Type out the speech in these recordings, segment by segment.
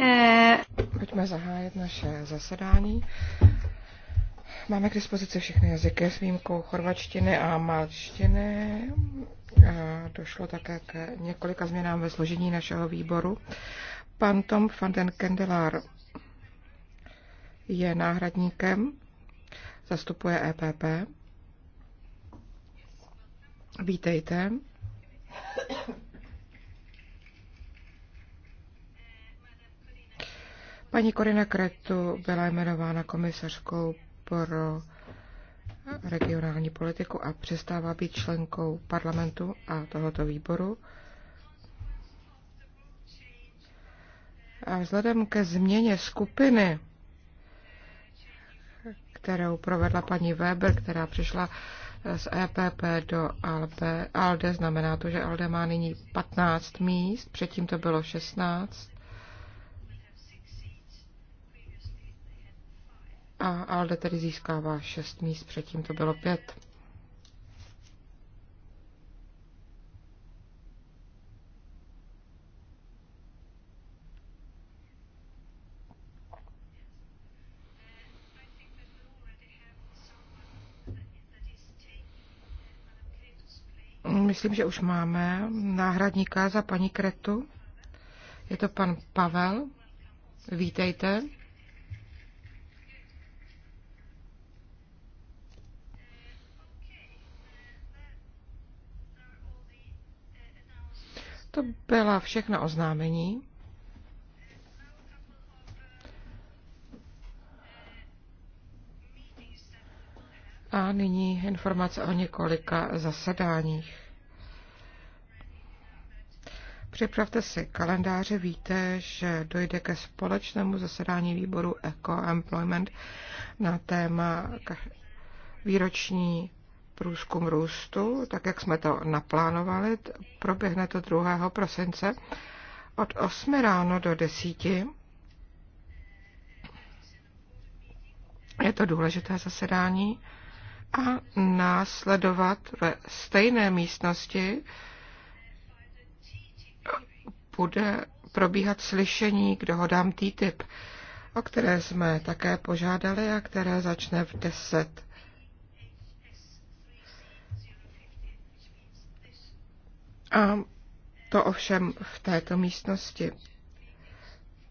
Eh. Pojďme zahájit naše zasedání. Máme k dispozici všechny jazyky s výjimkou chorvačtiny a malštiny. Došlo také k několika změnám ve složení našeho výboru. Pan Tom van den Kendelar je náhradníkem, zastupuje EPP. Vítejte. Paní Korina Kretu byla jmenována komisařkou pro regionální politiku a přestává být členkou parlamentu a tohoto výboru. A vzhledem ke změně skupiny, kterou provedla paní Weber, která přišla z EPP do ALDE. ALDE znamená to, že ALDE má nyní 15 míst, předtím to bylo 16. A ALDE tedy získává 6 míst, předtím to bylo 5. myslím, že už máme náhradníka za paní Kretu. Je to pan Pavel. Vítejte. To byla všechna oznámení. A nyní informace o několika zasedáních. Připravte si kalendáře, víte, že dojde ke společnému zasedání výboru Eco Employment na téma výroční průzkum růstu, tak jak jsme to naplánovali. Proběhne to 2. prosince od 8 ráno do 10. Je to důležité zasedání a následovat ve stejné místnosti bude probíhat slyšení k dohodám TTIP, o které jsme také požádali a které začne v 10. A to ovšem v této místnosti.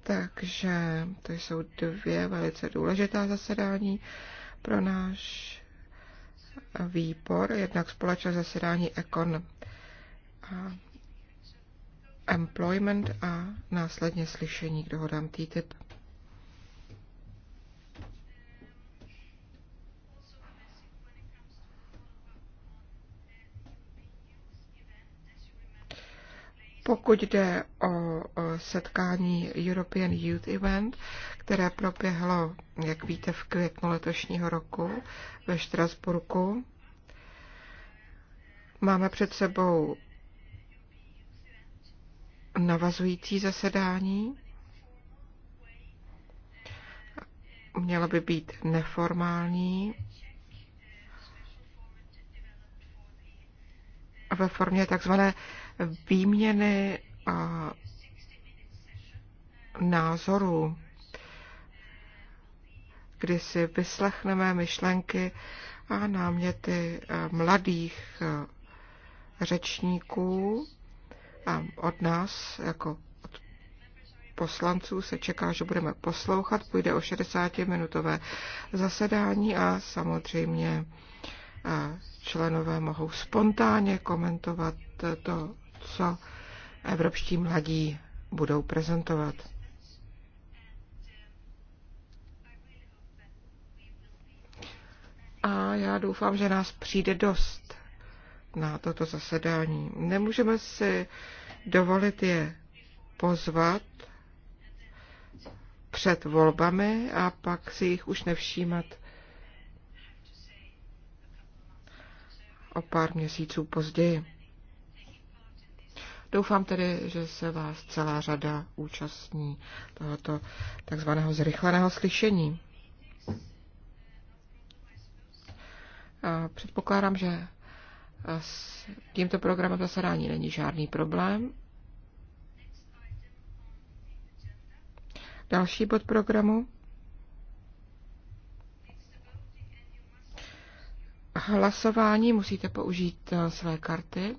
Takže to jsou dvě velice důležitá zasedání pro náš výbor, jednak společné zasedání Ekon. A employment a následně slyšení ho dám TTIP. Pokud jde o setkání European Youth Event, které proběhlo, jak víte, v květnu letošního roku ve Štrasburku, máme před sebou navazující zasedání. Mělo by být neformální ve formě takzvané výměny názorů, kdy si vyslechneme myšlenky a náměty mladých řečníků a od nás, jako od poslanců, se čeká, že budeme poslouchat. Půjde o 60-minutové zasedání a samozřejmě členové mohou spontánně komentovat to, co evropští mladí budou prezentovat. A já doufám, že nás přijde dost na toto zasedání. Nemůžeme si uh, dovolit je pozvat před volbami a pak si jich už nevšímat o pár měsíců později. Doufám tedy, že se vás celá řada účastní tohoto takzvaného zrychleného slyšení. A předpokládám, že a s tímto programem zasedání není žádný problém. Další bod programu. Hlasování musíte použít eh, své karty.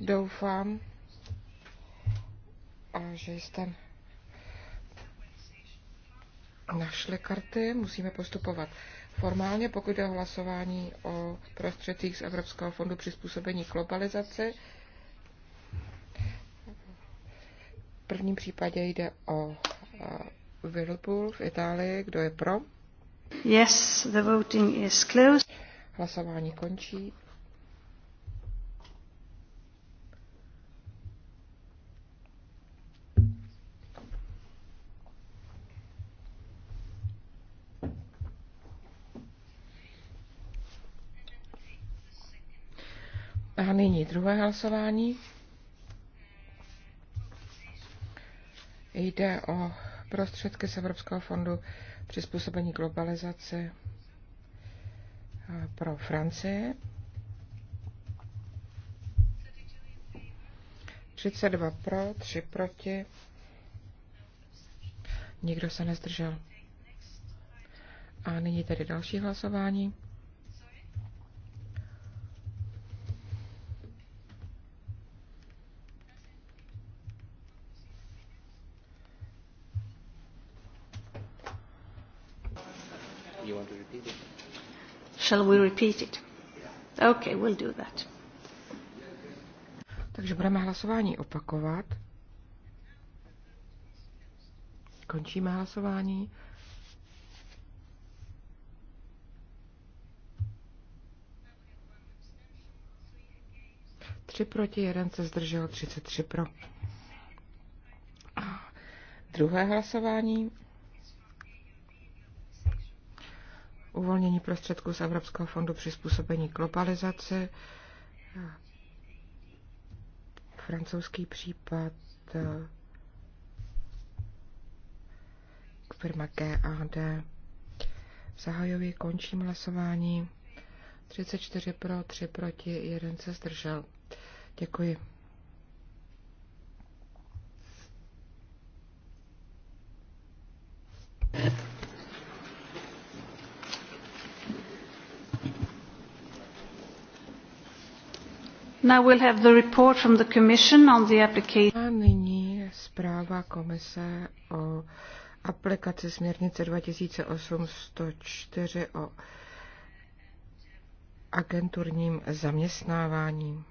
Doufám, že jste našli karty. Musíme postupovat formálně, pokud jde o hlasování o prostředcích z Evropského fondu přizpůsobení globalizaci. V prvním případě jde o Whirlpool v Itálii. Kdo je pro? Yes, the voting is closed. Hlasování končí. druhé hlasování. Jde o prostředky z Evropského fondu přizpůsobení globalizace eh, pro Francii. 32 pro, 3 proti. Nikdo se nezdržel. A nyní tedy další hlasování. Shall we repeat it? Okay, we'll do that. Takže budeme hlasování opakovat. Končíme hlasování. Tři proti, jeden se zdržel, 33 pro. A druhé hlasování uvolnění prostředků z Evropského fondu přizpůsobení globalizace, francouzský případ k eh, firma GAD. Zahajuji, končím hlasování. 34 pro, 3 proti, 1 se zdržel. Děkuji. Now we'll have the report from the Commission on the application. A nyní zpráva komise o aplikaci směrnice 2008-104 o agenturním zaměstnávání.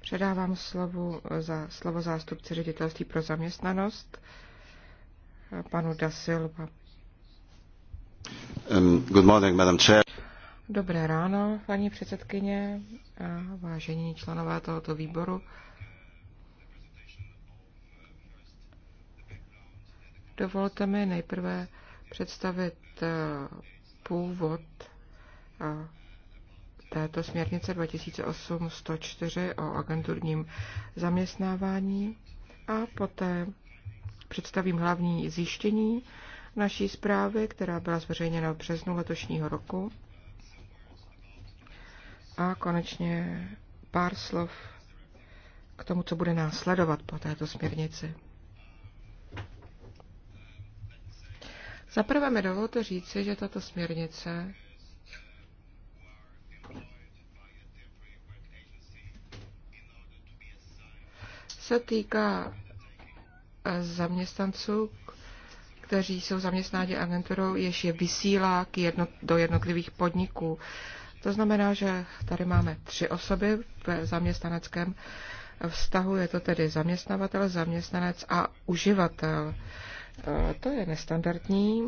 Předávám slovo, za, slovo zástupci ředitelství pro zaměstnanost, panu Da Silva. Um, good morning, Madam Chair. Dobré ráno, paní předsedkyně a vážení členové tohoto výboru. Dovolte mi nejprve představit eh, původ eh, této směrnice 2008-104 o agenturním zaměstnávání a poté představím hlavní zjištění naší zprávy, která byla zveřejněna v březnu letošního roku. A konečně pár slov k tomu, co bude následovat po této směrnici. Zaprvé mi dovolte říci, že tato směrnice se týká eh, zaměstnanců, kteří jsou zaměstnáni agenturou, jež je vysílá do jednotlivých podniků. To znamená, že tady máme tři osoby v zaměstnaneckém vztahu. Je to tedy zaměstnavatel, zaměstnanec a uživatel. E, to je nestandardní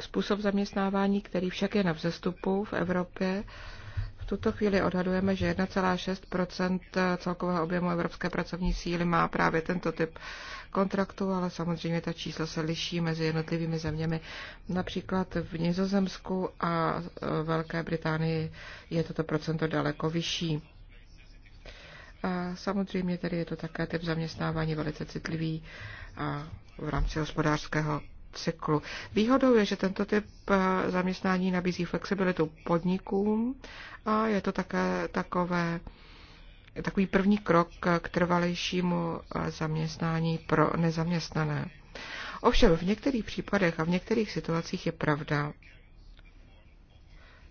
způsob zaměstnávání, který však je na vzestupu v Evropě. V tuto chvíli odhadujeme, že 1,6 celkového objemu evropské pracovní síly má právě tento typ kontraktů, ale samozřejmě ta čísla se liší mezi jednotlivými zeměmi. Například v Nizozemsku a e, Velké Británii je toto procento daleko vyšší. A samozřejmě tedy je to také typ zaměstnávání velice citlivý a v rámci hospodářského cyklu. Výhodou je, že tento typ e, zaměstnání nabízí flexibilitu podnikům a je to také takové takový první krok k trvalejšímu eh, zaměstnání pro nezaměstnané. Ovšem v některých případech a v některých situacích je pravda,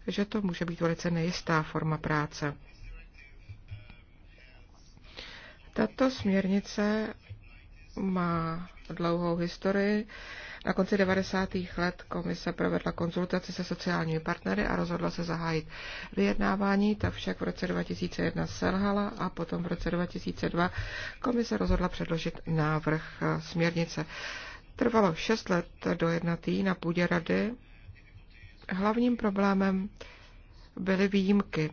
že to může být velice nejistá forma práce. Tato směrnice má dlouhou historii. Na konci 90. let komise provedla konzultaci se sociálními partnery a rozhodla se zahájit vyjednávání, ta však v roce 2001 selhala a potom v roce 2002 komise rozhodla předložit návrh eh, směrnice. Trvalo šest let dojednatý na půdě rady. Hlavním problémem byly výjimky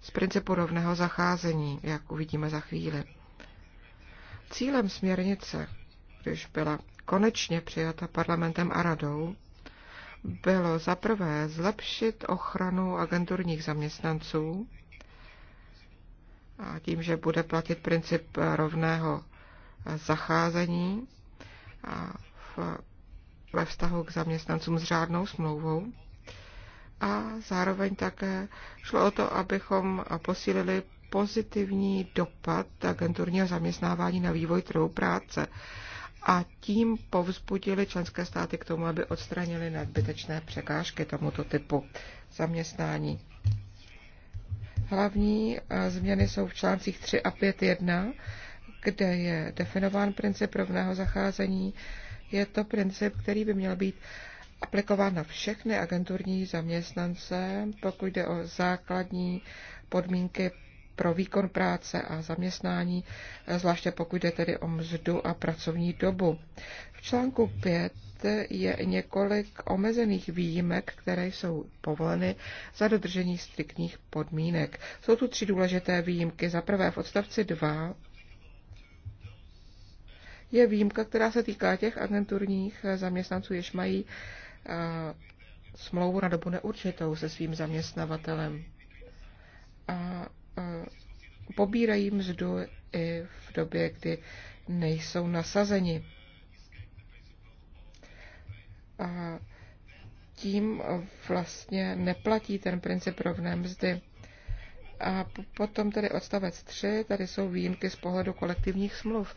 z principu rovného zacházení, jak uvidíme za chvíli. Cílem směrnice když byla konečně přijata parlamentem a radou, bylo zaprvé zlepšit ochranu agenturních zaměstnanců a tím, že bude platit princip rovného zacházení v, ve vztahu k zaměstnancům s řádnou smlouvou. A zároveň také šlo o to, abychom posílili pozitivní dopad agenturního zaměstnávání na vývoj trhu práce a tím povzbudili členské státy k tomu, aby odstranili nadbytečné překážky tomuto typu zaměstnání. Hlavní eh, změny jsou v článcích 3 a 5.1, kde je definován princip rovného zacházení. Je to princip, který by měl být aplikován na všechny agenturní zaměstnance, pokud jde o základní podmínky pro výkon práce a zaměstnání, zvláště pokud jde tedy o mzdu a pracovní dobu. V článku 5 je několik omezených výjimek, které jsou povoleny za dodržení striktních podmínek. Jsou tu tři důležité výjimky. Za prvé v odstavci 2 je výjimka, která se týká těch agenturních zaměstnanců, jež mají smlouvu na dobu neurčitou se svým zaměstnavatelem. A Eh, pobírají mzdu i v době, kdy nejsou nasazeni. A tím vlastně neplatí ten princip rovné mzdy. A potom tedy odstavec 3, tady jsou výjimky z pohledu kolektivních smluv.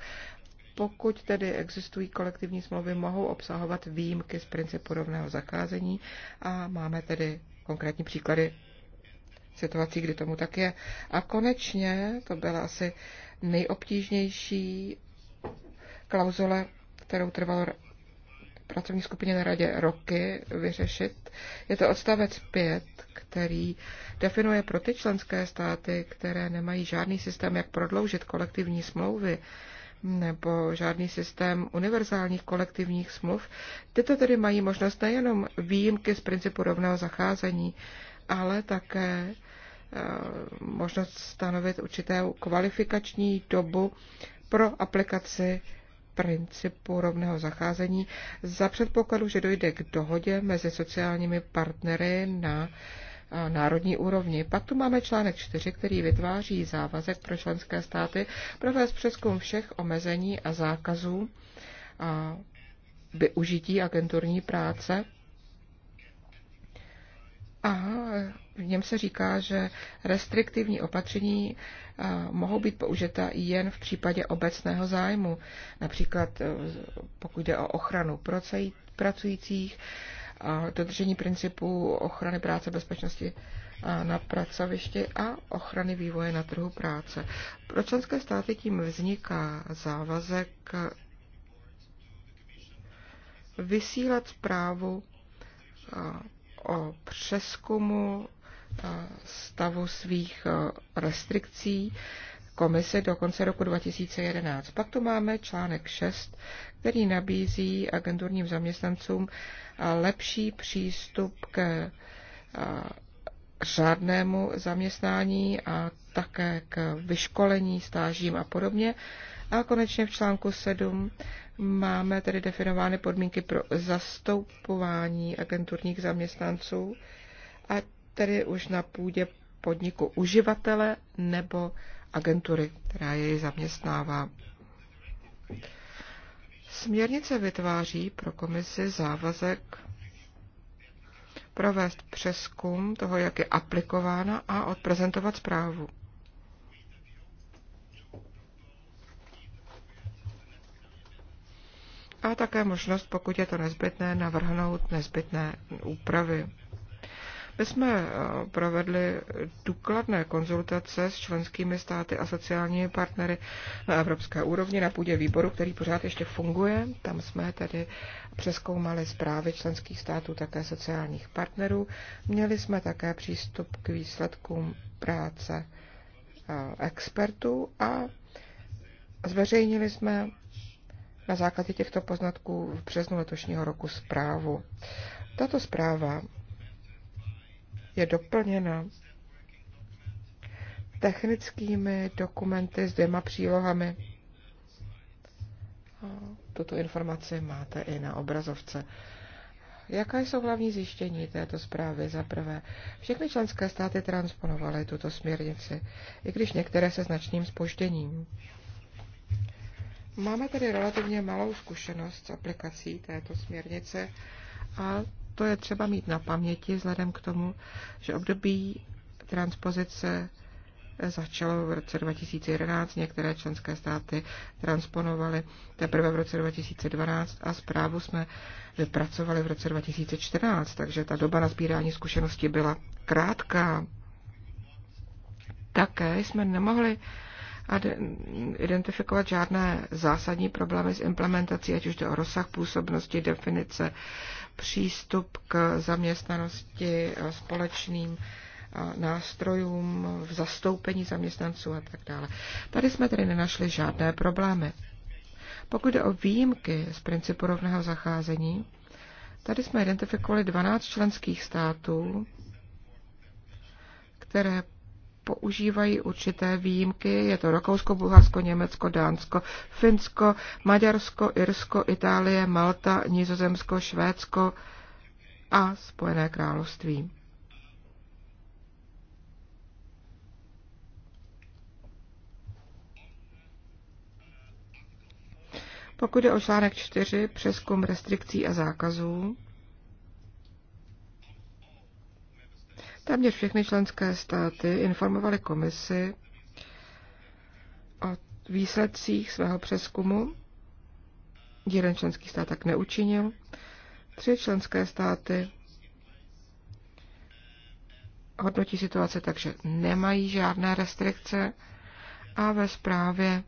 Pokud tedy existují kolektivní smlouvy, mohou obsahovat výjimky z principu rovného zacházení a máme tedy konkrétní příklady situací, kdy tomu tak je. A konečně, to byla asi nejobtížnější klauzule, kterou trvalo pracovní skupině na radě roky vyřešit. Je to odstavec 5, který definuje pro ty členské státy, které nemají žádný systém, jak prodloužit kolektivní smlouvy, nebo žádný systém univerzálních kolektivních smluv. Tyto tedy mají možnost nejenom výjimky z principu rovného zacházení, ale také eh, možnost stanovit určitou kvalifikační dobu pro aplikaci principu rovného zacházení za předpokladu, že dojde k dohodě mezi sociálními partnery na eh, národní úrovni. Pak tu máme článek 4, který vytváří závazek pro členské státy provést přeskum všech omezení a zákazů a využití agenturní práce a v něm se říká, že restriktivní opatření mohou být použita jen v případě obecného zájmu, například e, pokud jde o ochranu pracujících, dodržení principu ochrany práce, bezpečnosti na pracovišti a ochrany vývoje na trhu práce. Pro členské státy tím vzniká závazek vysílat zprávu o přeskumu e, stavu svých e, restrikcí komise do konce roku 2011. Pak tu máme článek 6, který nabízí agenturním zaměstnancům e, lepší přístup k řádnému zaměstnání a také k vyškolení, stážím a podobně. A konečně v článku 7 Máme tedy definovány podmínky pro zastoupování agenturních zaměstnanců a tedy už na půdě podniku uživatele nebo agentury, která jej zaměstnává. Směrnice vytváří pro komisi závazek provést přeskum toho, jak je aplikována a odprezentovat zprávu. a také možnost, pokud je to nezbytné, navrhnout nezbytné úpravy. My jsme eh, provedli důkladné konzultace s členskými státy a sociálními partnery na evropské úrovni na půdě výboru, který pořád ještě funguje. Tam jsme tedy přeskoumali zprávy členských států, také sociálních partnerů. Měli jsme také přístup k výsledkům práce eh, expertů a zveřejnili jsme na základě těchto poznatků v březnu letošního roku zprávu. Tato zpráva je doplněna technickými dokumenty s dvěma přílohami. Tuto informaci máte i na obrazovce. Jaká jsou hlavní zjištění této zprávy? Za prvé, všechny členské státy transponovaly tuto směrnici, i když některé se značným spožděním. Máme tedy relativně malou zkušenost s aplikací této směrnice a to je třeba mít na paměti vzhledem k tomu, že období transpozice začalo v roce 2011, některé členské státy transponovaly teprve v roce 2012 a zprávu jsme vypracovali v roce 2014, takže ta doba na sbírání zkušeností byla krátká. Také jsme nemohli identifikovat žádné zásadní problémy s implementací, ať už jde o rozsah působnosti, definice, přístup k zaměstnanosti, eh, společným eh, nástrojům v zastoupení zaměstnanců a tak dále. Tady jsme tedy nenašli žádné problémy. Pokud jde o výjimky z principu rovného zacházení, tady jsme identifikovali 12 členských států, které používají určité výjimky. Je to Rakousko, Bulharsko, Německo, Dánsko, Finsko, Maďarsko, Irsko, Itálie, Malta, Nizozemsko, Švédsko a Spojené království. Pokud je o článek 4, přeskum restrikcí a zákazů, Téměř všechny členské státy informovaly komisi o výsledcích svého přeskumu. Jeden členský stát tak neučinil. Tři členské státy hodnotí situace tak, že nemají žádné restrikce a ve zprávě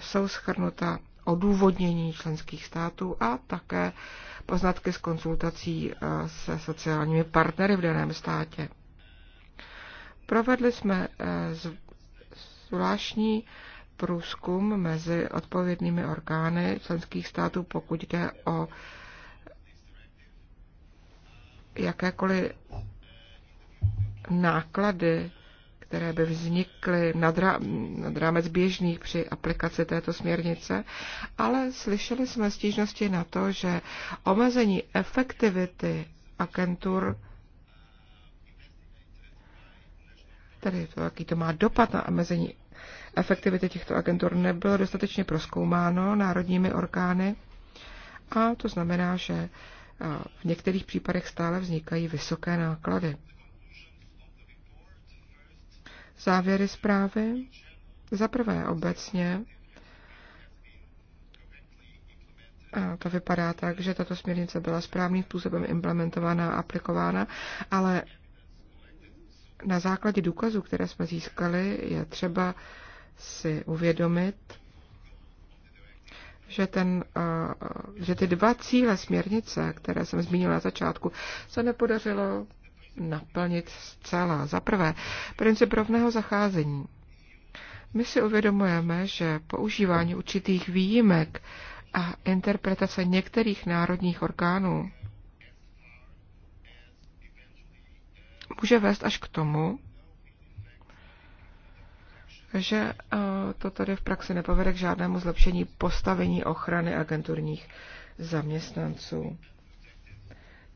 jsou schrnuta odůvodnění členských států a také poznatky z konzultací eh, se sociálními partnery v daném státě. Provedli jsme eh, zvláštní průzkum mezi odpovědnými orgány členských států, pokud jde o jakékoliv náklady které by vznikly nad, rá, nad rámec běžných při aplikaci této směrnice, ale slyšeli jsme stížnosti na to, že omezení efektivity agentur, tedy to, jaký to má dopad na omezení efektivity těchto agentur, nebylo dostatečně proskoumáno národními orgány. A to znamená, že v některých případech stále vznikají vysoké náklady závěry zprávy. Za prvé obecně a to vypadá tak, že tato směrnice byla správným způsobem implementována a aplikována, ale na základě důkazů, které jsme získali, je třeba si uvědomit, že, ten, že ty dva cíle směrnice, které jsem zmínila na začátku, se nepodařilo naplnit zcela. Za prvé, princip rovného zacházení. My si uvědomujeme, že používání určitých výjimek a interpretace některých národních orgánů může vést až k tomu, že eh, to tady v praxi nepovede k žádnému zlepšení postavení ochrany agenturních zaměstnanců.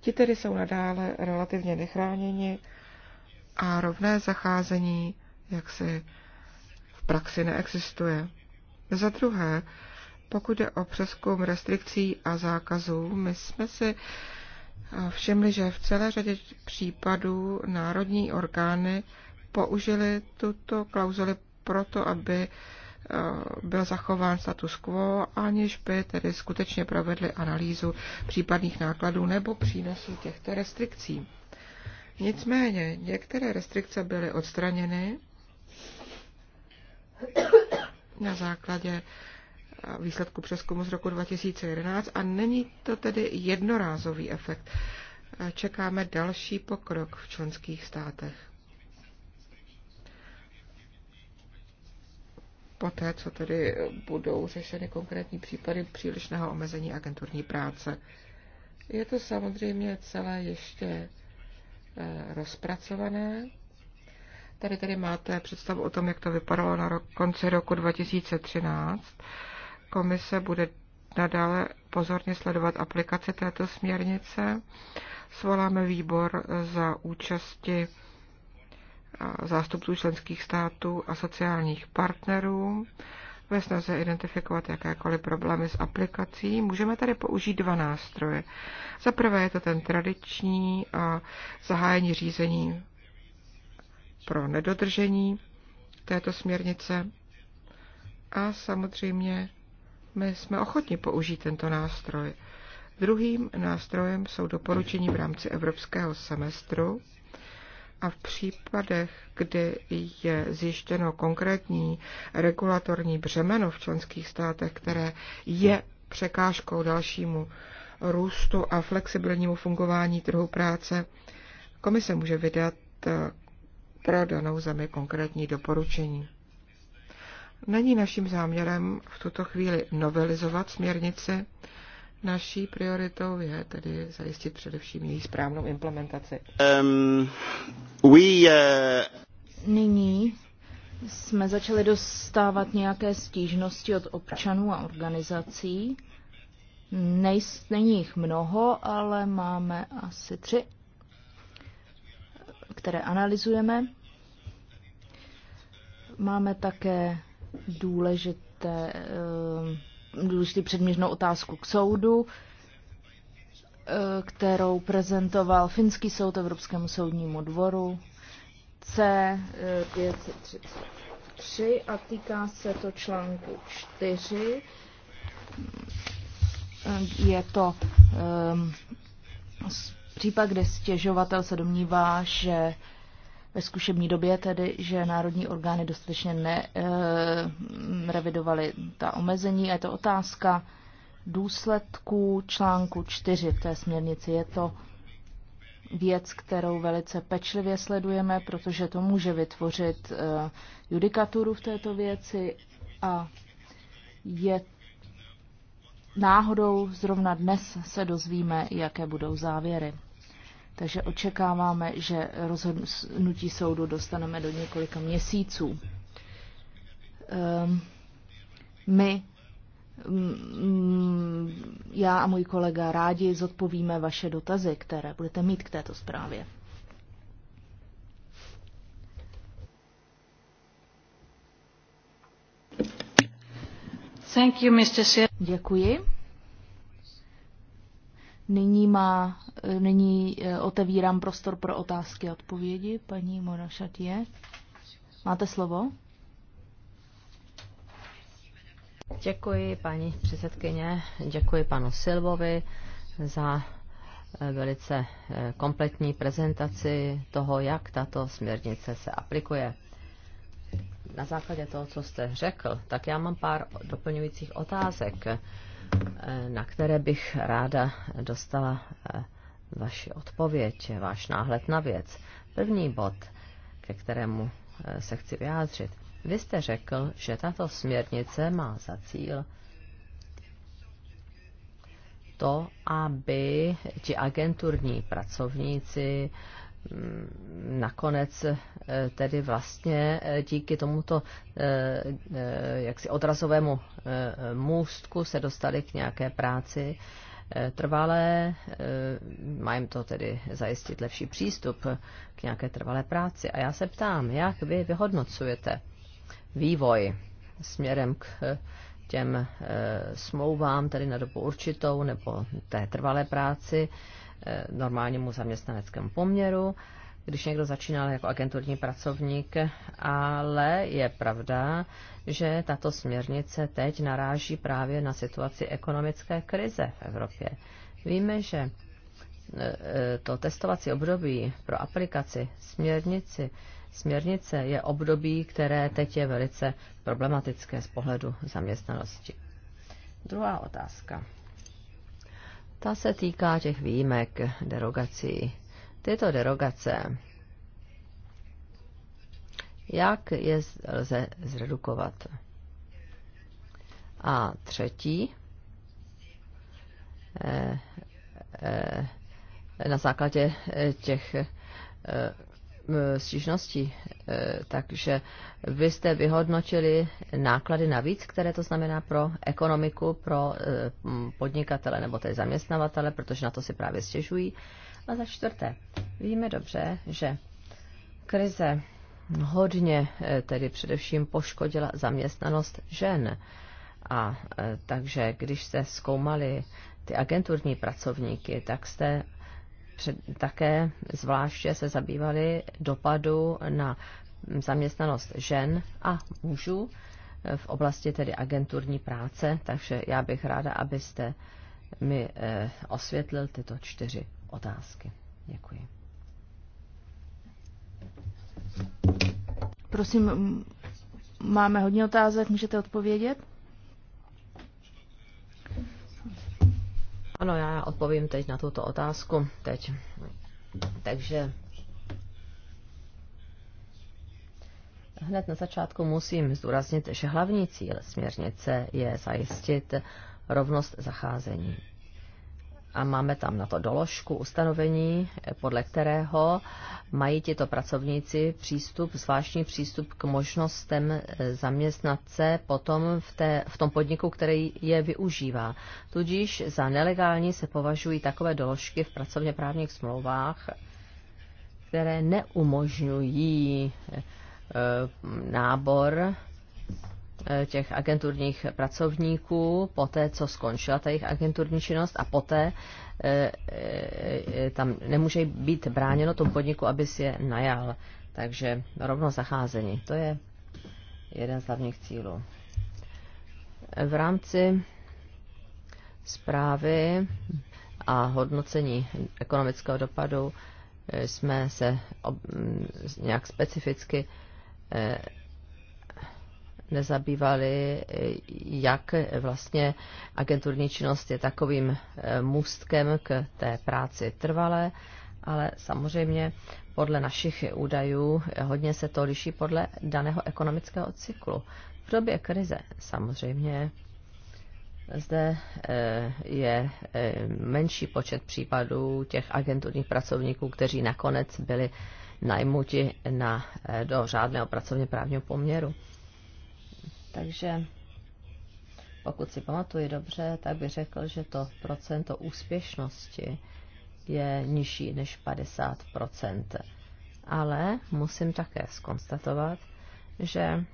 Ti tedy jsou nadále relativně nechráněni a rovné zacházení jaksi v praxi neexistuje. Za druhé, pokud jde o přeskum restrikcí a zákazů, my jsme si eh, všimli, že v celé řadě případů národní orgány použili tuto klauzuli proto, aby Eh, byl zachován status quo, aniž by tedy skutečně provedli analýzu případných nákladů nebo přínosů těchto restrikcí. Nicméně některé restrikce byly odstraněny na základě eh, výsledku přeskumu z roku 2011 a není to tedy jednorázový efekt. Eh, čekáme další pokrok v členských státech. poté, co tedy budou řešeny konkrétní případy přílišného omezení agenturní práce. Je to samozřejmě celé ještě eh, rozpracované. Tady tedy máte představu o tom, jak to vypadalo na rok, konci roku 2013. Komise bude nadále pozorně sledovat aplikaci této směrnice. Svoláme výbor za účasti zástupců členských států a sociálních partnerů ve snaze identifikovat jakékoliv problémy s aplikací, můžeme tady použít dva nástroje. Za prvé je to ten tradiční zahájení řízení pro nedodržení této směrnice a samozřejmě my jsme ochotni použít tento nástroj. Druhým nástrojem jsou doporučení v rámci evropského semestru, a v případech, kdy je zjištěno konkrétní regulatorní břemeno v členských státech, které je překážkou dalšímu růstu a flexibilnímu fungování trhu práce, komise může vydat eh, pro danou zemi konkrétní doporučení. Není naším záměrem v tuto chvíli novelizovat směrnici, Naší prioritou je tedy zajistit především její správnou implementaci. Um, we, uh... Nyní jsme začali dostávat nějaké stížnosti od občanů a organizací. Nejs, není jich mnoho, ale máme asi tři, které analyzujeme. Máme také důležité. Uh, důležitý předměžnou otázku k soudu, e, kterou prezentoval finský soud Evropskému soudnímu dvoru C533 e, a týká se to článku 4. Je to um, případ, kde stěžovatel se domnívá, že ve zkušební době tedy, že národní orgány dostatečně nerevidovaly eh, e, ta omezení. A je to otázka důsledků článku 4 v té směrnici. Je to věc, kterou velice pečlivě sledujeme, protože to může vytvořit e, judikaturu v této věci a je náhodou zrovna dnes se dozvíme, jaké budou závěry. Takže očekáváme, že rozhodnutí soudu dostaneme do několika měsíců. Ehm, my, mm, já a můj kolega, rádi zodpovíme vaše dotazy, které budete mít k této zprávě. Thank you, Mr. Děkuji. Nyní, má, eh, nyní eh, otevírám prostor pro otázky a odpovědi. Paní Mona Šatě, máte slovo? Děkuji, paní předsedkyně, děkuji panu Silvovi za eh, velice kompletní prezentaci toho, jak tato směrnice se aplikuje. Na základě toho, co jste řekl, tak já mám pár doplňujících otázek Eh, na které bych ráda dostala eh, vaši odpověď, váš náhled na věc. První bod, ke kterému eh, se chci vyjádřit. Vy jste řekl, že tato směrnice má za cíl to, aby ti agenturní pracovníci Mm, nakonec eh, tedy vlastně eh, díky tomuto eh, jaksi odrazovému můstku se dostali k nějaké práci trvalé, mají to tedy zajistit lepší přístup k nějaké trvalé práci. A já se ptám, jak vy vyhodnocujete vývoj směrem k těm smlouvám, tedy na dobu určitou nebo té trvalé práci, Eh, normálnímu zaměstnaneckému poměru, když někdo začínal jako agenturní pracovník, ale je pravda, že tato směrnice teď naráží právě na situaci ekonomické krize v Evropě. Víme, že eh, eh, to testovací období pro aplikaci směrnici, směrnice je období, které teď je velice problematické z pohledu zaměstnanosti. Druhá otázka. Ta se týká těch výjimek, derogací. Tyto derogace, jak je lze zredukovat? A třetí, eh, eh, na základě eh, těch Eh, stížnosti. Eh, takže vy jste vyhodnotili náklady navíc, které to znamená pro ekonomiku, pro eh, podnikatele nebo tedy zaměstnavatele, protože na to si právě stěžují. A za čtvrté, víme dobře, že krize hodně tedy především poškodila zaměstnanost žen. A takže když jste zkoumali ty agenturní pracovníky, tak jste před, také zvláště se zabývali dopadu na zaměstnanost žen a mužů eh, v oblasti tedy agenturní práce, takže já bych ráda, abyste mi eh, osvětlil tyto čtyři otázky. Děkuji. Prosím, máme hodně otázek, můžete odpovědět? Ano, já odpovím teď na tuto otázku. Teď. Takže hned na začátku musím zdůraznit, že hlavní cíl směrnice je zajistit rovnost zacházení a máme tam na to doložku ustanovení, podle kterého mají tito pracovníci přístup, zvláštní přístup k možnostem eh, zaměstnat se potom v, té, v tom podniku, který je využívá. Tudíž za nelegální se považují takové doložky v pracovně právních smlouvách, které neumožňují eh, eh, nábor Eh, těch agenturních pracovníků, poté, co skončila ta jejich agenturní činnost a poté eh, eh, tam nemůže být bráněno tomu podniku, aby si je najal. Takže rovno zacházení, to je jeden z hlavních cílů. V rámci zprávy a hodnocení ekonomického dopadu jsme se ob, nějak specificky nezabývali, jak vlastně agenturní činnost je takovým eh, můstkem k té práci trvalé, ale samozřejmě podle našich údajů eh, hodně se to liší podle daného ekonomického cyklu. V době krize samozřejmě zde eh, je menší počet případů těch agenturních pracovníků, kteří nakonec byli najmuti na, do řádného pracovně právního poměru. Takže pokud si pamatuji dobře, tak bych řekl, že to procento úspěšnosti je nižší než 50 ale musím také skonstatovat, že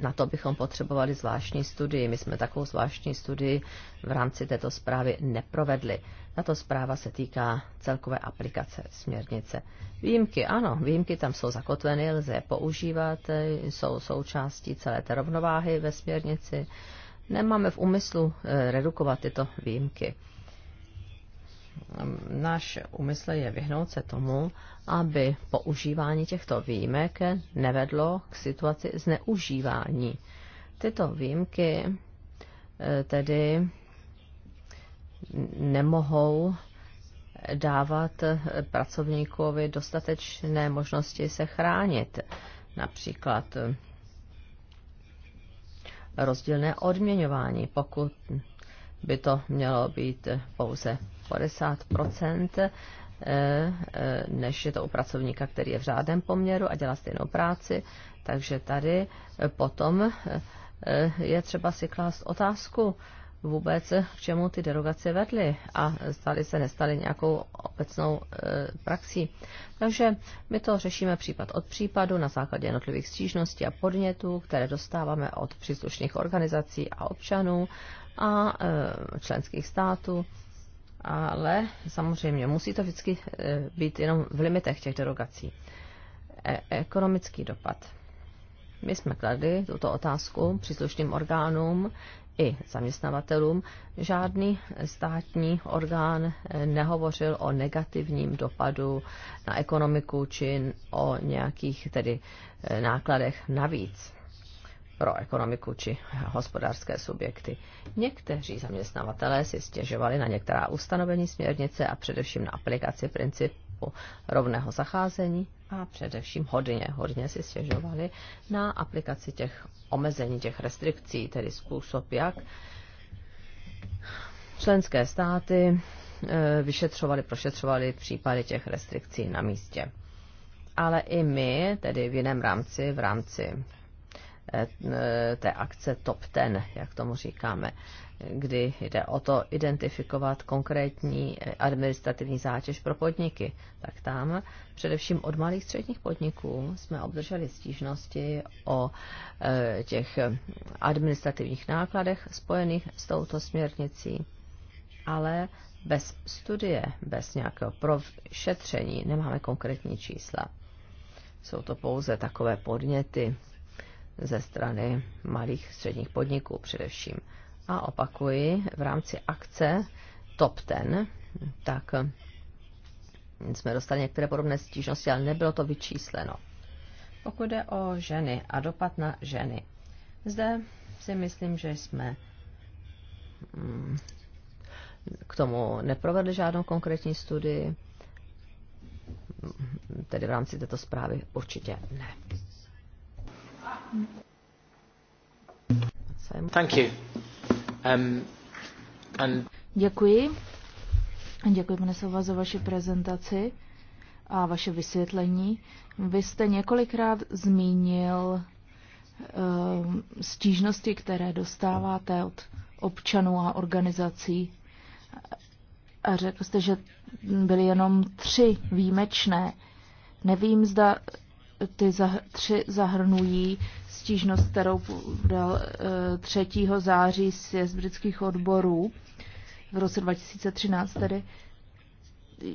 na to bychom potřebovali zvláštní studii. My jsme takovou zvláštní studii v rámci této zprávy neprovedli. Tato zpráva se týká celkové aplikace směrnice. Výjimky, ano, výjimky tam jsou zakotveny, lze je používat, jsou součástí celé té rovnováhy ve směrnici. Nemáme v úmyslu eh, redukovat tyto výjimky náš úmysl je vyhnout se tomu, aby používání těchto výjimek nevedlo k situaci zneužívání. Tyto výjimky eh, tedy nemohou dávat eh, pracovníkovi dostatečné možnosti se chránit. Například eh, rozdílné odměňování, pokud by to mělo být pouze 50 eh, eh, než je to u pracovníka, který je v řádném poměru a dělá stejnou práci. Takže tady eh, potom je třeba si klást otázku vůbec, k čemu ty derogace vedly a staly se nestaly nějakou obecnou praxí. Takže my to řešíme případ od případu na základě jednotlivých stížností a podnětů, které dostáváme od příslušných organizací a občanů a členských států ale samozřejmě musí to vždycky e, být jenom v limitech těch derogací. E- ekonomický dopad. My jsme kladli tuto otázku příslušným orgánům i zaměstnavatelům. Žádný státní orgán e, nehovořil o negativním dopadu na ekonomiku či o nějakých tedy e, nákladech navíc pro ekonomiku či hospodářské subjekty. Někteří zaměstnavatelé si stěžovali na některá ustanovení směrnice a především na aplikaci principu rovného zacházení a především hodně, hodně si stěžovali na aplikaci těch omezení, těch restrikcí, tedy způsob, jak členské státy e, vyšetřovali, prošetřovali případy těch restrikcí na místě. Ale i my, tedy v jiném rámci, v rámci té akce Top Ten, jak tomu říkáme, kdy jde o to identifikovat konkrétní administrativní zátěž pro podniky. Tak tam především od malých středních podniků jsme obdrželi stížnosti o e, těch administrativních nákladech spojených s touto směrnicí, ale bez studie, bez nějakého prošetření nemáme konkrétní čísla. Jsou to pouze takové podněty, ze strany malých středních podniků především. A opakuji, v rámci akce Top Ten, tak jsme dostali některé podobné stížnosti, ale nebylo to vyčísleno. Pokud jde o ženy a dopad na ženy, zde si myslím, že jsme mm, k tomu neprovedli žádnou konkrétní studii, tedy v rámci této zprávy určitě ne. Um, Děkuji. Děkuji, pane Sova, za vaši prezentaci a vaše vysvětlení. Vy jste několikrát zmínil uh, stížnosti, které dostáváte od občanů a organizací. A řekl jste, že byly jenom tři výjimečné. Nevím, zda ty zah, tři zahrnují stížnost, kterou dal 3. Eh, září z britských odborů v roce 2013 tedy.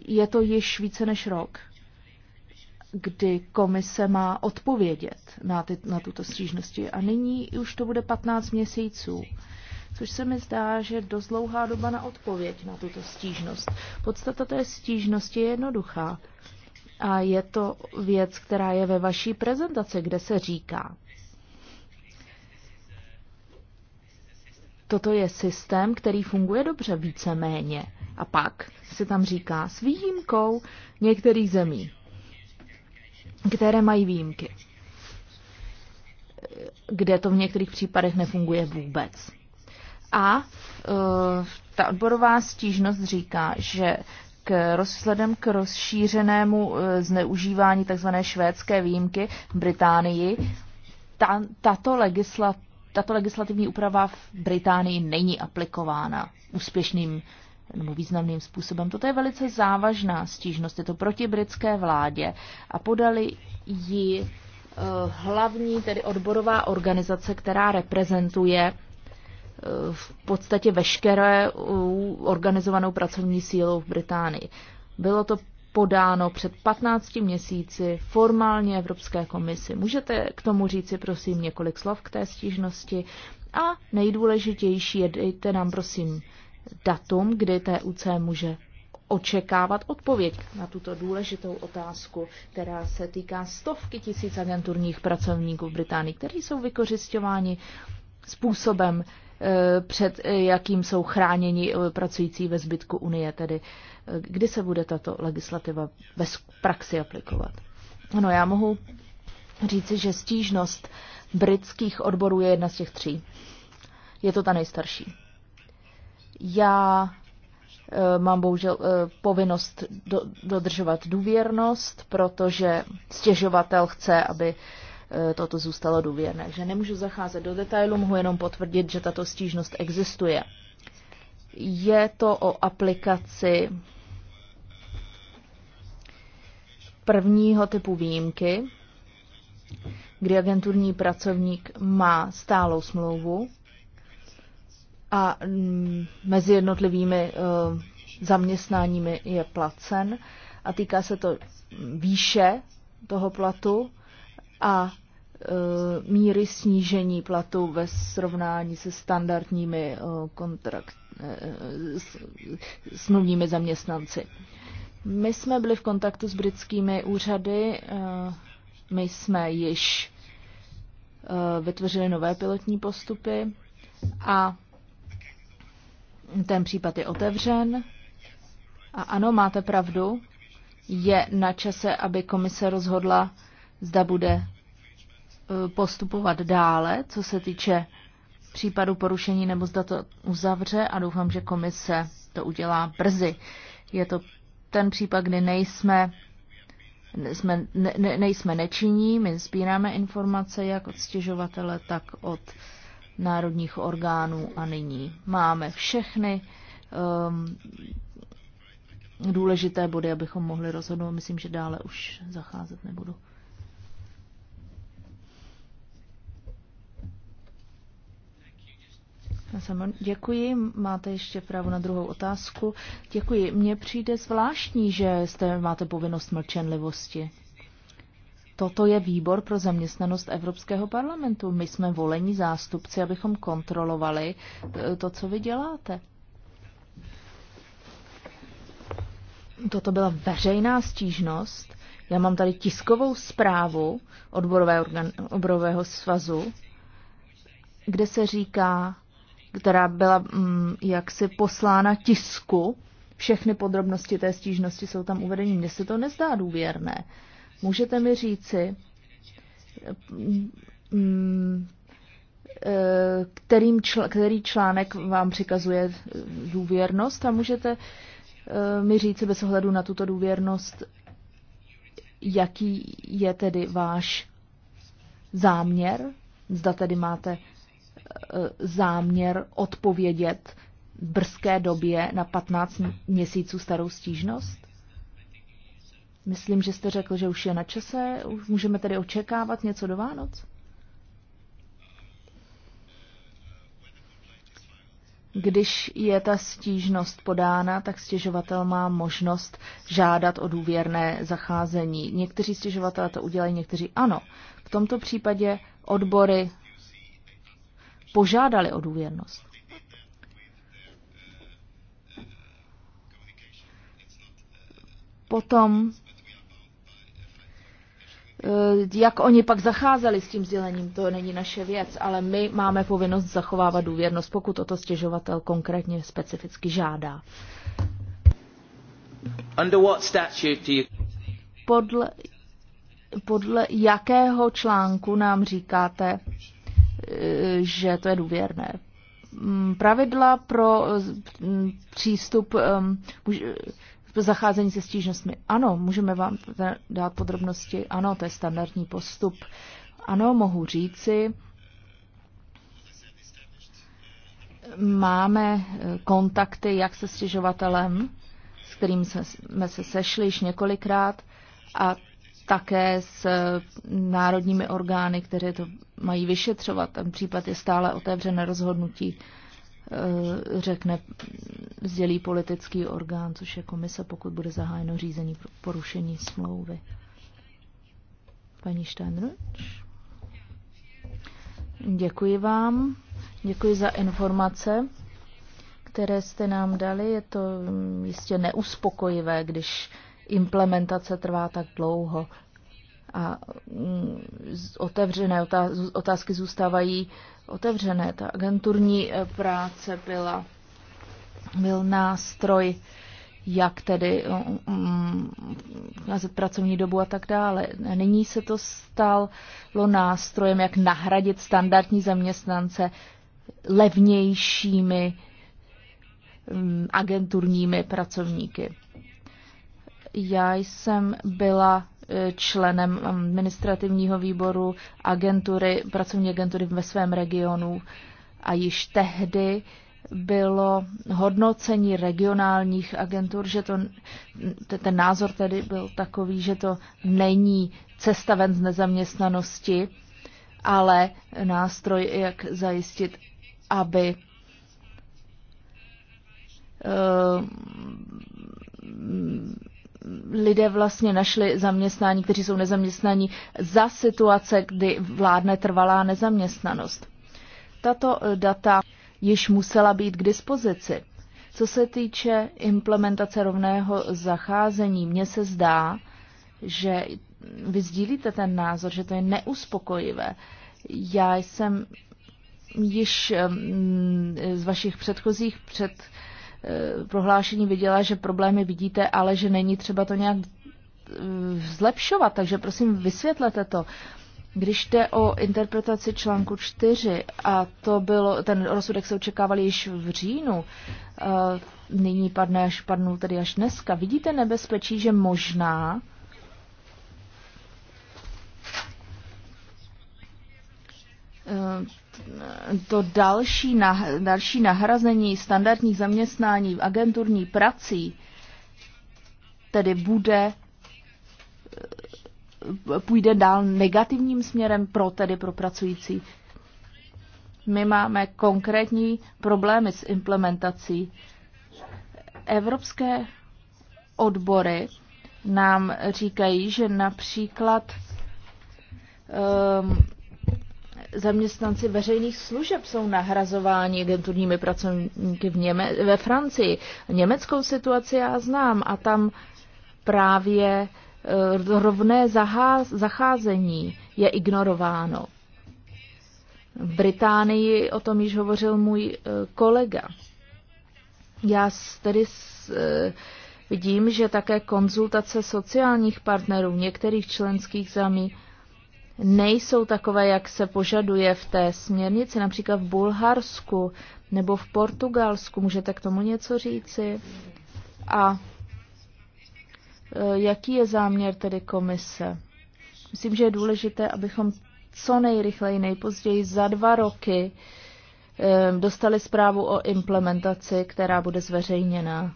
Je to již více než rok, kdy komise má odpovědět na, ty, na tuto stížnosti. A nyní už to bude 15 měsíců, což se mi zdá, že dost dlouhá doba na odpověď na tuto stížnost. Podstata té stížnosti je jednoduchá. A je to věc, která je ve vaší prezentaci, kde se říká. Toto je systém, který funguje dobře víceméně. A pak se tam říká s výjimkou některých zemí, které mají výjimky, kde to v některých případech nefunguje vůbec. A uh, ta odborová stížnost říká, že k, rozsledem k rozšířenému e, zneužívání tzv. švédské výjimky v Británii, ta, tato, legisla, tato legislativní úprava v Británii není aplikována úspěšným nebo významným způsobem. Toto je velice závažná stížnost, je to proti britské vládě a podali ji e, hlavní tedy odborová organizace, která reprezentuje v podstatě veškeré organizovanou pracovní sílou v Británii. Bylo to podáno před 15 měsíci formálně Evropské komisi. Můžete k tomu říci, prosím, několik slov k té stížnosti? A nejdůležitější je, dejte nám, prosím, datum, kdy TUC může očekávat odpověď na tuto důležitou otázku, která se týká stovky tisíc agenturních pracovníků v Británii, kteří jsou vykořišťováni způsobem, Eh, před eh, jakým jsou chráněni eh, pracující ve zbytku Unie, tedy kdy se bude tato legislativa ve praxi aplikovat. Ano, já mohu říci, že stížnost britských odborů je jedna z těch tří. Je to ta nejstarší. Já mám bohužel povinnost dodržovat důvěrnost, protože stěžovatel chce, aby Eh, toto zůstalo důvěrné. Takže nemůžu zacházet do detailu, mohu jenom potvrdit, že tato stížnost existuje. Je to o aplikaci prvního typu výjimky, kdy agenturní pracovník má stálou smlouvu a mm, mezi jednotlivými eh, zaměstnáními je placen a týká se to výše toho platu a Eh, míry snížení platu ve srovnání se standardními eh, kontrakt, eh, smluvními zaměstnanci. My jsme byli v kontaktu s britskými úřady, my jsme již vytvořili nové pilotní postupy a ten případ je otevřen. A ano, máte pravdu, je na čase, aby komise rozhodla, zda bude Eh, postupovat dále, co se týče případu porušení, nebo zda to uzavře a doufám, že komise to udělá brzy. Je to ten případ, kdy nejsme, jsme, ne, nejsme nečinní, my sbíráme informace jak od stěžovatele, tak od národních orgánů a nyní máme všechny um, důležité body, abychom mohli rozhodnout. Myslím, že dále už zacházet nebudu. Děkuji, máte ještě právo na druhou otázku. Děkuji. Mně přijde zvláštní, že jste, máte povinnost mlčenlivosti. Toto je výbor pro zaměstnanost Evropského parlamentu. My jsme volení zástupci, abychom kontrolovali eh, to, co vy děláte. Toto byla veřejná stížnost. Já mám tady tiskovou zprávu odborové organ, odborového svazu, kde se říká, která byla mm, jaksi poslána tisku. Všechny podrobnosti té stížnosti jsou tam uvedeny. Mně se to nezdá důvěrné. Můžete mi říci, mm, e, kterým čl- který článek vám přikazuje důvěrnost a můžete e, mi říci bez ohledu na tuto důvěrnost, jaký je tedy váš záměr, zda tedy máte záměr odpovědět v brzké době na 15 měsíců starou stížnost? Myslím, že jste řekl, že už je na čase. Už můžeme tedy očekávat něco do Vánoc? Když je ta stížnost podána, tak stěžovatel má možnost žádat o důvěrné zacházení. Někteří stěžovatelé to udělají, někteří ano. V tomto případě odbory požádali o důvěrnost. Potom, eh, jak oni pak zacházeli s tím sdělením, to není naše věc, ale my máme povinnost zachovávat důvěrnost, pokud o to stěžovatel konkrétně specificky žádá. Podle, podle jakého článku nám říkáte, že to je důvěrné. Mm, pravidla pro mm, přístup zacházení se stížnostmi. Ano, můžeme vám dát podrobnosti. Ano, to je standardní postup. Ano, mohu říci, máme eh, kontakty jak se stěžovatelem, s kterým jsme se sešli již několikrát, a také s eh, národními orgány, které to mají vyšetřovat. Ten případ je stále otevřené rozhodnutí, eh, řekne, sdělí politický orgán, což je komise, pokud bude zahájeno řízení pro porušení smlouvy. Paní Steinrich? Děkuji vám. Děkuji za informace, které jste nám dali. Je to mm, jistě neuspokojivé, když implementace trvá tak dlouho. A mm, otevřené otázky zůstávají otevřené. Ta agenturní e, práce byla, byl nástroj, jak tedy um, um, pracovní dobu a tak dále. Nyní se to stalo nástrojem, jak nahradit standardní zaměstnance levnějšími um, agenturními pracovníky. Já jsem byla členem administrativního výboru agentury, pracovní agentury ve svém regionu a již tehdy bylo hodnocení regionálních agentur, že to, ten názor tedy byl takový, že to není cesta ven z nezaměstnanosti, ale nástroj, jak zajistit, aby eh, lidé vlastně našli zaměstnání, kteří jsou nezaměstnaní, za situace, kdy vládne trvalá nezaměstnanost. Tato eh, data již musela být k dispozici. Co se týče implementace rovného zacházení, mně se zdá, že vy sdílíte ten názor, že to je neuspokojivé. Já jsem již eh, z vašich předchozích před Eh, prohlášení viděla, že problémy vidíte, ale že není třeba to nějak eh, zlepšovat. Takže prosím, vysvětlete to. Když jde o interpretaci článku 4, a to bylo, ten rozsudek se očekával již v říjnu, eh, nyní padne až, padnul tedy až dneska, vidíte nebezpečí, že možná to další, nah, další nahrazení standardních zaměstnání agenturní prací tedy bude e, půjde dál negativním směrem pro tedy pro pracující. My máme konkrétní problémy s implementací. Evropské odbory nám říkají, že například um, zaměstnanci veřejných služeb jsou nahrazováni agenturními pracovníky v Něme- ve Francii. Německou situaci já znám a tam právě eh, rovné zacházení je ignorováno. V Británii o tom již hovořil můj eh, kolega. Já tedy eh, vidím, že také konzultace sociálních partnerů v některých členských zemí nejsou takové, jak se požaduje v té směrnici, například v Bulharsku nebo v Portugalsku. Můžete k tomu něco říci? A e, jaký je záměr tedy komise? Myslím, že je důležité, abychom co nejrychleji, nejpozději za dva roky e, dostali zprávu o implementaci, která bude zveřejněna.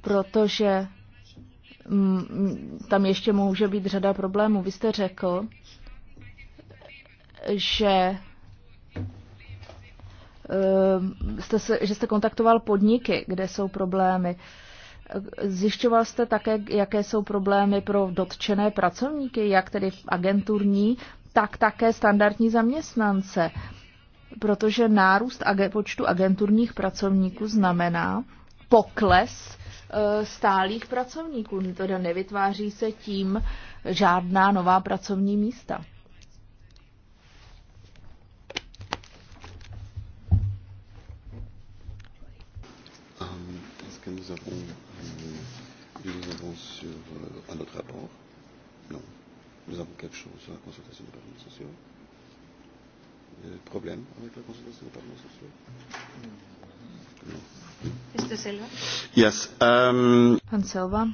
Protože Mm, tam ještě může být řada problémů. Vy jste řekl, že eh, jste se, že jste kontaktoval podniky, kde jsou problémy. Zjišťoval jste také, jaké jsou problémy pro dotčené pracovníky, jak tedy agenturní, tak také standardní zaměstnance. Protože nárůst ag- počtu agenturních pracovníků znamená, pokles eh, stálých pracovníků, teda nevytváří se tím žádná nová pracovní místa. Um, euh, euh, la consultation des partenaires sociaux. Il y a des euh, problèmes avec la consultation des partenaires sociaux Non. Mr. Silva? Yes. Um... Pan Silva?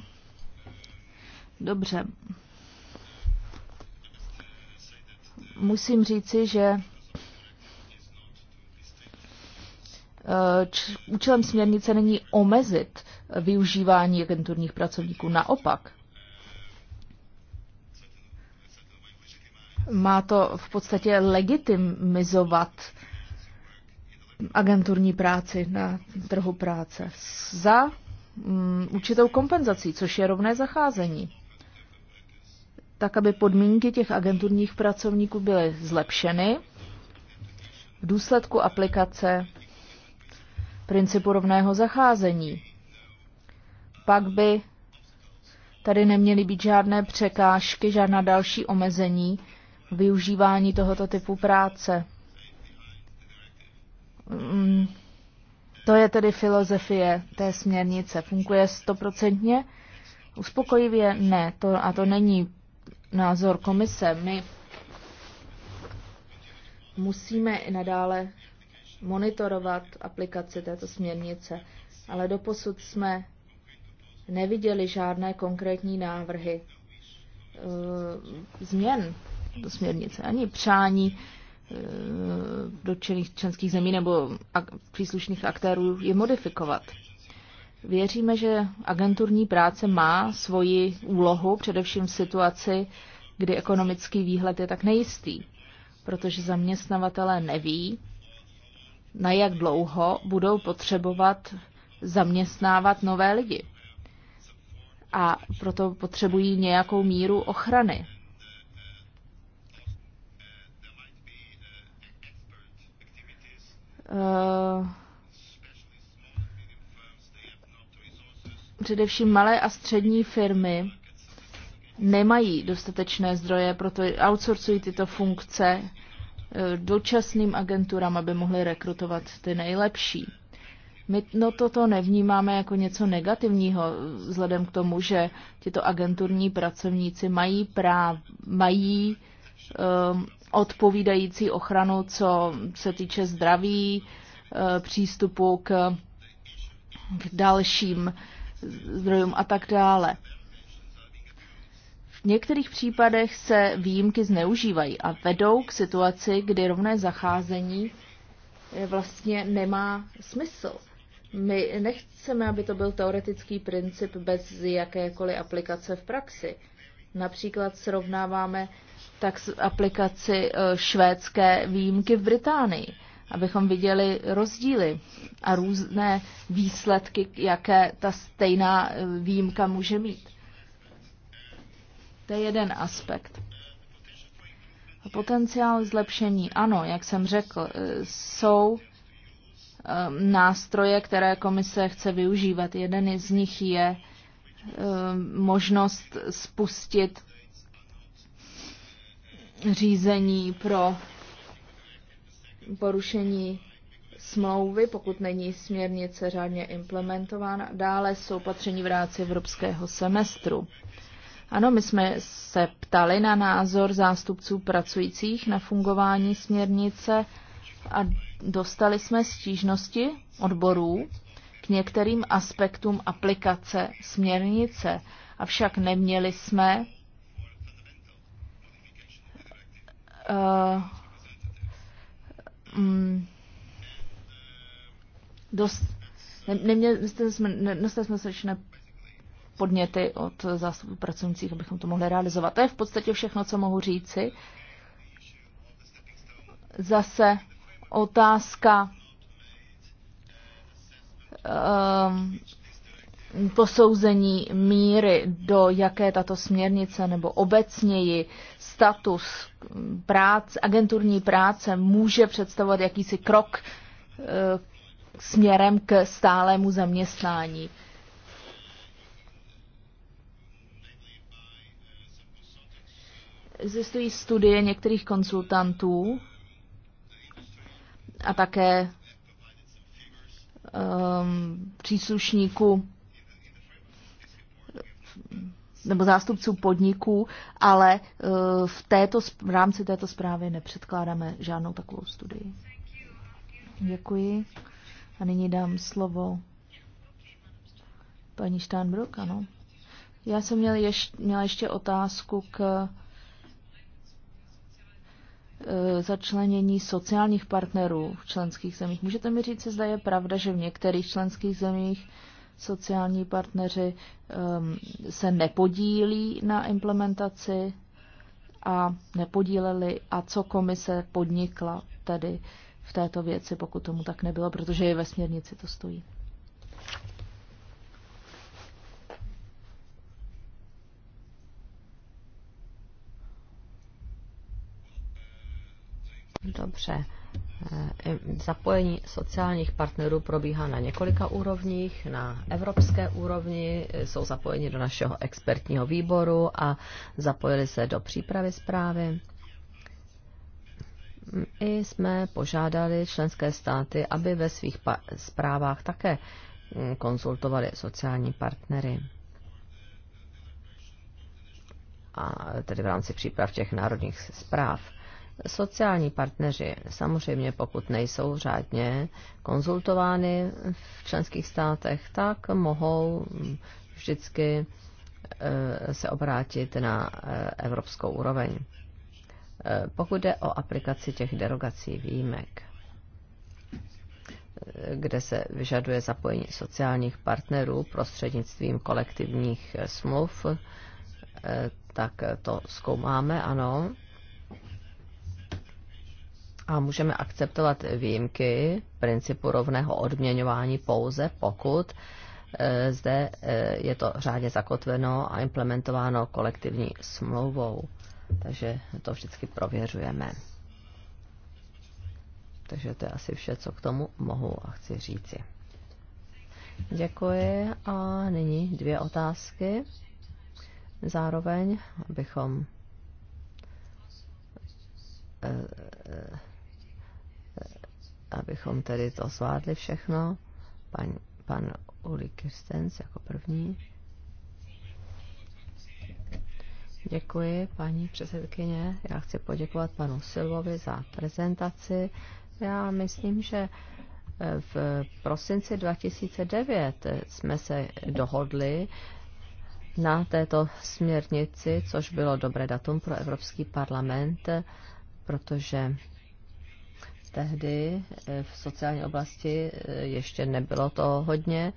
Dobře. Musím říci, že eh, účelem směrnice není omezit využívání agenturních pracovníků. Naopak, má to v podstatě legitimizovat agenturní práci na trhu práce za um, určitou kompenzací, což je rovné zacházení. Tak, aby podmínky těch agenturních pracovníků byly zlepšeny v důsledku aplikace principu rovného zacházení. Pak by tady neměly být žádné překážky, žádná další omezení využívání tohoto typu práce. Mm, to je tedy filozofie té směrnice. Funguje stoprocentně? Uspokojivě ne, to, a to není názor komise. My musíme i nadále monitorovat aplikaci této směrnice, ale doposud jsme neviděli žádné konkrétní návrhy e, změn do směrnice, ani přání Eh, dotčených členských zemí nebo ak- příslušných aktérů je modifikovat. Věříme, že agenturní práce má svoji úlohu, především v situaci, kdy ekonomický výhled je tak nejistý, protože zaměstnavatelé neví, na jak dlouho budou potřebovat zaměstnávat nové lidi. A proto potřebují nějakou míru ochrany Eh, především malé a střední firmy nemají dostatečné zdroje, proto outsourcují tyto funkce eh, dočasným agenturám, aby mohly rekrutovat ty nejlepší. My no, toto nevnímáme jako něco negativního, vzhledem k tomu, že tyto agenturní pracovníci mají práv, mají um, odpovídající ochranu, co se týče zdraví, e, přístupu k, k dalším zdrojům a tak dále. V některých případech se výjimky zneužívají a vedou k situaci, kdy rovné zacházení vlastně nemá smysl. My nechceme, aby to byl teoretický princip bez jakékoliv aplikace v praxi. Například srovnáváme tak s aplikaci eh, švédské výjimky v Británii, abychom viděli rozdíly a různé výsledky, jaké ta stejná eh, výjimka může mít. To je jeden aspekt. Potenciál zlepšení, ano, jak jsem řekl, eh, jsou nástroje, které komise chce využívat. Jeden z nich je Eh, možnost spustit řízení pro porušení smlouvy, pokud není směrnice řádně implementována. Dále jsou opatření v rámci evropského semestru. Ano, my jsme se ptali na názor zástupců pracujících na fungování směrnice a dostali jsme stížnosti odborů k některým aspektům aplikace směrnice, avšak neměli jsme eh, mm, dostali dost, neměli jsme, nedostali jsme podněty od zástupů pracujících, abychom to mohli realizovat. To je v podstatě všechno, co mohu říci. Zase otázka um, posouzení míry, do jaké tato směrnice nebo obecněji status práce, agenturní práce může představovat jakýsi krok uh, směrem k stálému zaměstnání. Existují studie některých konsultantů a také um, příslušníků nebo zástupců podniků, ale uh, v, této, v rámci této zprávy nepředkládáme žádnou takovou studii. Děkuji. A nyní dám slovo paní Steinbrück, ano. Já jsem měl ješ, měla ještě otázku k E, začlenění sociálních partnerů v členských zemích. Můžete mi říct, zda je pravda, že v některých členských zemích sociální partneři um, se nepodílí na implementaci a nepodíleli a co komise podnikla tedy v této věci, pokud tomu tak nebylo, protože je ve směrnici to stojí. Dobře. E, zapojení sociálních partnerů probíhá na několika úrovních. Na evropské úrovni e, jsou zapojeni do našeho expertního výboru a zapojili se do přípravy zprávy. I jsme požádali členské státy, aby ve svých zprávách také mm, konzultovali sociální partnery a tedy v rámci příprav těch národních zpráv. Sociální partneři, samozřejmě pokud nejsou řádně konzultovány v členských státech, tak mohou vždycky eh, se obrátit na eh, evropskou úroveň. Eh, pokud jde o aplikaci těch derogací výjimek, kde se vyžaduje zapojení sociálních partnerů prostřednictvím kolektivních smluv, tak to zkoumáme, ano. A můžeme akceptovat výjimky principu rovného odměňování pouze, pokud e, zde e, je to řádně zakotveno a implementováno kolektivní smlouvou. Takže to vždycky prověřujeme. Takže to je asi vše, co k tomu mohu a chci říci. Děkuji a nyní dvě otázky. Zároveň, abychom e, abychom tedy to zvládli všechno. Pan, pan Uli Kirstens jako první. Děkuji, paní předsedkyně. Já chci poděkovat panu Silvovi za prezentaci. Já myslím, že eh, v prosinci 2009 jsme se dohodli na této směrnici, což bylo dobré datum pro Evropský parlament, protože tehdy eh, v sociální oblasti eh, ještě nebylo to hodně.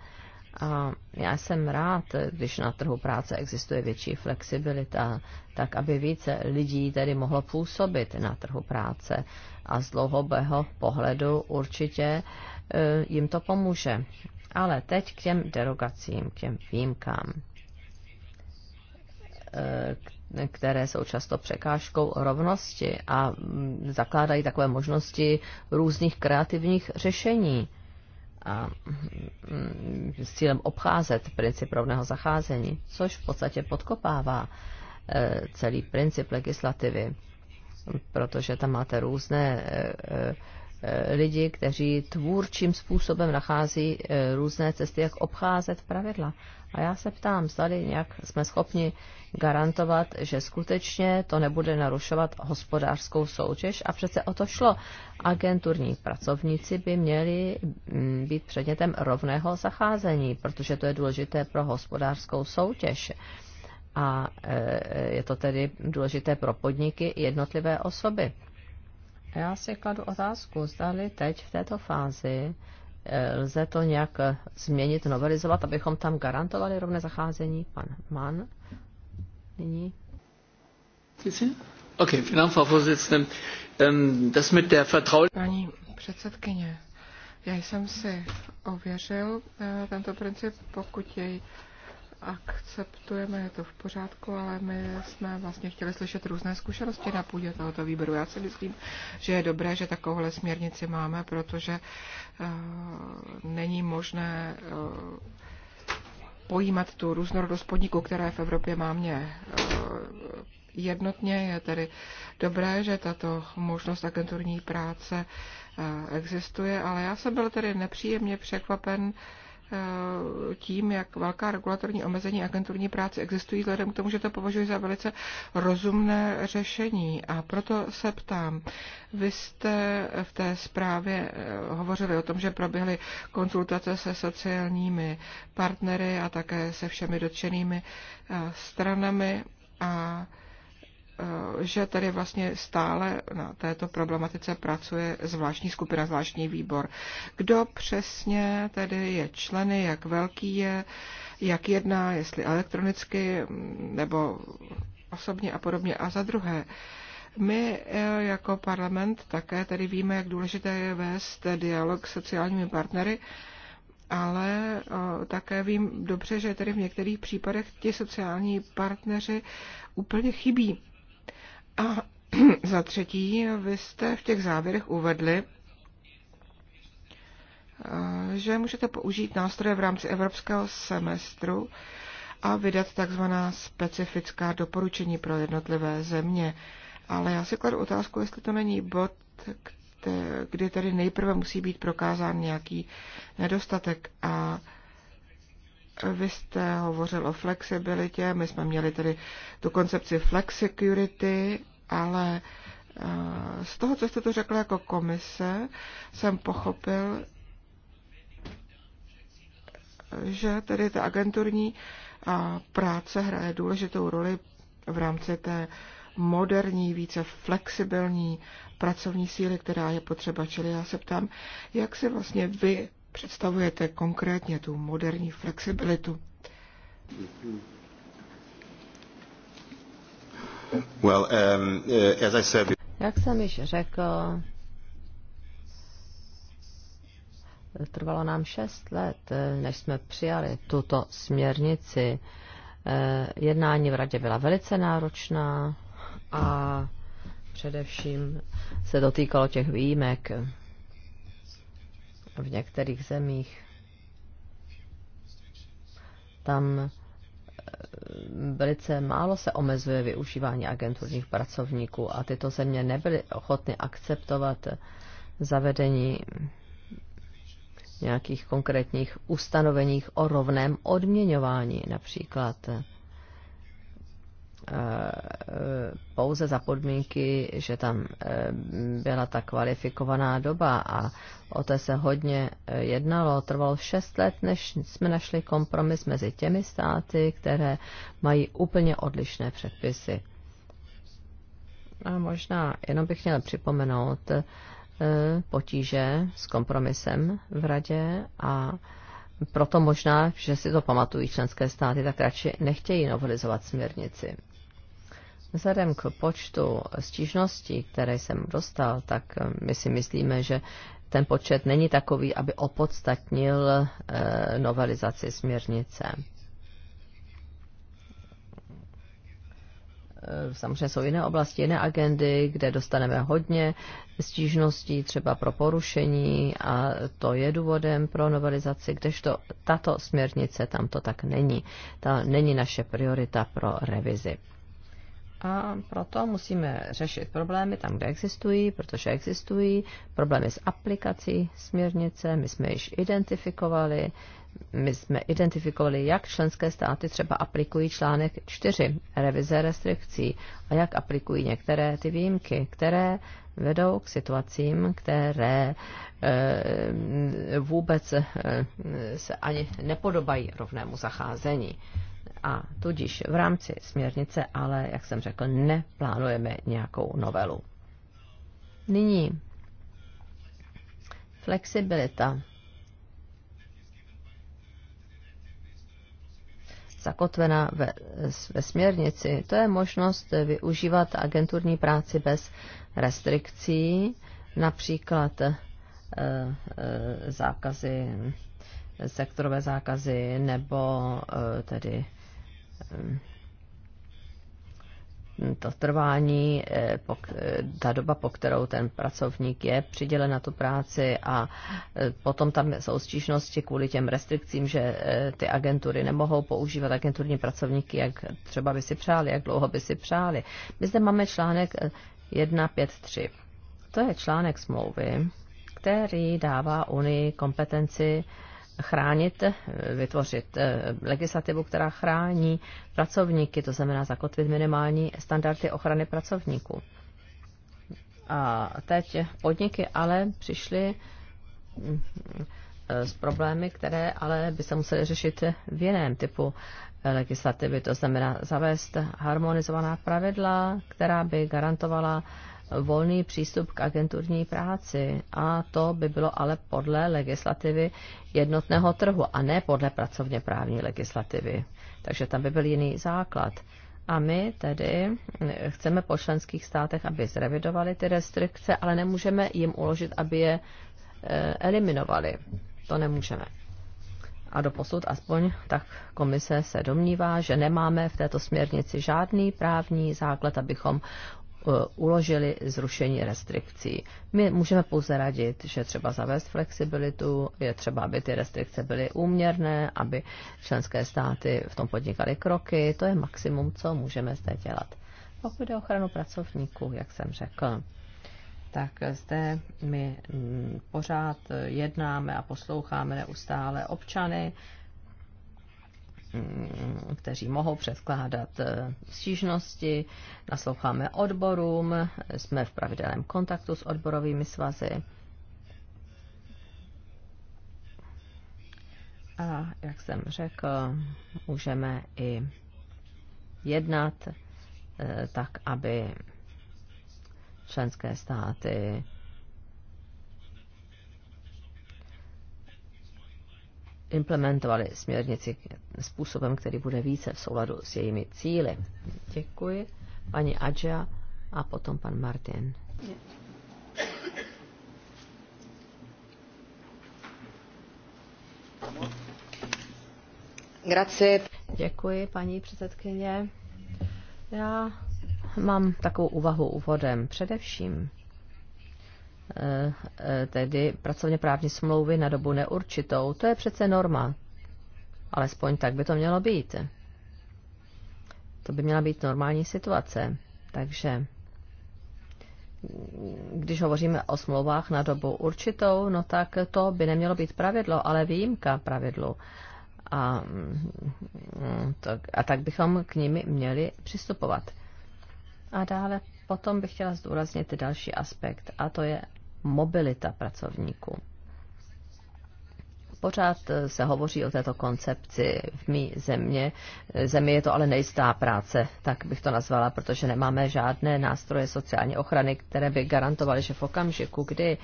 A já jsem rád, když na trhu práce existuje větší flexibilita, tak aby více lidí tedy mohlo působit na trhu práce. A z dlouhobého pohledu určitě eh, jim to pomůže. Ale teď k těm derogacím, k těm výjimkám, které jsou často překážkou rovnosti a zakládají takové možnosti různých kreativních řešení a mm, s cílem obcházet princip rovného zacházení, což v podstatě podkopává e, celý princip legislativy, protože tam máte různé e, e, Eh, lidi, kteří tvůrčím způsobem nachází eh, různé cesty, jak obcházet pravidla. A já se ptám, zdali nějak jsme schopni garantovat, že skutečně to nebude narušovat hospodářskou soutěž a přece o to šlo. Agenturní pracovníci by měli mm, být předmětem rovného zacházení, protože to je důležité pro hospodářskou soutěž a eh, je to tedy důležité pro podniky i jednotlivé osoby. Já si kladu otázku, zdali teď v této fázi eh, lze to nějak eh, změnit, novelizovat, abychom tam garantovali rovné zacházení. Pan Mann, nyní. OK, vielen ähm, Paní předsedkyně, já jsem si ověřil eh, tento princip, pokud jej akceptujeme, je to v pořádku, ale my jsme vlastně chtěli slyšet různé zkušenosti na půdě tohoto výboru. Já si myslím, že je dobré, že takovouhle směrnici máme, protože uh, není možné uh, pojímat tu různorodost podniků, které v Evropě máme uh, jednotně. Je tedy dobré, že tato možnost agenturní práce existuje, ale já jsem byl tedy nepříjemně překvapen uh, Eh, tím, jak velká regulatorní omezení agenturní práce existují, vzhledem k tomu, že to považuji za velice rozumné řešení. A proto se ptám, vy jste v té zprávě eh, hovořili o tom, že proběhly konzultace se sociálními partnery a také se všemi dotčenými eh, stranami a Eh, že tady vlastně stále na této problematice pracuje zvláštní skupina, zvláštní výbor. Kdo přesně tedy je členy, jak velký je, jak jedná, jestli elektronicky mm, nebo osobně a podobně. A za druhé, my eh, jako parlament také tady víme, jak důležité je vést dialog s sociálními partnery, ale eh, také vím dobře, že tedy v některých případech ti sociální partneři úplně chybí. A za třetí, vy jste v těch závěrech uvedli, eh, že můžete použít nástroje v rámci evropského semestru a vydat takzvaná specifická doporučení pro jednotlivé země. Ale já si kladu otázku, jestli to není bod, kdy tedy nejprve musí být prokázán nějaký nedostatek a vy jste hovořil o flexibilitě, my jsme měli tedy tu koncepci flexicurity, ale eh, z toho, co jste to řekl jako komise, jsem pochopil, že tedy ta agenturní eh, práce hraje důležitou roli v rámci té moderní, více flexibilní pracovní síly, která je potřeba. Čili já se ptám, jak si vlastně vy představujete konkrétně tu moderní flexibilitu? Well, um, uh, as I said... Jak jsem již řekl, trvalo nám šest let, než jsme přijali tuto směrnici. Eh, jednání v radě byla velice náročná a především se dotýkalo těch výjimek, v některých zemích. Tam eh, velice málo se omezuje využívání agenturních pracovníků a tyto země nebyly ochotny akceptovat zavedení nějakých konkrétních ustanoveních o rovném odměňování například. E, pouze za podmínky, že tam e, byla ta kvalifikovaná doba a o té se hodně e, jednalo. Trvalo šest let, než jsme našli kompromis mezi těmi státy, které mají úplně odlišné předpisy. A možná jenom bych měla připomenout potíže s kompromisem v radě a proto možná, že si to pamatují členské státy, tak radši nechtějí novelizovat směrnici. Vzhledem k počtu stížností, které jsem dostal, tak eh, my si myslíme, že ten počet není takový, aby opodstatnil eh, novelizaci směrnice. Eh, samozřejmě jsou jiné oblasti, jiné agendy, kde dostaneme hodně stížností, třeba pro porušení a to je důvodem pro novelizaci, kdežto tato směrnice tam to tak není. Ta není naše priorita pro revizi. A proto musíme řešit problémy tam, kde existují, protože existují problémy s aplikací směrnice. My jsme již identifikovali, my jsme identifikovali, jak členské státy třeba aplikují článek 4 revize restrikcí a jak aplikují některé ty výjimky, které vedou k situacím, které e, vůbec e, se ani nepodobají rovnému zacházení a tudíž v rámci směrnice, ale, jak jsem řekl, neplánujeme nějakou novelu. Nyní flexibilita zakotvená ve, ve směrnici, to je možnost využívat agenturní práci bez restrikcí, například e, e, zákazy, sektorové zákazy nebo e, tedy Ehm, to trvání, eh, eh, ta doba, po kterou ten pracovník je přidělen na tu práci a eh, potom tam jsou stížnosti kvůli těm restrikcím, že ty agentury nemohou používat agenturní pracovníky, jak třeba by si přáli, jak dlouho by si přáli. My zde máme článek 153. To je článek smlouvy, který dává Unii kompetenci chránit, eh, vytvořit eh, legislativu, která chrání pracovníky, to znamená zakotvit minimální standardy ochrany pracovníků. A teď podniky ale přišly mm, eh, s problémy, které ale by se musely řešit v jiném typu legislativy, to znamená zavést harmonizovaná pravidla, která by garantovala volný přístup k agenturní práci a to by bylo ale podle legislativy jednotného trhu a ne podle pracovně právní legislativy. Takže tam by byl jiný základ. A my tedy eh, chceme po členských státech, aby zrevidovali ty restrikce, ale nemůžeme jim uložit, aby je eh, eliminovali. To nemůžeme. A doposud aspoň tak komise se domnívá, že nemáme v této směrnici žádný právní základ, abychom Eh, uložili zrušení restrikcí. My můžeme pouze radit, že třeba zavést flexibilitu, je třeba, aby ty restrikce byly úměrné, aby členské státy v tom podnikaly kroky. To je maximum, co můžeme zde dělat. Pokud jde o ochranu pracovníků, jak jsem řekl, tak zde my mm, pořád jednáme a posloucháme neustále občany, Mm, kteří mohou předkládat eh, stížnosti, nasloucháme odborům, jsme v pravidelném kontaktu s odborovými svazy. A jak jsem řekl, můžeme i jednat eh, tak, aby členské státy implementovali směrnici způsobem, který bude více v souladu s jejími cíly. Děkuji. Paní Adžia a potom pan Martin. Grazie. Děkuji, paní předsedkyně. Já mám takovou úvahu úvodem. Především Eh, tedy pracovně právní smlouvy na dobu neurčitou. To je přece norma. Alespoň tak by to mělo být. To by měla být normální situace. Takže když hovoříme o smlouvách na dobu určitou, no tak to by nemělo být pravidlo, ale výjimka pravidlu. A, mm, mm, a tak bychom k nimi měli přistupovat. A dále Potom bych chtěla zdůraznit další aspekt, a to je mobilita pracovníků. Pořád eh, se hovoří o této koncepci v mý země. Eh, země je to ale nejistá práce, tak bych to nazvala, protože nemáme žádné nástroje sociální ochrany, které by garantovaly, že v okamžiku, kdy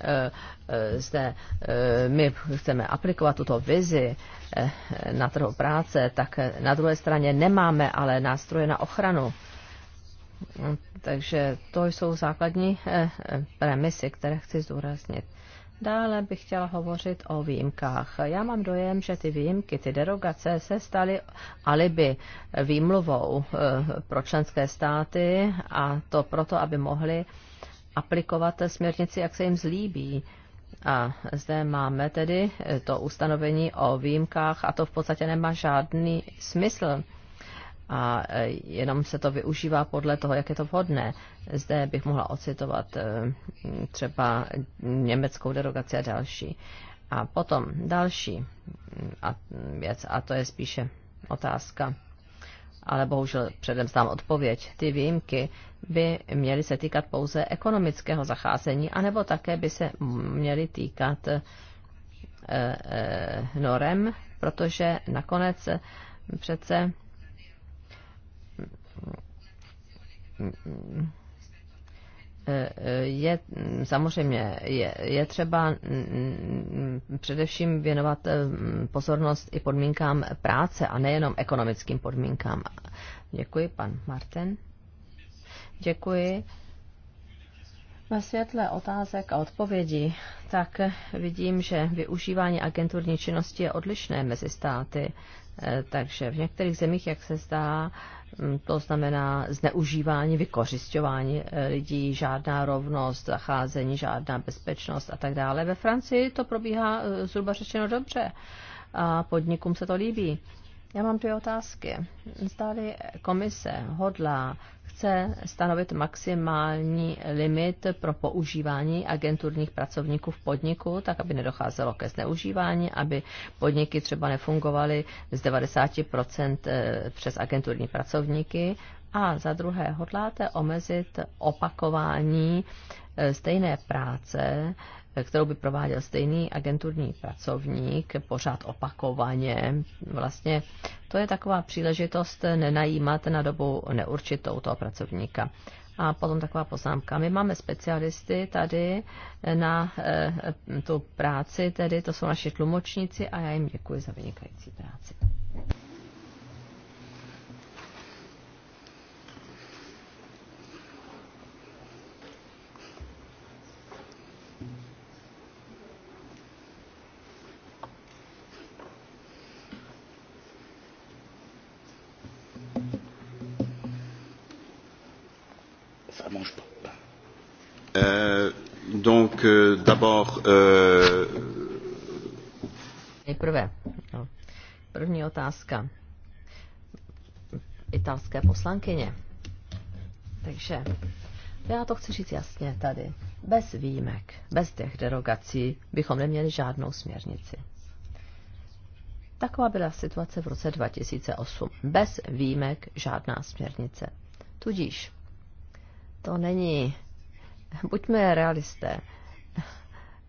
eh, zde my chceme aplikovat tuto vizi na trhu práce, tak na druhé straně nemáme ale nástroje na ochranu takže to jsou základní eh, eh, premisy, které chci zdůraznit. Dále bych chtěla hovořit o výjimkách. Já mám dojem, že ty výjimky, ty derogace se staly alibi výmluvou eh, pro členské státy a to proto, aby mohli aplikovat směrnici, jak se jim zlíbí. A zde máme tedy to ustanovení o výjimkách a to v podstatě nemá žádný smysl a e, jenom se to využívá podle toho, jak je to vhodné. Zde bych mohla ocitovat e, třeba německou derogaci a další. A potom další věc, a to je spíše otázka, ale bohužel předem znám odpověď. Ty výjimky by měly se týkat pouze ekonomického zacházení, anebo také by se měly týkat e, norem, protože nakonec přece je samozřejmě je, je třeba mm, mm, především věnovat eh, pozornost i podmínkám práce a nejenom ekonomickým podmínkám. Děkuji, pan Martin. Děkuji. Ve světle otázek a odpovědí tak vidím, že využívání agenturní činnosti je odlišné mezi státy, eh, takže v některých zemích, jak se zdá, Mm, to znamená zneužívání, vykořišťování eh, lidí, žádná rovnost, zacházení, žádná bezpečnost a tak dále. Ve Francii to probíhá eh, zhruba řečeno dobře a podnikům se to líbí. Já mám dvě otázky. Zdali komise hodlá chce stanovit maximální limit pro používání agenturních pracovníků v podniku, tak aby nedocházelo ke zneužívání, aby podniky třeba nefungovaly z 90% eh, přes agenturní pracovníky. A za druhé, hodláte omezit opakování eh, stejné práce kterou by prováděl stejný agenturní pracovník pořád opakovaně. Vlastně to je taková příležitost nenajímat na dobu neurčitou toho pracovníka. A potom taková poznámka. My máme specialisty tady na eh, tu práci, tedy to jsou naši tlumočníci a já jim děkuji za vynikající práci. Euh, donc, euh, d'abord. Euh... Nejprve. No. První otázka. Italské poslankyně. Takže já to chci říct jasně tady. Bez výjimek, bez těch derogací bychom neměli žádnou směrnici. Taková byla situace v roce 2008. Bez výjimek žádná směrnice. Tudíž to není buďme realisté.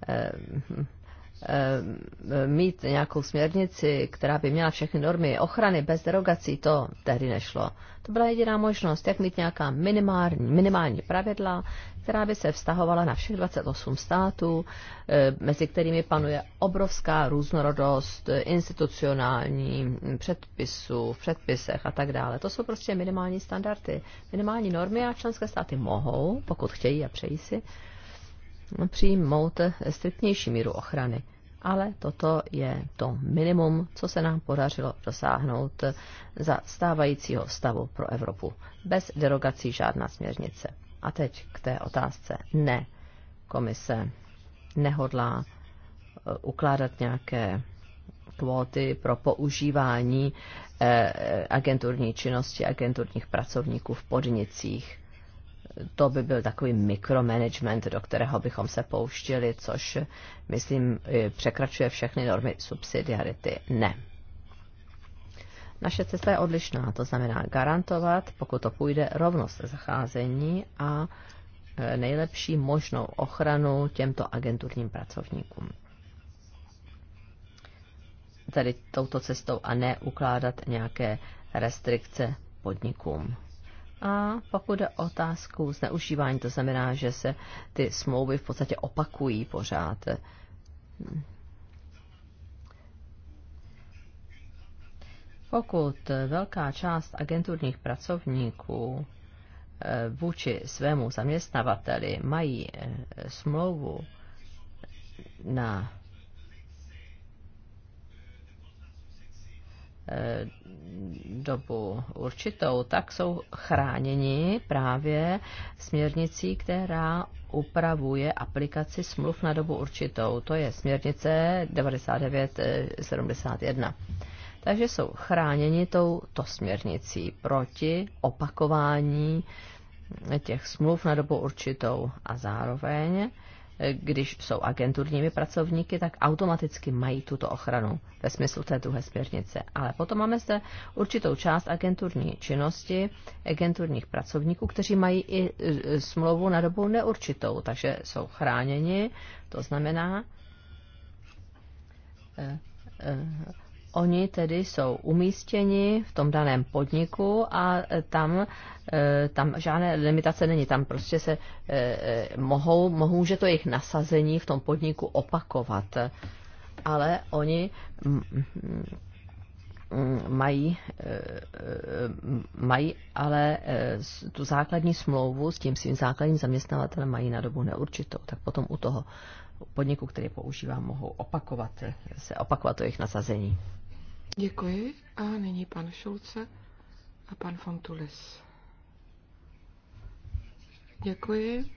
Ehm, Eh, mít nějakou směrnici, která by měla všechny normy ochrany bez derogací, to tehdy nešlo. To byla jediná možnost, jak mít nějaká minimální, minimální pravidla, která by se vztahovala na všech 28 států, eh, mezi kterými panuje obrovská různorodost institucionální předpisů, v předpisech a tak dále. To jsou prostě minimální standardy, minimální normy a členské státy mohou, pokud chtějí a přejí si, přijmout striktnější míru ochrany. Ale toto je to minimum, co se nám podařilo dosáhnout za stávajícího stavu pro Evropu. Bez derogací žádná směrnice. A teď k té otázce. Ne, komise nehodlá e, ukládat nějaké kvóty pro používání e, e, agenturní činnosti agenturních pracovníků v podnicích to by byl takový mikromanagement, do kterého bychom se pouštili, což, myslím, překračuje všechny normy subsidiarity. Ne. Naše cesta je odlišná, to znamená garantovat, pokud to půjde, rovnost zacházení a e, nejlepší možnou ochranu těmto agenturním pracovníkům. Tedy touto cestou a ne ukládat nějaké restrikce podnikům. A pokud je otázku zneužívání, to znamená, že se ty smlouvy v podstatě opakují pořád. Pokud velká část agenturních pracovníků eh, vůči svému zaměstnavateli mají eh, smlouvu na Eh, dobu určitou, tak jsou chráněni právě směrnicí, která upravuje aplikaci smluv na dobu určitou. To je směrnice 9971. Eh, Takže jsou chráněni touto směrnicí proti opakování těch smluv na dobu určitou a zároveň když jsou agenturními pracovníky, tak automaticky mají tuto ochranu ve smyslu té druhé směrnice. Ale potom máme zde určitou část agenturní činnosti, agenturních pracovníků, kteří mají i e, smlouvu na dobu neurčitou, takže jsou chráněni, to znamená, eh, eh, Oni tedy jsou umístěni v tom daném podniku a e, tam, e, tam žádné limitace není. Tam prostě se e, mohou, mohou, že to jejich nasazení v tom podniku opakovat. Ale oni mají, mají ale tu základní smlouvu s tím svým základním zaměstnavatelem mají na dobu neurčitou, tak potom u toho podniku, který používá, mohou opakovat, se opakovat to jejich nasazení. Děkuji. A nyní pan Šulce a pan Fontulis. Děkuji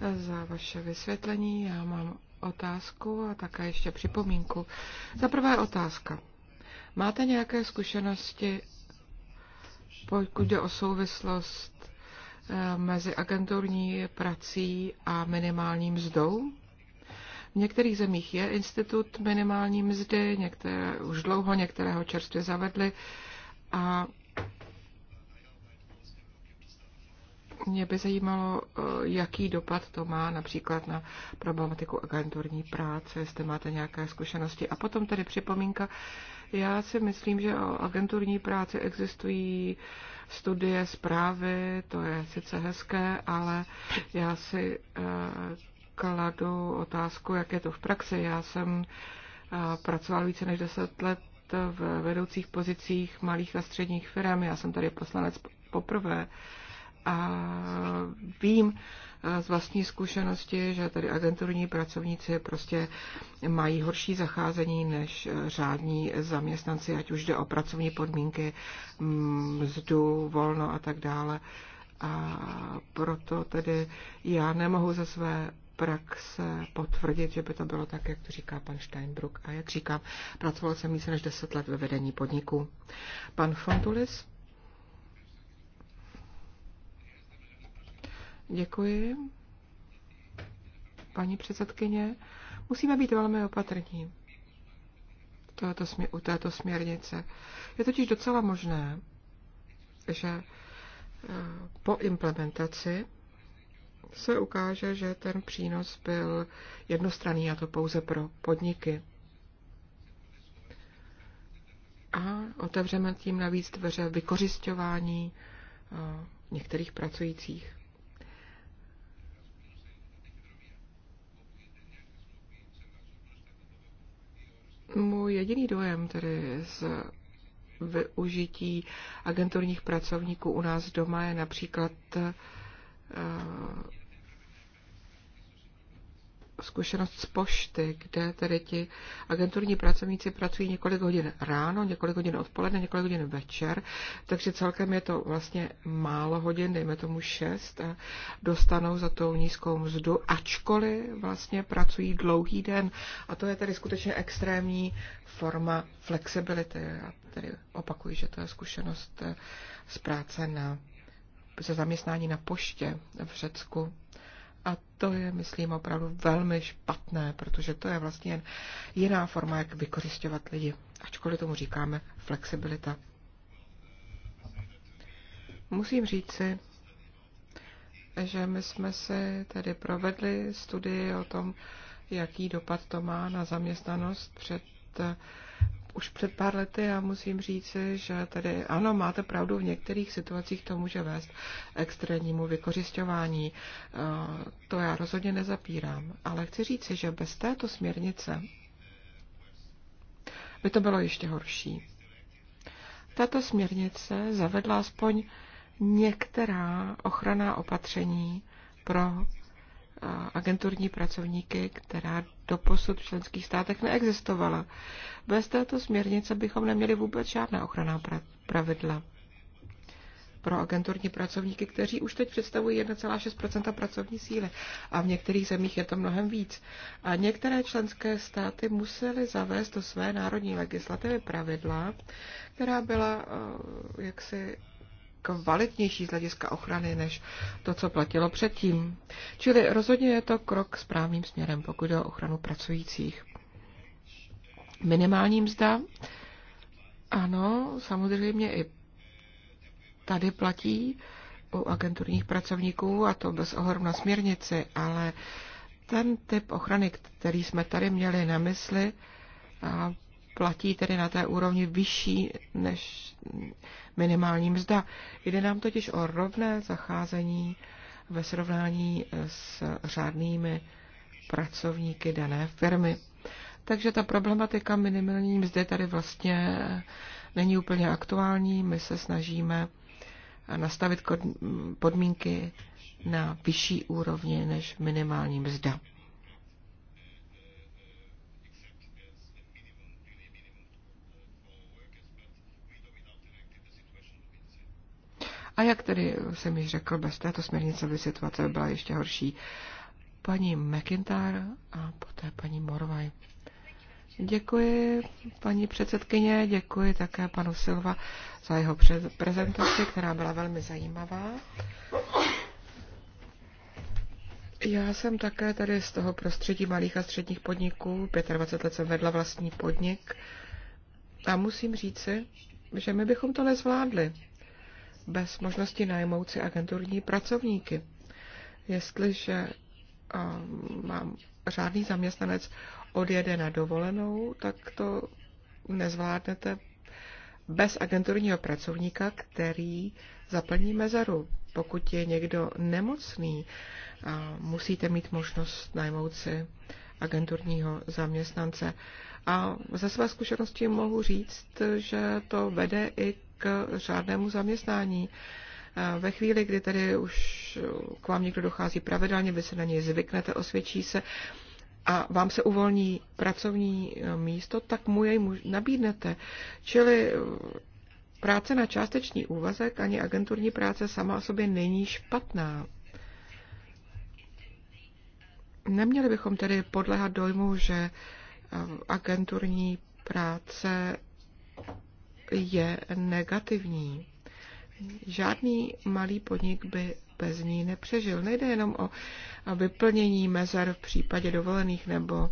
eh, za vaše vysvětlení. Já mám otázku a také ještě připomínku. Za prvé otázka. Máte nějaké zkušenosti, pokud jde o souvislost eh, mezi agenturní prací a minimálním mzdou? V některých zemích je institut minimální mzdy, některé už dlouho, některé ho čerstvě zavedly a mě by zajímalo, eh, jaký dopad to má například na problematiku agenturní práce, jestli máte nějaké zkušenosti. A potom tady připomínka, já si myslím, že o agenturní práci existují studie, zprávy, to je sice hezké, ale já si eh, kladu otázku, jak je to v praxi. Já jsem eh, pracoval více než 10 let v vedoucích pozicích malých a středních firm. Já jsem tady poslanec poprvé a vím eh, z vlastní zkušenosti, že tady agenturní pracovníci prostě mají horší zacházení než eh, řádní zaměstnanci, ať už jde o pracovní podmínky, mm, mzdu, volno a tak dále. A proto tedy já nemohu ze své praxe potvrdit, že by to bylo tak, jak to říká pan Steinbruck, A jak říkám, pracoval jsem více než 10 let ve vedení podniku. Pan Fontulis? Děkuji. Paní předsedkyně, musíme být velmi opatrní tohoto, u této směrnice. Je totiž docela možné, že eh, po implementaci se ukáže, že ten přínos byl jednostranný, a to pouze pro podniky. A otevřeme tím navíc dveře vykořišťování eh, některých pracujících. Můj jediný dojem tedy z využití agenturních pracovníků u nás doma je například eh, Eh, zkušenost z pošty, kde tedy ti agenturní pracovníci pracují několik hodin ráno, několik hodin odpoledne, několik hodin večer, takže celkem je to vlastně málo hodin, dejme tomu šest, a dostanou za to nízkou mzdu, ačkoliv vlastně pracují dlouhý den. A to je tedy skutečně extrémní forma flexibility. Já tedy opakuji, že to je zkušenost eh, z práce na ze zaměstnání na poště v Řecku. A to je, myslím, opravdu velmi špatné, protože to je vlastně jen jiná forma, jak vykořišťovat lidi, ačkoliv tomu říkáme flexibilita. Musím si, že my jsme si tedy provedli studii o tom, jaký dopad to má na zaměstnanost před už před pár lety a musím říci, že tady ano, máte pravdu, v některých situacích to může vést extrémnímu vykořišťování. Eh, to já rozhodně nezapírám, ale chci říci, že bez této směrnice by to bylo ještě horší. Tato směrnice zavedla aspoň některá ochranná opatření pro agenturní pracovníky, která posud v členských státech neexistovala. Bez této směrnice bychom neměli vůbec žádná ochranná pravidla pro agenturní pracovníky, kteří už teď představují 1,6 pracovní síly a v některých zemích je to mnohem víc. A některé členské státy musely zavést do své národní legislativy pravidla, která byla eh, jaksi kvalitnější z hlediska ochrany než to, co platilo předtím. Čili rozhodně je to krok správným směrem, pokud jde o ochranu pracujících. Minimální mzda? Ano, samozřejmě i tady platí u agenturních pracovníků, a to bez ohledu na směrnici, ale ten typ ochrany, který jsme tady měli na mysli, platí tedy na té úrovni vyšší než minimální mzda. Jde nám totiž o rovné zacházení ve srovnání s řádnými pracovníky dané firmy. Takže ta problematika minimální mzdy tady vlastně není úplně aktuální. My se snažíme nastavit podmínky na vyšší úrovni než minimální mzda. A jak tedy jsem již řekl, bez této směrnice by situace byla ještě horší. Paní McIntyre a poté paní Morvaj. Děkuji paní předsedkyně, děkuji také panu Silva za jeho prezentaci, která byla velmi zajímavá. Já jsem také tady z toho prostředí malých a středních podniků. 25 let jsem vedla vlastní podnik. A musím říci, že my bychom to nezvládli bez možnosti najmout si agenturní pracovníky. Jestliže mám řádný zaměstnanec odjede na dovolenou, tak to nezvládnete bez agenturního pracovníka, který zaplní mezeru. Pokud je někdo nemocný, musíte mít možnost najmout si agenturního zaměstnance. A ze své zkušenosti mohu říct, že to vede i k řádnému zaměstnání. Ve chvíli, kdy tady už k vám někdo dochází pravidelně, vy se na něj zvyknete, osvědčí se a vám se uvolní pracovní e, místo, tak mu jej nabídnete. Čili e, práce na částečný úvazek ani agenturní práce sama o sobě není špatná. Neměli bychom tedy podlehat dojmu, že e, agenturní práce je negativní. Žádný malý podnik by bez ní nepřežil. Nejde jenom o vyplnění mezer v případě dovolených nebo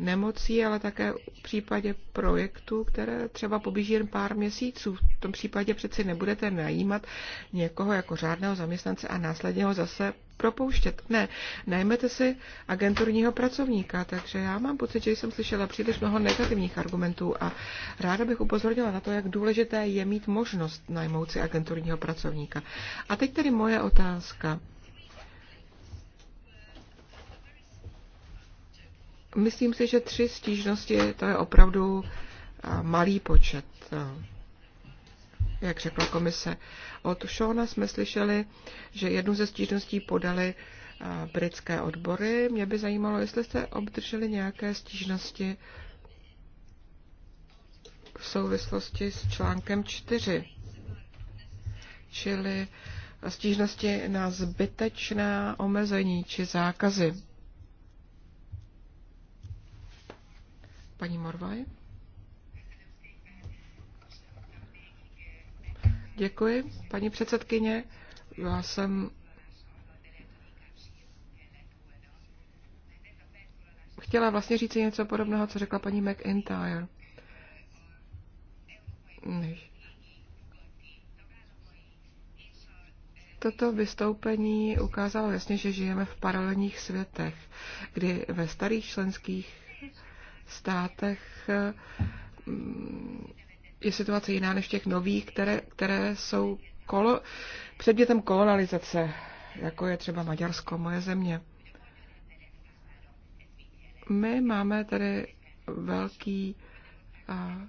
nemocí, ale také v případě projektů, které třeba poběží jen pár měsíců. V tom případě přeci nebudete najímat někoho jako řádného zaměstnance a následně ho zase propouštět. Ne, najmete si agenturního pracovníka, takže já mám pocit, že jsem slyšela příliš mnoho negativních argumentů a ráda bych upozornila na to, jak důležité je mít možnost najmout si agenturního pracovníka. A teď tedy moje otázka. Myslím si, že tři stížnosti to je opravdu eh, malý počet. Eh, jak řekla komise. Od Šona jsme slyšeli, že jednu ze stížností podali eh, britské odbory. Mě by zajímalo, jestli jste obdrželi nějaké stížnosti v souvislosti s článkem 4, čili stížnosti na zbytečná omezení či zákazy. Paní Morvaj. Děkuji, paní předsedkyně. Já jsem chtěla vlastně říct něco podobného, co řekla paní McIntyre. Toto vystoupení ukázalo jasně, že žijeme v paralelních světech, kdy ve starých členských státech eh, je situace jiná než těch nových, které, které jsou kolo, předmětem kolonalizace, jako je třeba Maďarsko, moje země. My máme tady velký a, eh,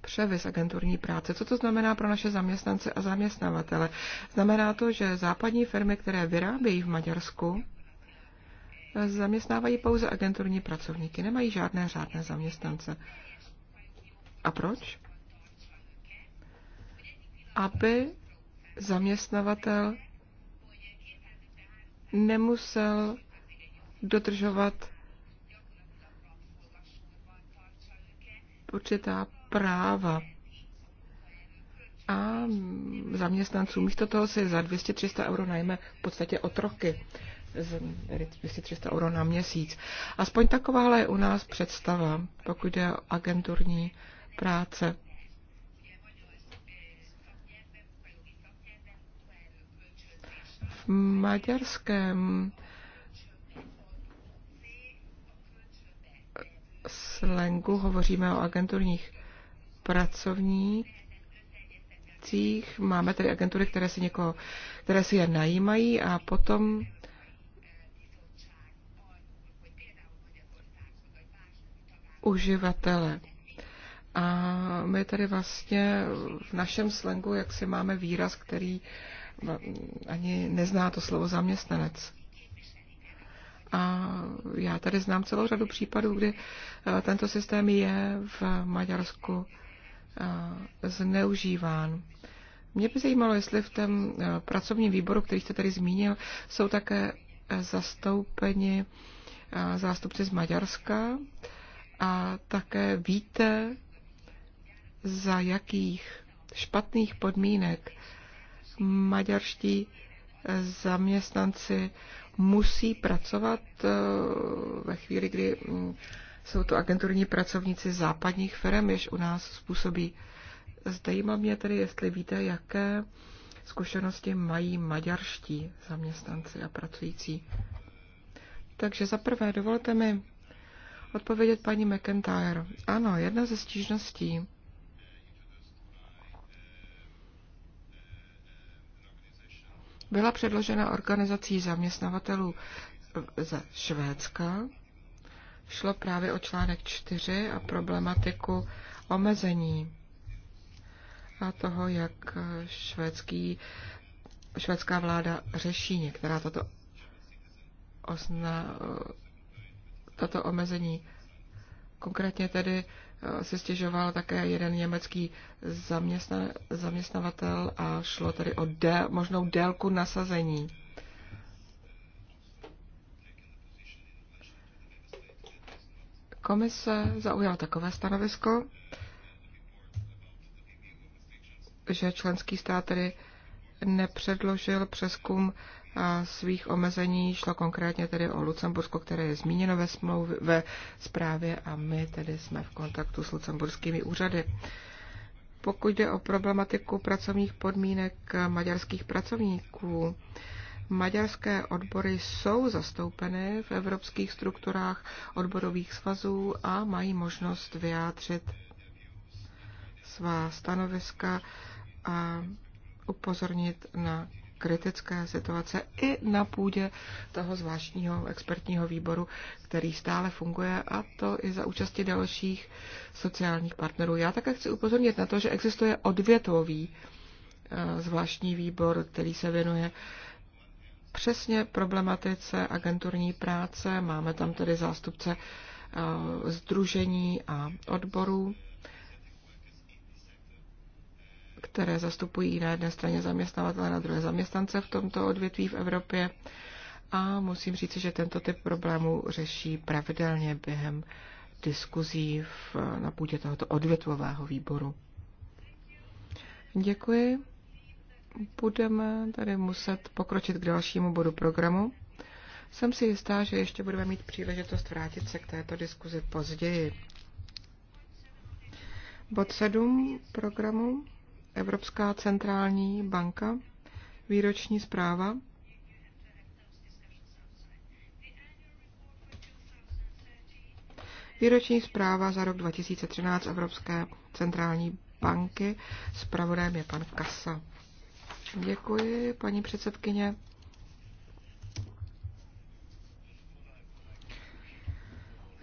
převis agenturní práce. Co to znamená pro naše zaměstnance a zaměstnavatele? Znamená to, že západní firmy, které vyrábějí v Maďarsku, zaměstnávají pouze agenturní pracovníky, nemají žádné řádné zaměstnance. A proč? Aby zaměstnavatel nemusel dodržovat určitá práva a zaměstnanců. Místo toho si za 200-300 euro najme v podstatě otroky. 200-300 euro na měsíc. Aspoň takováhle je u nás představa, pokud je o agenturní práce. V maďarském slengu hovoříme o agenturních pracovnících. Máme tedy agentury, které si, někoho, které si je najímají a potom uživatele. A my tady vlastně v našem slengu, jak si máme výraz, který ani nezná to slovo zaměstnanec. A já tady znám celou řadu případů, kdy eh, tento systém je v Maďarsku eh, zneužíván. Mě by zajímalo, jestli v tom eh, pracovním výboru, který jste tady zmínil, jsou také zastoupeni zástupci z Maďarska, a také víte, za jakých špatných podmínek maďarští eh, zaměstnanci musí pracovat eh, ve chvíli, kdy mm, jsou to agenturní pracovníci západních firm, jež u nás způsobí. Zajímá mě tedy, jestli víte, jaké zkušenosti mají maďarští zaměstnanci a pracující. Takže za prvé dovolte mi odpovědět paní McIntyre. Ano, jedna ze stížností byla předložena organizací zaměstnavatelů ze Švédska. Šlo právě o článek 4 a problematiku omezení a toho, jak švédský, švédská vláda řeší některá tato osna, tato omezení. Konkrétně tedy eh, si stěžoval také jeden německý zaměstna, zaměstnavatel a šlo tedy o dé, možnou délku nasazení. Komise zaujala takové stanovisko, že členský stát tedy nepředložil přeskum svých omezení. Šlo konkrétně tedy o Lucembursko, které je zmíněno ve, smlouvě, ve zprávě a my tedy jsme v kontaktu s lucemburskými úřady. Pokud jde o problematiku pracovních podmínek maďarských pracovníků, Maďarské odbory jsou zastoupeny v evropských strukturách odborových svazů a mají možnost vyjádřit svá stanoviska a upozornit na kritické situace i na půdě toho zvláštního expertního výboru, který stále funguje a to i za účasti dalších sociálních partnerů. Já také chci upozornit na to, že existuje odvětový eh, zvláštní výbor, který se věnuje přesně problematice agenturní práce. Máme tam tedy zástupce združení eh, a odborů které zastupují na jedné straně zaměstnavatele, na druhé zaměstnance v tomto odvětví v Evropě. A musím říct, že tento typ problémů řeší pravidelně během diskuzí v, na půdě tohoto odvětvového výboru. Děkuji. Budeme tady muset pokročit k dalšímu bodu programu. Jsem si jistá, že ještě budeme mít příležitost vrátit se k této diskuzi později. Bod 7 programu Evropská centrální banka, výroční zpráva. Výroční zpráva za rok 2013 Evropské centrální banky. Spravodajem je pan Kasa. Děkuji, paní předsedkyně.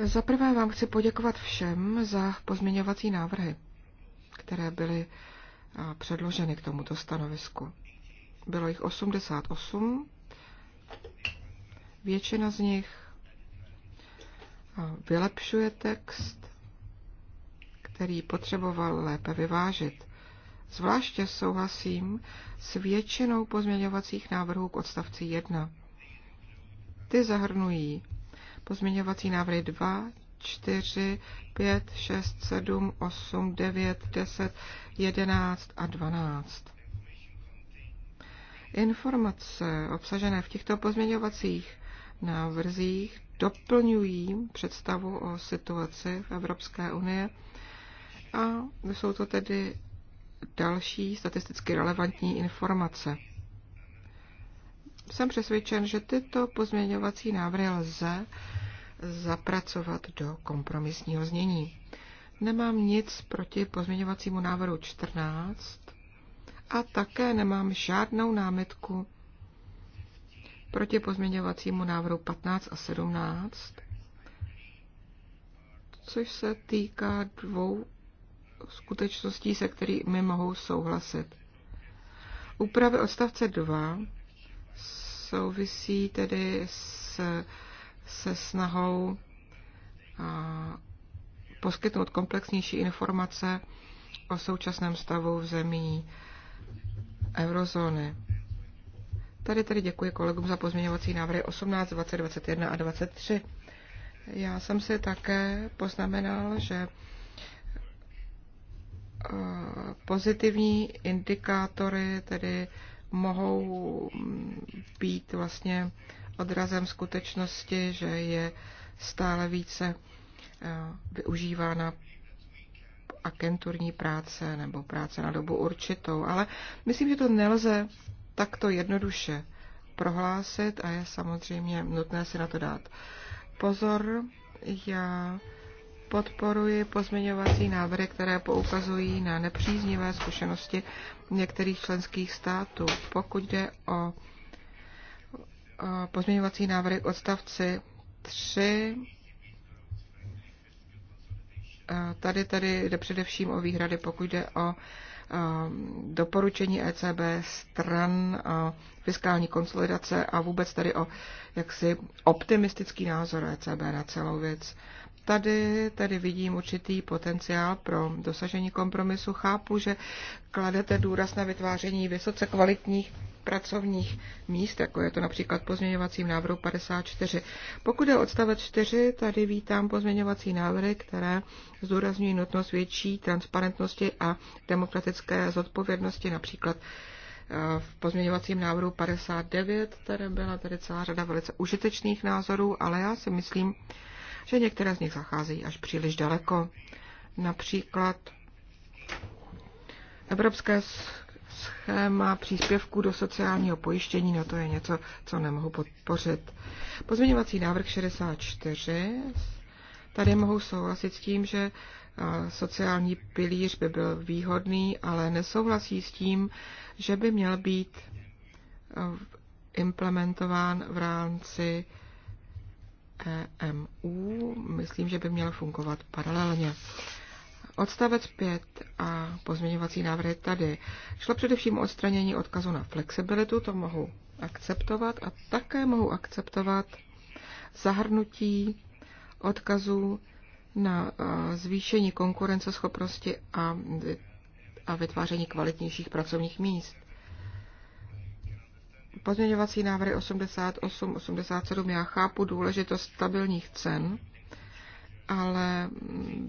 Za prvé vám chci poděkovat všem za pozměňovací návrhy, které byly předloženy k tomuto stanovisku. Bylo jich 88, většina z nich vylepšuje text, který potřeboval lépe vyvážit. Zvláště souhlasím s většinou pozměňovacích návrhů k odstavci 1. Ty zahrnují pozměňovací návrhy 2, 4, 5, 6, 7, 8, 9, 10, 11 a 12. Informace obsažené v těchto pozměňovacích návrzích doplňují představu o situaci v Evropské unie a jsou to tedy další statisticky relevantní informace. Jsem přesvědčen, že tyto pozměňovací návrhy lze zapracovat do kompromisního znění. Nemám nic proti pozměňovacímu návrhu 14 a také nemám žádnou námitku proti pozměňovacímu návrhu 15 a 17, což se týká dvou skutečností, se kterými mohou souhlasit. Úpravy odstavce 2 souvisí tedy s se snahou poskytnout komplexnější informace o současném stavu v zemí eurozóny. Tady tedy děkuji kolegům za pozměňovací návrhy 18, 20, 21 a 23. Já jsem si také poznamenal, že pozitivní indikátory tedy mohou být vlastně odrazem skutečnosti, že je stále více eh, využívána agenturní práce nebo práce na dobu určitou, ale myslím, že to nelze takto jednoduše prohlásit a je samozřejmě nutné si na to dát pozor. Já podporuji pozměňovací návrhy, které poukazují na nepříznivé zkušenosti některých členských států, pokud jde o pozměňovací návrhy k odstavci 3. Tady tady jde především o výhrady, pokud jde o doporučení ECB stran fiskální konsolidace a vůbec tady o jaksi optimistický názor ECB na celou věc. Tady, tady vidím určitý potenciál pro dosažení kompromisu. Chápu, že kladete důraz na vytváření vysoce kvalitních pracovních míst, jako je to například pozměňovacím návrhu 54. Pokud je odstavec 4, tady vítám pozměňovací návrhy, které zdůrazňují nutnost větší transparentnosti a demokratické zodpovědnosti, například eh, v pozměňovacím návrhu 59 tady byla tady celá řada velice užitečných názorů, ale já si myslím, že některé z nich zacházejí až příliš daleko. Například Evropské Schéma příspěvků do sociálního pojištění, no to je něco, co nemohu podpořit. Pozměňovací návrh 64. Tady mohu souhlasit s tím, že sociální pilíř by byl výhodný, ale nesouhlasí s tím, že by měl být implementován v rámci EMU. Myslím, že by měl fungovat paralelně. Odstavec 5 a pozměňovací návrhy tady. Šlo především o odstranění odkazu na flexibilitu, to mohu akceptovat a také mohu akceptovat zahrnutí odkazu na e, zvýšení konkurenceschopnosti a, a vytváření kvalitnějších pracovních míst. Pozměňovací návrhy 88-87 já chápu důležitost stabilních cen, ale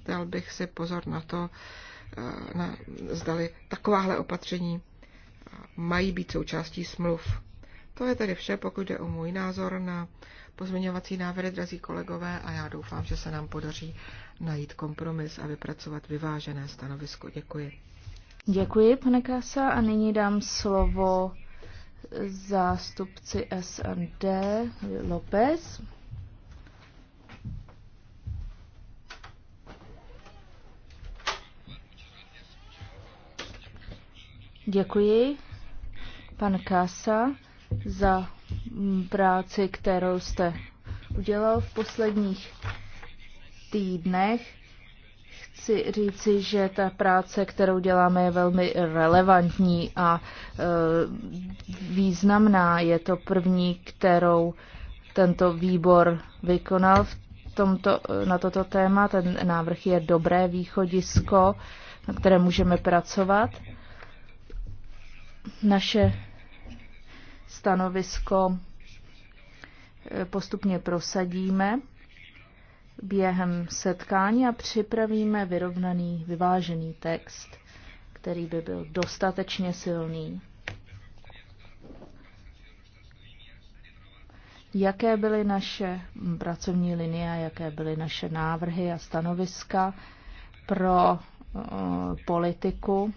dal bych si pozor na to, eh, na, zdali takováhle opatření eh, mají být součástí smluv. To je tedy vše, pokud jde o můj názor na pozměňovací návrhy, drazí kolegové, a já doufám, že se nám podaří najít kompromis a vypracovat vyvážené stanovisko. Děkuji. Děkuji, pane kása a nyní dám slovo zástupci SND López. Děkuji, pan Kasa, za práci, kterou jste udělal v posledních týdnech. Chci říci, že ta práce, kterou děláme, je velmi relevantní a e, významná. Je to první, kterou tento výbor vykonal v tomto, na toto téma. Ten návrh je dobré východisko, na které můžeme pracovat. Naše stanovisko eh, postupně prosadíme během setkání a připravíme vyrovnaný, vyvážený text, který by byl dostatečně silný. Jaké byly naše pracovní linie jaké byly naše návrhy a stanoviska pro uh, politiku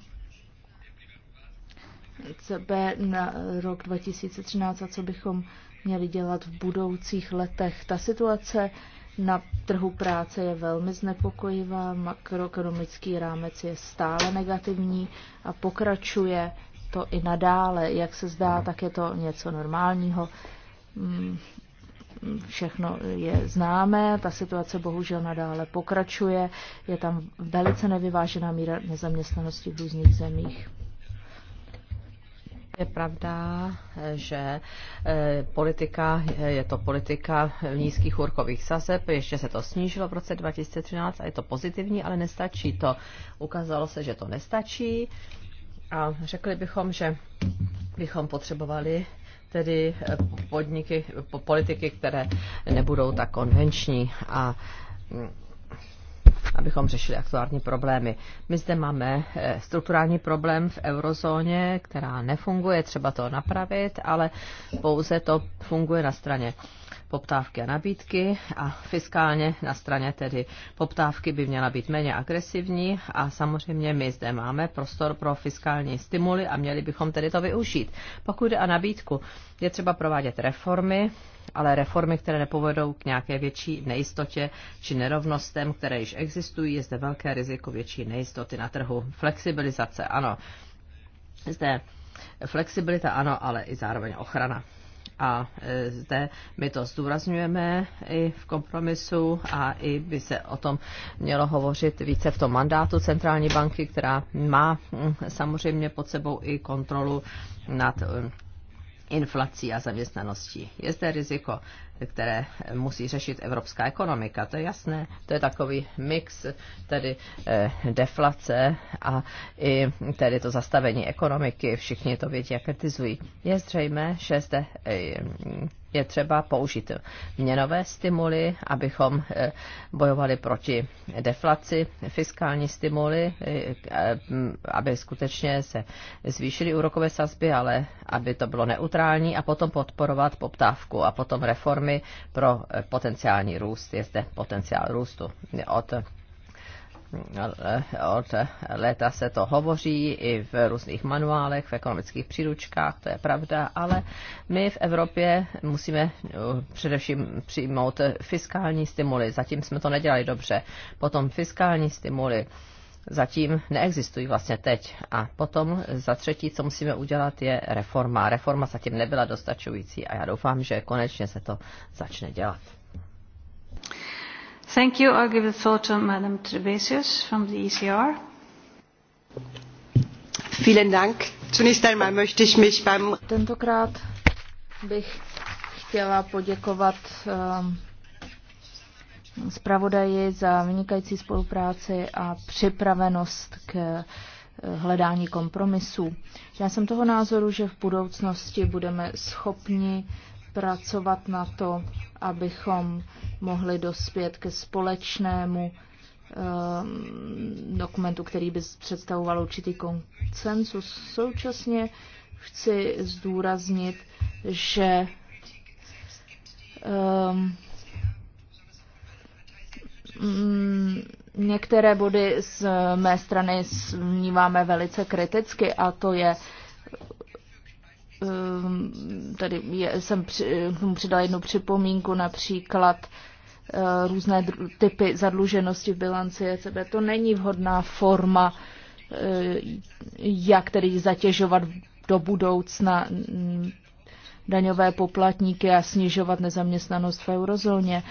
CB na rok 2013 a co bychom měli dělat v budoucích letech. Ta situace na trhu práce je velmi znepokojivá, makroekonomický rámec je stále negativní a pokračuje to i nadále. Jak se zdá, tak je to něco normálního. Mm, všechno je známé, ta situace bohužel nadále pokračuje, je tam velice nevyvážená míra nezaměstnanosti v různých zemích. Je pravda, že e, politika, je to politika nízkých úrokových sazeb, ještě se to snížilo v roce 2013 a je to pozitivní, ale nestačí to. Ukázalo se, že to nestačí a řekli bychom, že bychom potřebovali tedy e, podniky, politiky, které nebudou tak konvenční a mm, abychom řešili aktuální problémy. My zde máme eh, strukturální problém v eurozóně, která nefunguje, třeba to napravit, ale pouze to funguje na straně poptávky a nabídky a fiskálně na straně tedy poptávky by měla být méně agresivní a samozřejmě my zde máme prostor pro fiskální stimuly a měli bychom tedy to využít. Pokud jde o nabídku, je třeba provádět reformy, ale reformy, které nepovedou k nějaké větší nejistotě či nerovnostem, které již existují, je zde velké riziko větší nejistoty na trhu. Flexibilizace, ano. Zde flexibilita, ano, ale i zároveň ochrana. A e, zde my to zdůrazňujeme i v kompromisu a i by se o tom mělo hovořit více v tom mandátu centrální banky, která má samozřejmě pod sebou i kontrolu nad inflací a zaměstnaností. Je zde riziko, které musí řešit evropská ekonomika, to je jasné. To je takový mix tedy eh, deflace a i tedy to zastavení ekonomiky. Všichni to vědí a kritizují. Je zřejmé, že zde eh, je třeba použít měnové stimuly, abychom eh, bojovali proti deflaci, fiskální stimuly, eh, aby skutečně se zvýšily úrokové sazby, ale aby to bylo neutrální a potom podporovat poptávku a potom reformy pro eh, potenciální růst. Je zde potenciál růstu od od léta se to hovoří i v různých manuálech, v ekonomických příručkách, to je pravda, ale my v Evropě musíme eh, především přijmout fiskální stimuly. Zatím jsme to nedělali dobře. Potom fiskální stimuly zatím neexistují vlastně teď. A potom za třetí, co musíme udělat, je reforma. Reforma zatím nebyla dostačující a já doufám, že konečně se to začne dělat. Thank you. I'll give the floor to Madam Trebesius from the ECR. Vielen Dank. Zunächst einmal möchte ich mich beim Tentokrát bych chtěla poděkovat um, zpravodaji za vynikající spolupráci a připravenost k eh, hledání kompromisů. Já jsem toho názoru, že v budoucnosti budeme schopni uh, pracovat na to, abychom mohli dospět ke společnému ehm, dokumentu, který by představoval určitý koncensus. Současně chci zdůraznit, že um, některé body z mé strany vnímáme velice kriticky a to je Ehm, tady je, jsem při, k tomu přidala jednu připomínku, například eh, různé typy zadluženosti v bilanci ECB. To není vhodná forma, eh, jak tedy zatěžovat do budoucna mm, daňové poplatníky a snižovat nezaměstnanost v eurozóně.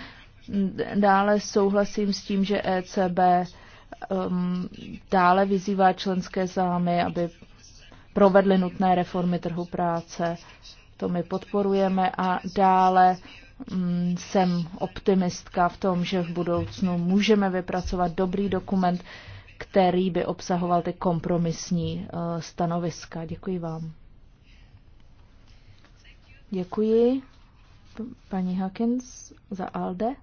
Mm, dále souhlasím s tím, že ECB um, ehm, dále vyzývá členské zámy, aby provedli nutné reformy trhu práce. To my podporujeme a dále mm, jsem optimistka v tom, že v budoucnu můžeme vypracovat dobrý dokument, který by obsahoval ty kompromisní eh, stanoviska. Děkuji vám. Děkuji paní Hakins za ALDE.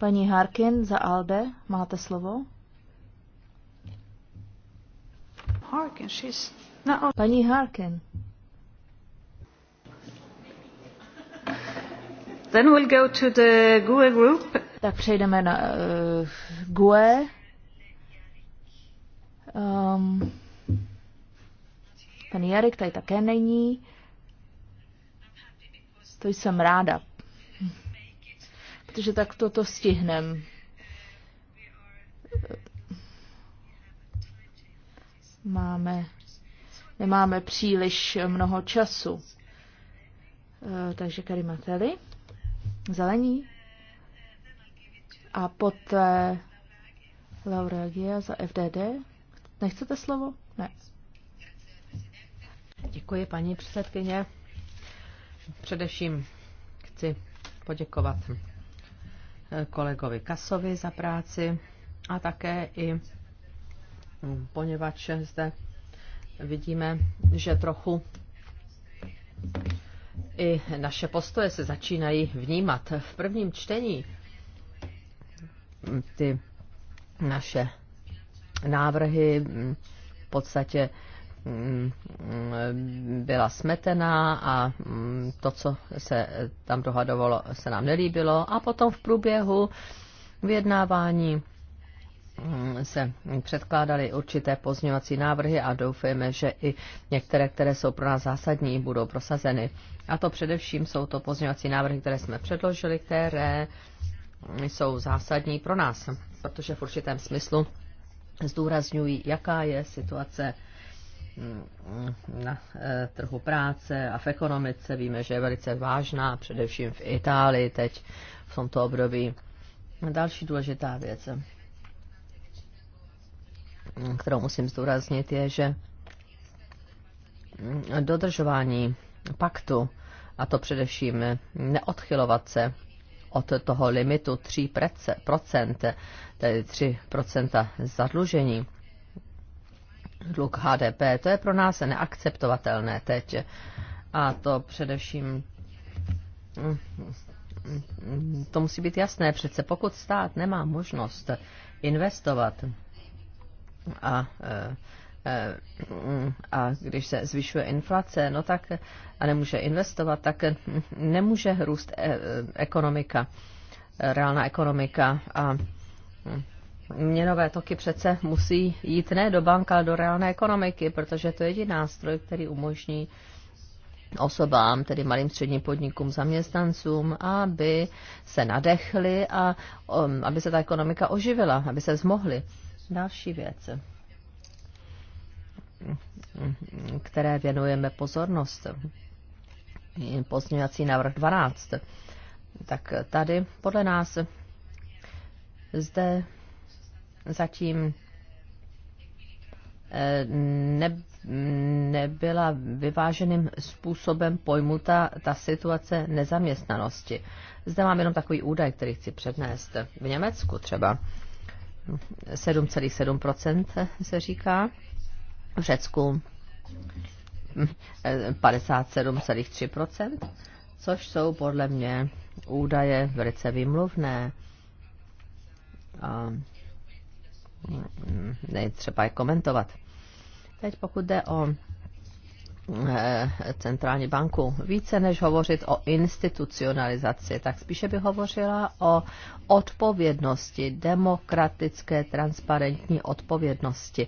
Paní Harkin za Alde, máte slovo? Harkin, she's not... Paní Harkin. Then we'll go to the GUE group. Tak přejdeme na uh, eh, GUE. Um, ehm, pan Jarek tady také není. To jsem ráda, protože tak toto stihnem. Máme, nemáme příliš mnoho času. Eh, takže karimateli, zelení. A poté Laura Gia za FDD. Nechcete slovo? Ne. Děkuji, paní předsedkyně. Především chci poděkovat kolegovi Kasovi za práci a také i mm, poněvadž zde vidíme, že trochu i naše postoje se začínají vnímat. V prvním čtení mm, ty naše návrhy mm, v podstatě Mm, byla smetená a mm, to, co se tam dohadovalo, se nám nelíbilo. A potom v průběhu vyjednávání mm, se předkládaly určité pozměňovací návrhy a doufujeme, že i některé, které jsou pro nás zásadní, budou prosazeny. A to především jsou to pozměňovací návrhy, které jsme předložili, které jsou zásadní pro nás, protože v určitém smyslu zdůrazňují, jaká je situace Mm, na eh, trhu práce a v ekonomice. Víme, že je velice vážná, především v Itálii teď v tomto období. Další důležitá věc, mm, kterou musím zdůraznit, je, že mm, dodržování paktu, a to především neodchylovat se od toho limitu 3%, tedy 3% zadlužení, dluh HDP. To je pro nás neakceptovatelné teď. A to především to musí být jasné přece, pokud stát nemá možnost investovat a, eh, eh, a když se zvyšuje inflace, no tak a nemůže investovat, tak nemůže růst eh, ekonomika, reálná ekonomika a hm, měnové toky přece musí jít ne do banka, ale do reálné ekonomiky, protože to je jediný nástroj, který umožní osobám, tedy malým středním podnikům, zaměstnancům, aby se nadechli a um, aby se ta ekonomika oživila, aby se zmohly. Další věc, které věnujeme pozornost, pozměňovací návrh 12. Tak tady podle nás zde zatím eh, ne, nebyla vyváženým způsobem pojmuta ta situace nezaměstnanosti. Zde mám jenom takový údaj, který chci přednést. V Německu třeba 7,7% se říká, v Řecku 57,3%, což jsou podle mě údaje velice vymluvné. A nejde třeba je komentovat. Teď pokud jde o eh, centrální banku. Více než hovořit o institucionalizaci, tak spíše by hovořila o odpovědnosti, demokratické, transparentní odpovědnosti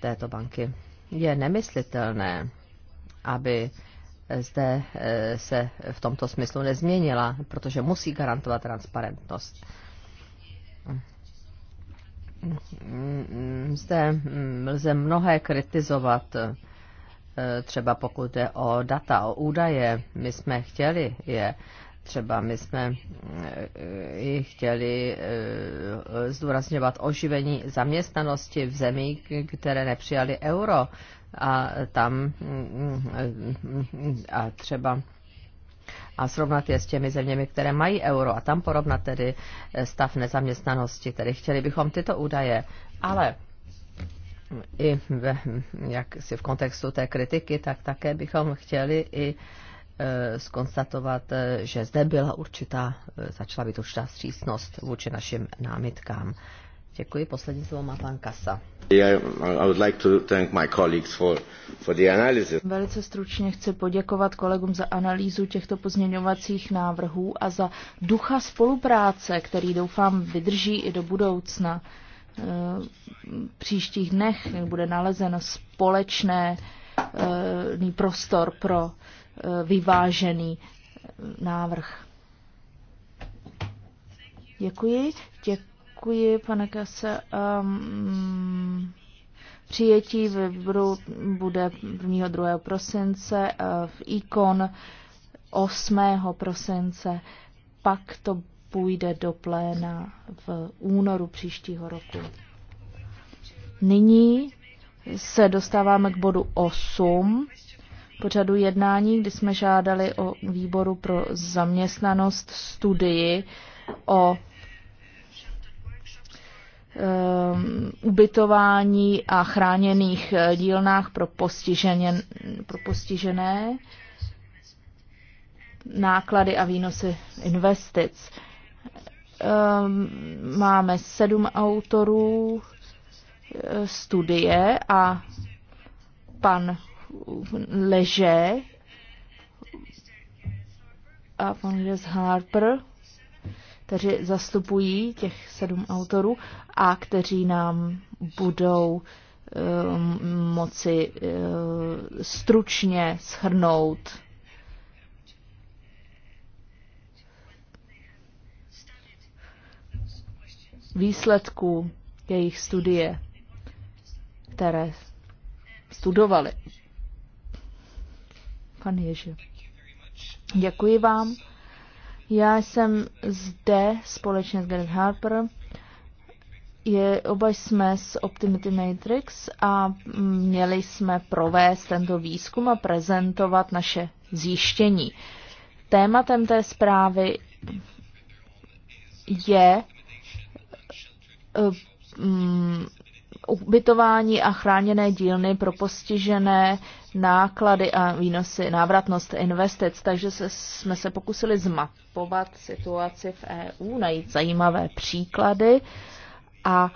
této banky. Je nemyslitelné, aby zde eh, se v tomto smyslu nezměnila, protože musí garantovat transparentnost zde lze mnohé kritizovat, eh, třeba pokud jde o data, o údaje. My jsme chtěli je třeba my jsme eh, i chtěli eh, zdůrazňovat oživení zaměstnanosti v zemí, které nepřijali euro. A tam mm, mm, mm, a třeba a srovnat je s těmi zeměmi, které mají euro a tam porovnat tedy eh, stav nezaměstnanosti. Tedy chtěli bychom tyto údaje, ale i v, jak si v kontextu té kritiky, tak také bychom chtěli i eh, skonstatovat, eh, že zde byla určitá, začala být určitá střísnost vůči našim námitkám. Děkuji, poslední slovo má pan Kasa. Velice stručně chci poděkovat kolegům za analýzu těchto pozměňovacích návrhů a za ducha spolupráce, který doufám vydrží i do budoucna. Eh, v příštích dnech bude nalezeno společné eh, prostor pro eh, vyvážený návrh. Děkuji. Děkuji Děkuji, pane Kase. Um, přijetí ve výboru bude 1. 2. prosince, eh, v ikon 8. prosince, pak to půjde do pléna v únoru příštího roku. Nyní se dostáváme k bodu 8 pořadu jednání, kdy jsme žádali o výboru pro zaměstnanost studii o Um, ubytování a chráněných eh, dílnách pro, postiženě, pro postižené, náklady a výnosy investic. Um, máme sedm autorů eh, studie a pan Leže a pan Harper kteří zastupují těch sedm autorů a kteří nám budou um, moci uh, stručně shrnout výsledků jejich studie, které studovali. Pan Ježíš. Děkuji vám. Já jsem zde společně s Greg Harper. Je, oba jsme z Optimity Matrix a měli jsme provést tento výzkum a prezentovat naše zjištění. Tématem té zprávy je eh, mm, ubytování a chráněné dílny pro postižené náklady a výnosy, návratnost investic. Takže se, jsme se pokusili zmapovat situaci v EU, najít zajímavé příklady a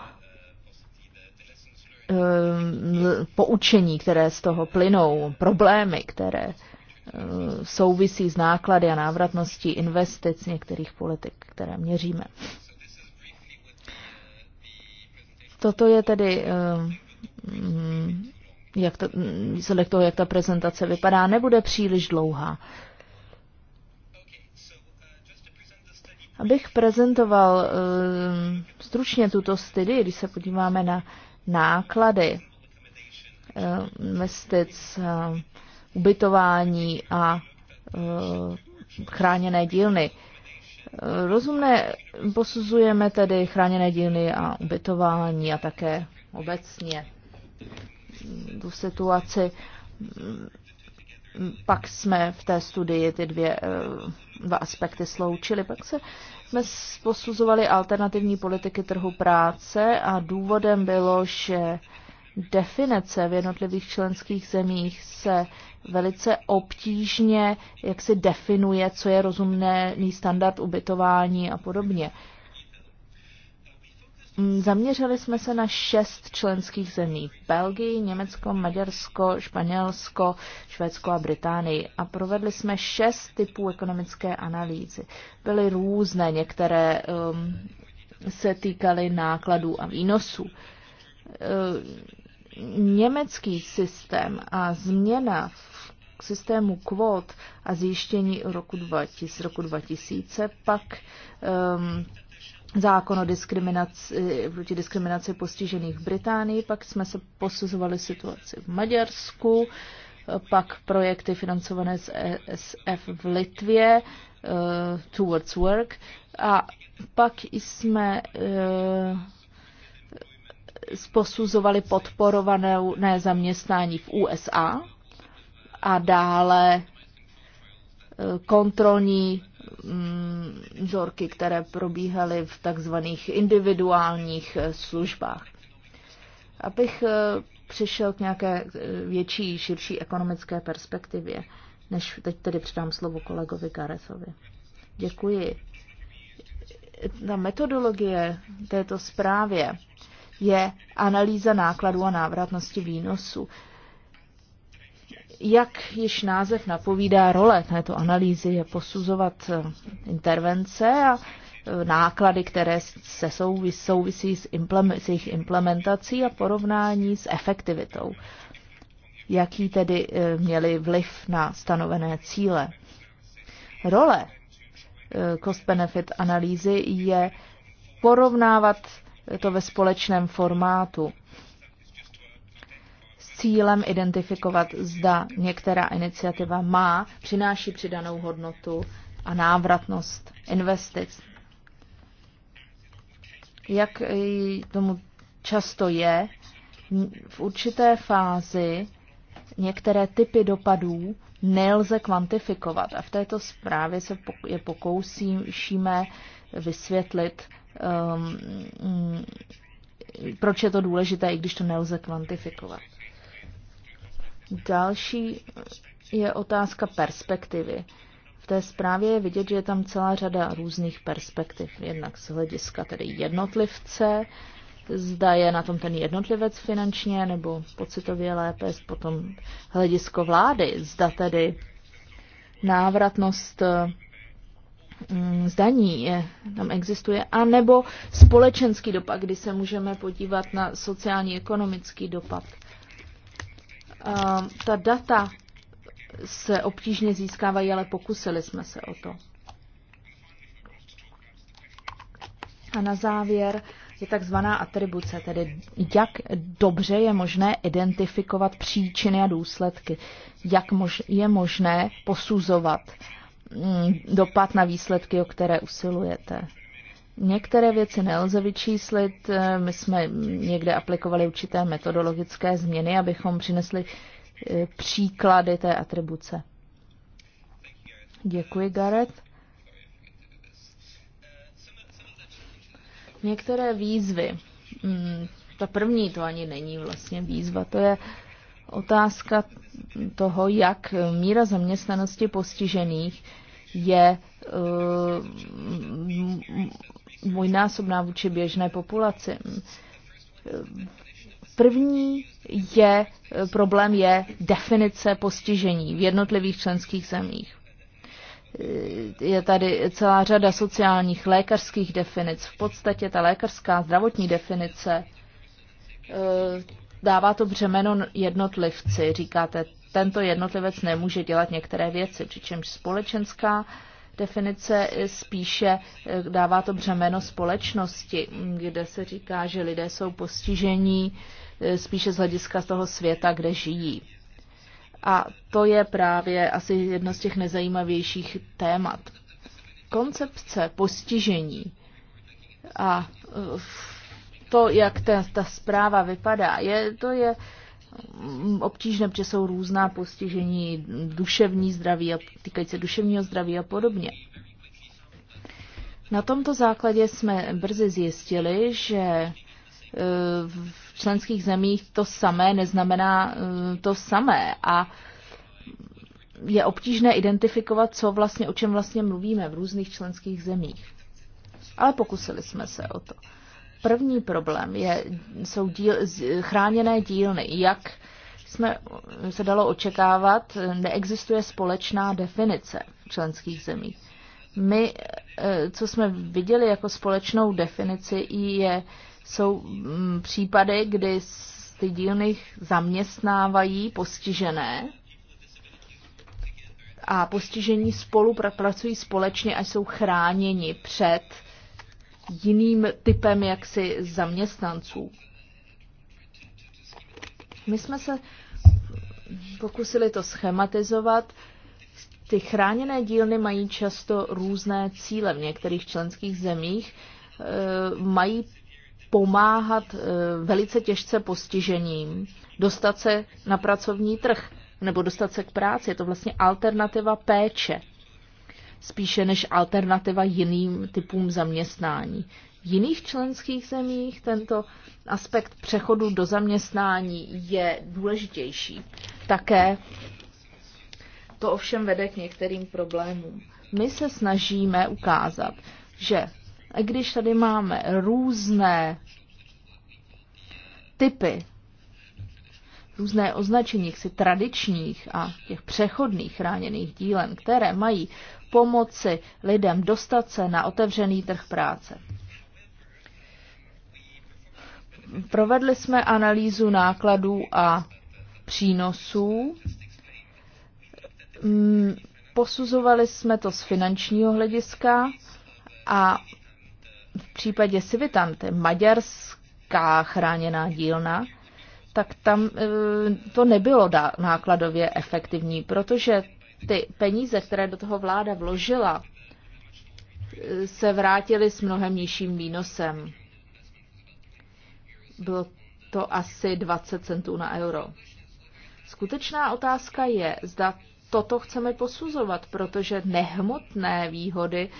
ehm, poučení, které z toho plynou, problémy, které ehm, souvisí s náklady a návratností investic některých politik, které měříme. Toto je tedy eh, mm, jak ta, mm, vzhledem toho, jak ta prezentace vypadá, nebude příliš dlouhá. Abych prezentoval uh, stručně tuto studii, když se podíváme na náklady uh, investic, uh, ubytování a uh, chráněné dílny. Uh, Rozumné posuzujeme tedy chráněné dílny a ubytování a také obecně tu situaci. Pak jsme v té studii ty dvě, eh, dva aspekty sloučili. Pak se jsme posuzovali alternativní politiky trhu práce a důvodem bylo, že definice v jednotlivých členských zemích se velice obtížně jak si definuje, co je rozumný standard ubytování a podobně. Zaměřili jsme se na šest členských zemí. Belgii, Německo, Maďarsko, Španělsko, Švédsko a Británii. A provedli jsme šest typů ekonomické analýzy. Byly různé, některé um, se týkaly nákladů a výnosů. Uh, německý systém a změna v systému kvót a zjištění roku 2000, roku 2000 pak um, zákon o diskriminaci, proti diskriminaci postižených v Británii, pak jsme se posuzovali situaci v Maďarsku, pak projekty financované z ESF v Litvě, uh, Towards Work, a pak jsme uh, posuzovali podporované zaměstnání v USA a dále eh, kontrolní mm, vzorky, které probíhaly v takzvaných individuálních eh, službách. Abych eh, přišel k nějaké větší, širší ekonomické perspektivě, než teď tedy předám slovo kolegovi Garesovi. Děkuji. Na metodologie této zprávě je analýza nákladů a návratnosti výnosu. Jak již název napovídá, role této analýzy je posuzovat eh, intervence a eh, náklady, které se souvisí, souvisí s, implement, s jejich implementací a porovnání s efektivitou. Jaký tedy eh, měli vliv na stanovené cíle. Role cost-benefit analýzy je porovnávat to ve společném formátu s cílem identifikovat, zda některá iniciativa má, přináší přidanou hodnotu a návratnost investic. Jak tomu často je, v určité fázi některé typy dopadů nelze kvantifikovat a v této zprávě se je pokousíme vysvětlit um, mm, proč je to důležité, i když to nelze kvantifikovat. Další je otázka perspektivy. V té zprávě je vidět, že je tam celá řada různých perspektiv. Jednak z hlediska tedy jednotlivce, zda je na tom ten jednotlivec finančně nebo pocitově lépe, potom hledisko vlády, zda tedy návratnost Mm, zdaní je, tam existuje, anebo společenský dopad, kdy se můžeme podívat na sociální ekonomický dopad. A ta data se obtížně získávají, ale pokusili jsme se o to. A na závěr je takzvaná atribuce, tedy jak dobře je možné identifikovat příčiny a důsledky, jak mož- je možné posuzovat uh, Mm, dopad na výsledky, o které usilujete. Některé věci nelze vyčíslit. Eh, My jsme někde aplikovali určité metodologické změny, abychom přinesli eh, příklady té atribuce. Děkuji, Gareth. Některé výzvy. Mm, ta první to ani není vlastně výzva, to je otázka toho, jak míra zaměstnanosti postižených je uh, eh, mojnásobná vůči běžné populaci. První je, problém je definice postižení v jednotlivých členských zemích. Eh, je tady celá řada sociálních lékařských definic. V podstatě ta lékařská zdravotní definice eh, dává to břemeno jednotlivci. Říkáte, tento jednotlivec nemůže dělat některé věci, přičemž společenská definice spíše eh, dává to břemeno společnosti, kde se říká, že lidé jsou postižení eh, spíše z hlediska toho světa, kde žijí. A to je právě asi jedno z těch nezajímavějších témat. Koncepce postižení a eh, to, jak ta, ta zpráva vypadá, je, to je mm, obtížné, protože jsou různá postižení duševní zdraví a týkající se duševního zdraví a podobně. Na tomto základě jsme brzy zjistili, že e, v členských zemích to samé neznamená e, to samé a je obtížné identifikovat, co vlastně, o čem vlastně mluvíme v různých členských zemích. Ale pokusili jsme se o to. První problém je, jsou díl, chráněné dílny. Jak jsme se dalo očekávat, neexistuje společná definice členských zemí. My, eh, co jsme viděli jako společnou definici, je, jsou mm, případy, kdy ty dílny zaměstnávají postižené a postižení spolupracují společně a jsou chráněni před jiným typem jaksi zaměstnanců. My jsme se pokusili to schematizovat. Ty chráněné dílny mají často různé cíle. V některých členských zemích eh, mají pomáhat eh, velice těžce postižením dostat se na pracovní trh nebo dostat se k práci. Je to vlastně alternativa péče spíše než alternativa jiným typům zaměstnání. V jiných členských zemích tento aspekt přechodu do zaměstnání je důležitější. Také to ovšem vede k některým problémům. My se snažíme ukázat, že když tady máme různé typy, různé označení si tradičních a těch přechodných chráněných dílen, které mají pomoci lidem dostat se na otevřený trh práce. Provedli jsme analýzu nákladů a přínosů. Mm, posuzovali jsme to z finančního hlediska a v případě Civitan, maďarská chráněná dílna, tak tam eh, to nebylo nákladově efektivní, protože ty peníze, které do toho vláda vložila, se vrátily s mnohem nižším výnosem. Bylo to asi 20 centů na euro. Skutečná otázka je, zda toto chceme posuzovat, protože nehmotné výhody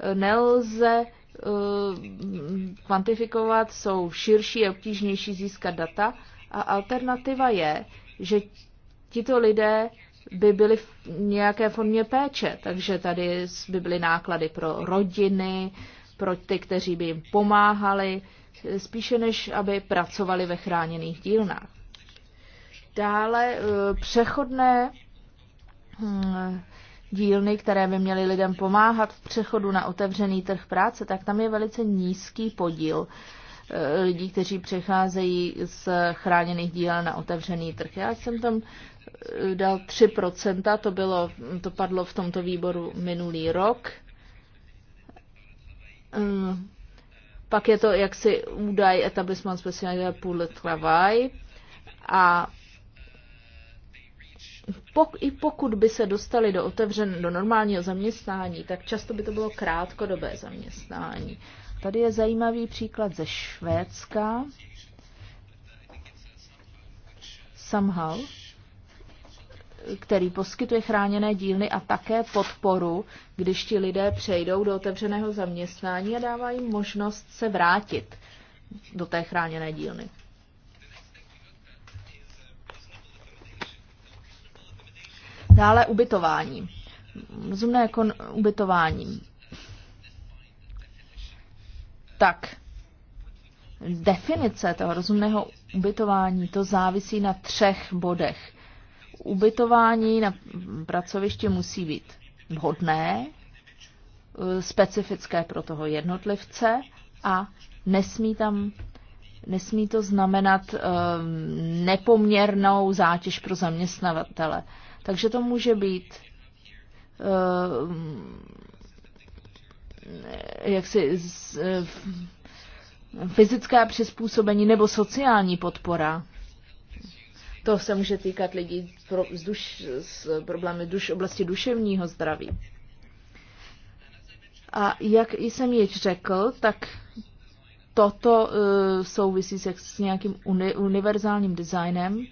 eh, nelze eh, kvantifikovat, jsou širší a obtížnější získat data a alternativa je, že tito lidé by byly v nějaké formě péče. Takže tady by byly náklady pro rodiny, pro ty, kteří by jim pomáhali, spíše než aby pracovali ve chráněných dílnách. Dále eh, přechodné hm, dílny, které by měly lidem pomáhat v přechodu na otevřený trh práce, tak tam je velice nízký podíl eh, lidí, kteří přecházejí z chráněných díl na otevřený trh. Já jsem tam dal 3%, to, bylo, to padlo v tomto výboru minulý rok. Eh, pak je to jaksi údaj etablisman speciálně půl travaj. a pok, i pokud by se dostali do otevřen, do normálního zaměstnání, tak často by to bylo krátkodobé zaměstnání. Tady je zajímavý příklad ze Švédska. Samhal který poskytuje chráněné dílny a také podporu, když ti lidé přejdou do otevřeného zaměstnání a dává jim možnost se vrátit do té chráněné dílny. Dále ubytování. Rozumné jako ubytování. Tak, definice toho rozumného ubytování, to závisí na třech bodech. Ubytování na pracovišti musí být vhodné, e, specifické pro toho jednotlivce a nesmí tam nesmí to znamenat e, nepoměrnou zátěž pro zaměstnavatele. Takže to může být jak e, jaksi z, fyzické přizpůsobení nebo sociální podpora. To se může týkat lidí pro, z, duš, s problémy duš, oblasti duševního zdraví. A jak jsem již řekl, tak toto uh, souvisí se, s nějakým uni, univerzálním designem,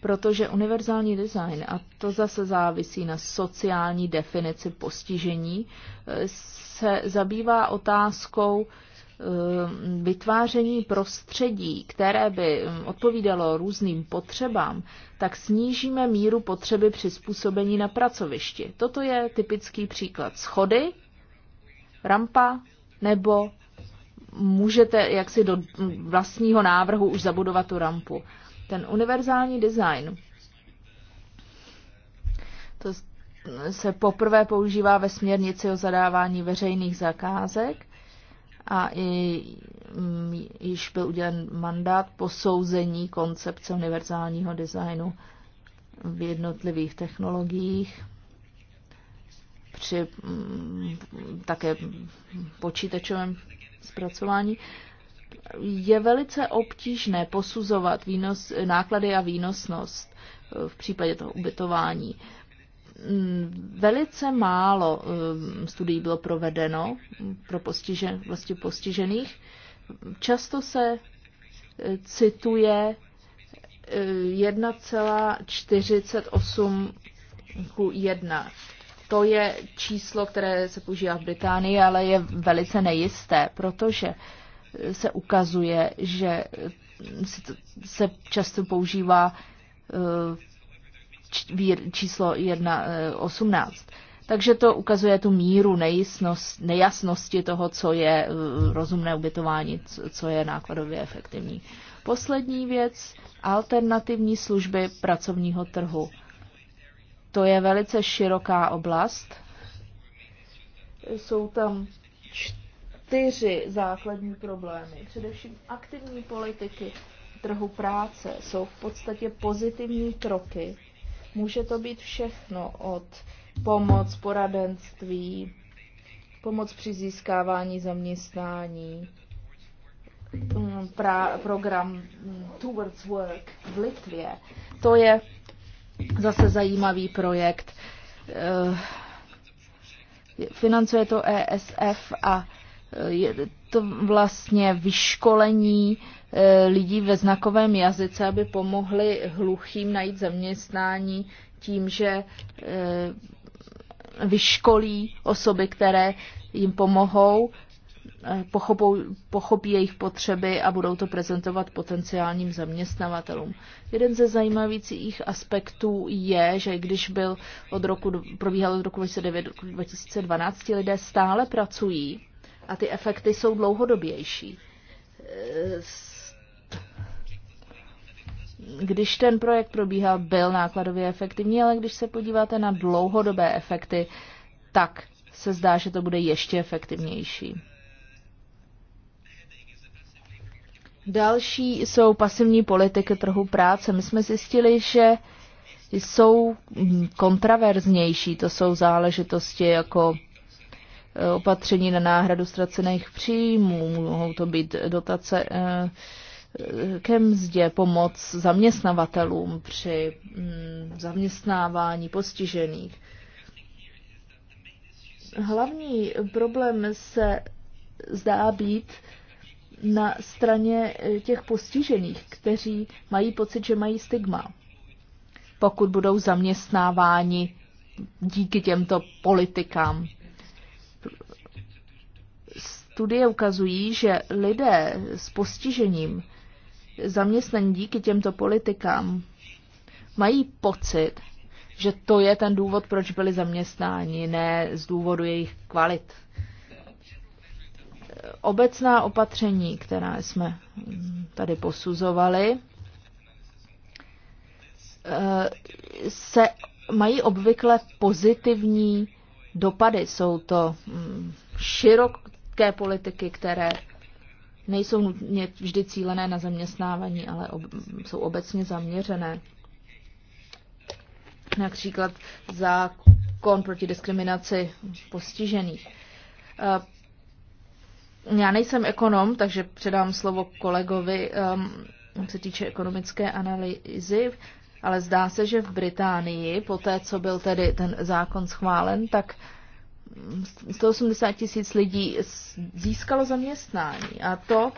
protože univerzální design, a to zase závisí na sociální definici postižení, eh, se zabývá otázkou Eh, vytváření prostředí, které by eh, odpovídalo různým potřebám, tak snížíme míru potřeby přizpůsobení na pracovišti. Toto je typický příklad schody, rampa nebo můžete jaksi do vlastního návrhu už zabudovat tu rampu. Ten univerzální design, to se poprvé používá ve směrnici o zadávání veřejných zakázek a i, mm, již byl udělen mandát posouzení koncepce univerzálního designu v jednotlivých technologiích, při mm, také počítačovém zpracování. Je velice obtížné posuzovat výnos, náklady a výnosnost v případě toho ubytování. Mm, velice málo mm, studií bylo provedeno pro postižen, vlastně postižených. Často se e, cituje 1,48 e, ku 1. To je číslo, které se používá v Británii, ale je velice nejisté, protože se ukazuje, že se často používá e, číslo 1.18. Eh, Takže to ukazuje tu míru nejasnost, nejasnosti toho, co je eh, rozumné ubytování, co je nákladově efektivní. Poslední věc, alternativní služby pracovního trhu. To je velice široká oblast. Jsou tam čtyři základní problémy. Především aktivní politiky trhu práce jsou v podstatě pozitivní kroky, Může to být všechno od pomoc, poradenství, pomoc při získávání zaměstnání, mm, pra, program mm, Towards Work v Litvě. To je zase zajímavý projekt. Eh, financuje to ESF a eh, je to vlastně vyškolení Eh, lidí ve znakovém jazyce, aby pomohli hluchým najít zaměstnání tím, že eh, vyškolí osoby, které jim pomohou, eh, pochopou, pochopí jejich potřeby a budou to prezentovat potenciálním zaměstnavatelům. Jeden ze zajímavých aspektů je, že když byl od roku, probíhal od roku 2009 2012, lidé stále pracují a ty efekty jsou dlouhodobější když ten projekt probíhal, byl nákladově efektivní, ale když se podíváte na dlouhodobé efekty, tak se zdá, že to bude ještě efektivnější. Další jsou pasivní politiky trhu práce. My jsme zjistili, že jsou kontraverznější. To jsou záležitosti jako eh, opatření na náhradu ztracených příjmů, mohou to být dotace eh, ke mzdě, pomoc zaměstnavatelům při mm, zaměstnávání postižených. Hlavní problém se zdá být na straně e, těch postižených, kteří mají pocit, že mají stigma. Pokud budou zaměstnáváni díky těmto politikám. Studie ukazují, že lidé s postižením zaměstnaní díky těmto politikám mají pocit, že to je ten důvod, proč byli zaměstnáni, ne z důvodu jejich kvalit. Obecná opatření, která jsme tady posuzovali, eh, se mají obvykle pozitivní dopady. Jsou to mm, široké politiky, které nejsou nutně vždy cílené na zaměstnávání, ale ob, jsou obecně zaměřené. Například zákon proti diskriminaci postižených. Eh, já nejsem ekonom, takže předám slovo kolegovi, jak ehm, se týče ekonomické analýzy, ale zdá se, že v Británii, po té, co byl tedy ten zákon schválen, tak uh, 180 tisíc lidí získalo zaměstnání a to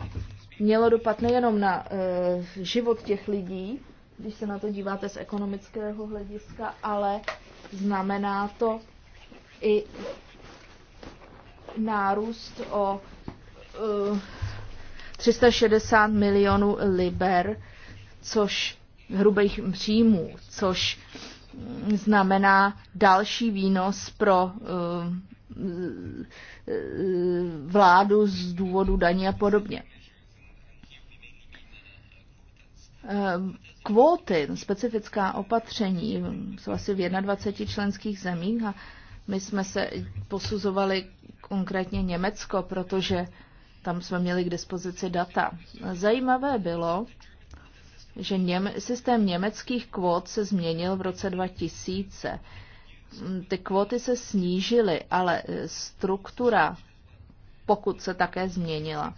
mělo dopad nejenom na eh, život těch lidí, když se na to díváte z ekonomického hlediska, ale znamená to i nárůst o 360 eh, milionů liber, což hrubých příjmů, což znamená další výnos pro eh, eh, vládu z důvodu daní a podobně. Eh, kvóty, specifická opatření, jsou asi v 21 členských zemích a my jsme se posuzovali konkrétně Německo, protože tam jsme měli k dispozici data. Zajímavé bylo, že něm, systém německých kvót se změnil v roce 2000. Ty kvóty se snížily, ale eh, struktura pokud se také změnila.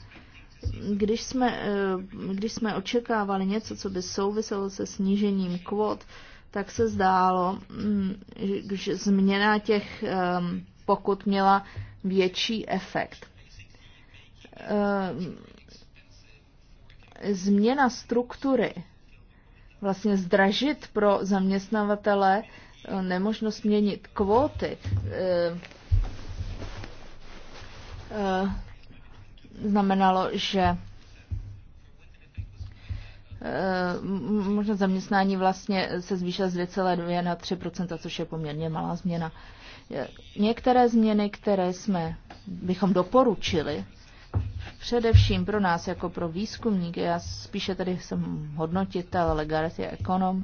Když jsme, eh, když jsme očekávali něco, co by souviselo se snížením kvot, tak se zdálo, mm, že změna těch ehm, pokud měla větší efekt. Ehm, změna struktury vlastně zdražit pro zaměstnavatele e, nemožnost měnit kvóty. E, e, znamenalo, že možnost zaměstnání vlastně se zvýšila z 2,2 na 3 což je poměrně malá změna. Některé změny, které jsme bychom doporučili, především pro nás jako pro výzkumníky, já spíše tady jsem hodnotitel, legaret je ekonom,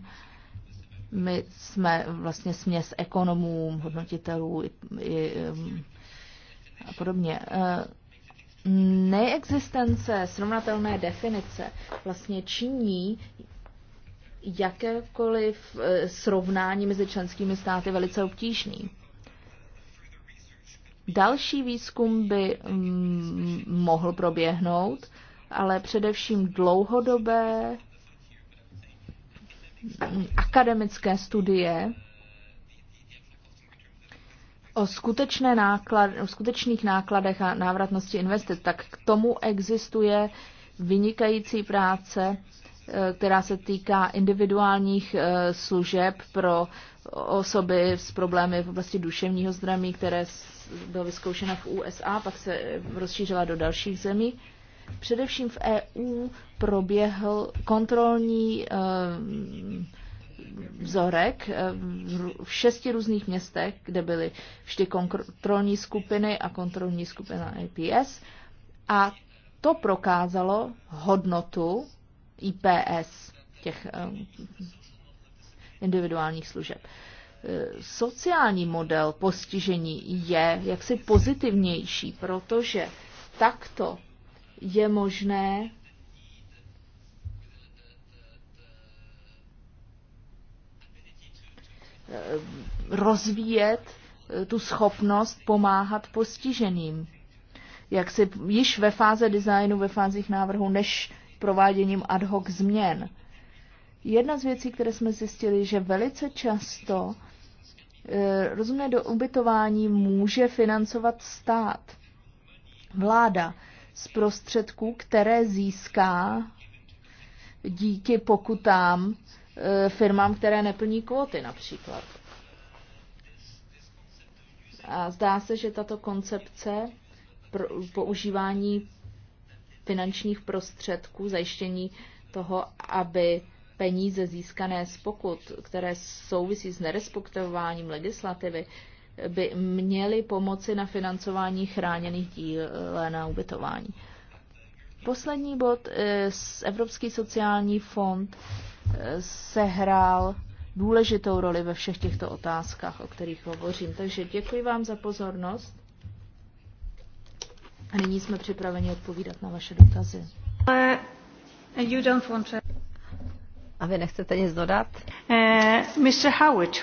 my jsme vlastně směs ekonomů, hodnotitelů i, i, um, a podobně. Eh, neexistence srovnatelné definice vlastně činí jakékoliv eh, srovnání mezi členskými státy velice obtížný. Další výzkum by mm, mohl proběhnout, ale především dlouhodobé mm, akademické studie o, skutečné náklad, o skutečných nákladech a návratnosti investic. Tak k tomu existuje vynikající práce, eh, která se týká individuálních eh, služeb pro osoby s problémy v oblasti duševního zdraví, které byla vyzkoušena v USA, pak se rozšířila do dalších zemí. Především v EU proběhl kontrolní ehm, vzorek ehm, v šesti různých městech, kde byly vždy kontrolní skupiny a kontrolní skupina IPS. A to prokázalo hodnotu IPS těch ehm, individuálních služeb. E, sociální model postižení je jaksi pozitivnější, protože takto je možné e, rozvíjet e, tu schopnost pomáhat postiženým. Jak si již ve fáze designu, ve fázích návrhu, než prováděním ad hoc změn. Jedna z věcí, které jsme zjistili, že velice často eh, rozumné do ubytování může financovat stát, vláda, z prostředků, které získá díky pokutám eh, firmám, které neplní kvóty například. A zdá se, že tato koncepce pro používání finančních prostředků, zajištění toho, aby peníze získané z pokut, které souvisí s nerespektováním legislativy, by měly pomoci na financování chráněných díl na ubytování. Poslední bod, eh, Evropský sociální fond eh, sehrál důležitou roli ve všech těchto otázkách, o kterých hovořím. Takže děkuji vám za pozornost. A nyní jsme připraveni odpovídat na vaše dotazy. Eh, a vy nechcete nic dodat? Eh, Mr. Howitt.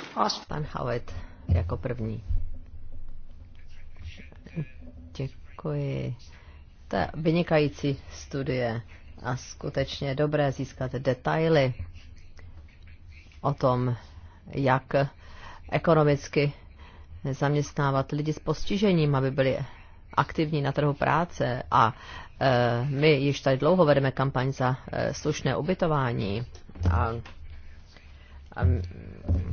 Pan Howard jako první. Děkuji. To je vynikající studie a skutečně dobré získat detaily o tom, jak ekonomicky zaměstnávat lidi s postižením, aby byli aktivní na trhu práce a eh, my již tady dlouho vedeme kampaň za eh, slušné ubytování a, a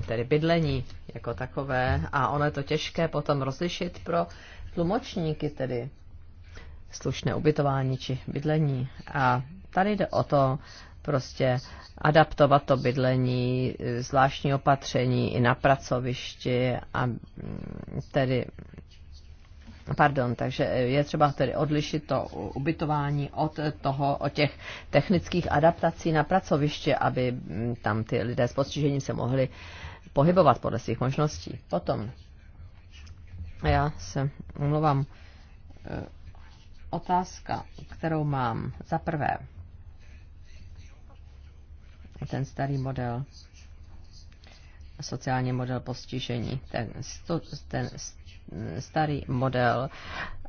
tedy bydlení jako takové. A ono je to těžké potom rozlišit pro tlumočníky, tedy slušné ubytování či bydlení. A tady jde o to prostě adaptovat to bydlení, e, zvláštní opatření i na pracovišti a tedy Pardon, takže je třeba tedy odlišit to ubytování od toho, o těch technických adaptací na pracoviště, aby mm, tam ty lidé s postižením se mohli pohybovat podle svých možností. Potom, já se omlouvám, e, otázka, kterou mám. Za prvé, ten starý model, sociální model postižení, ten, ten starý model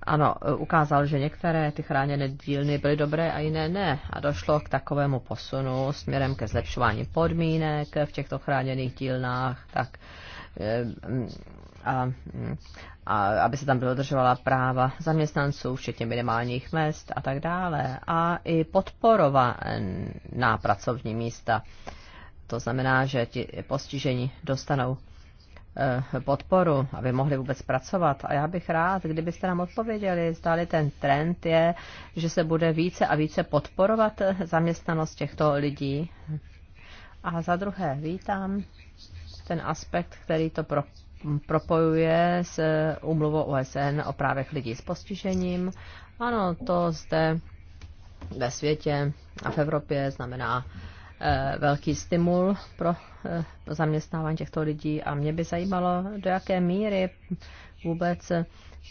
ano, ukázal, že některé ty chráněné dílny byly dobré a jiné ne. A došlo k takovému posunu směrem ke zlepšování podmínek v těchto chráněných dílnách, tak eh, a, a aby se tam bylo držovala práva zaměstnanců, včetně minimálních mest a tak dále. A i podporovaná pracovní místa. To znamená, že ti postižení dostanou Eh, podporu, aby mohli vůbec pracovat. A já bych rád, kdybyste nám odpověděli, zdali ten trend je, že se bude více a více podporovat eh, zaměstnanost těchto lidí. A za druhé, vítám ten aspekt, který to pro, propojuje s eh, umluvou OSN o právech lidí s postižením. Ano, to zde ve světě a v Evropě znamená uh, Eh, velký stimul eh, pro zaměstnávání těchto lidí a mě by zajímalo, do jaké míry vůbec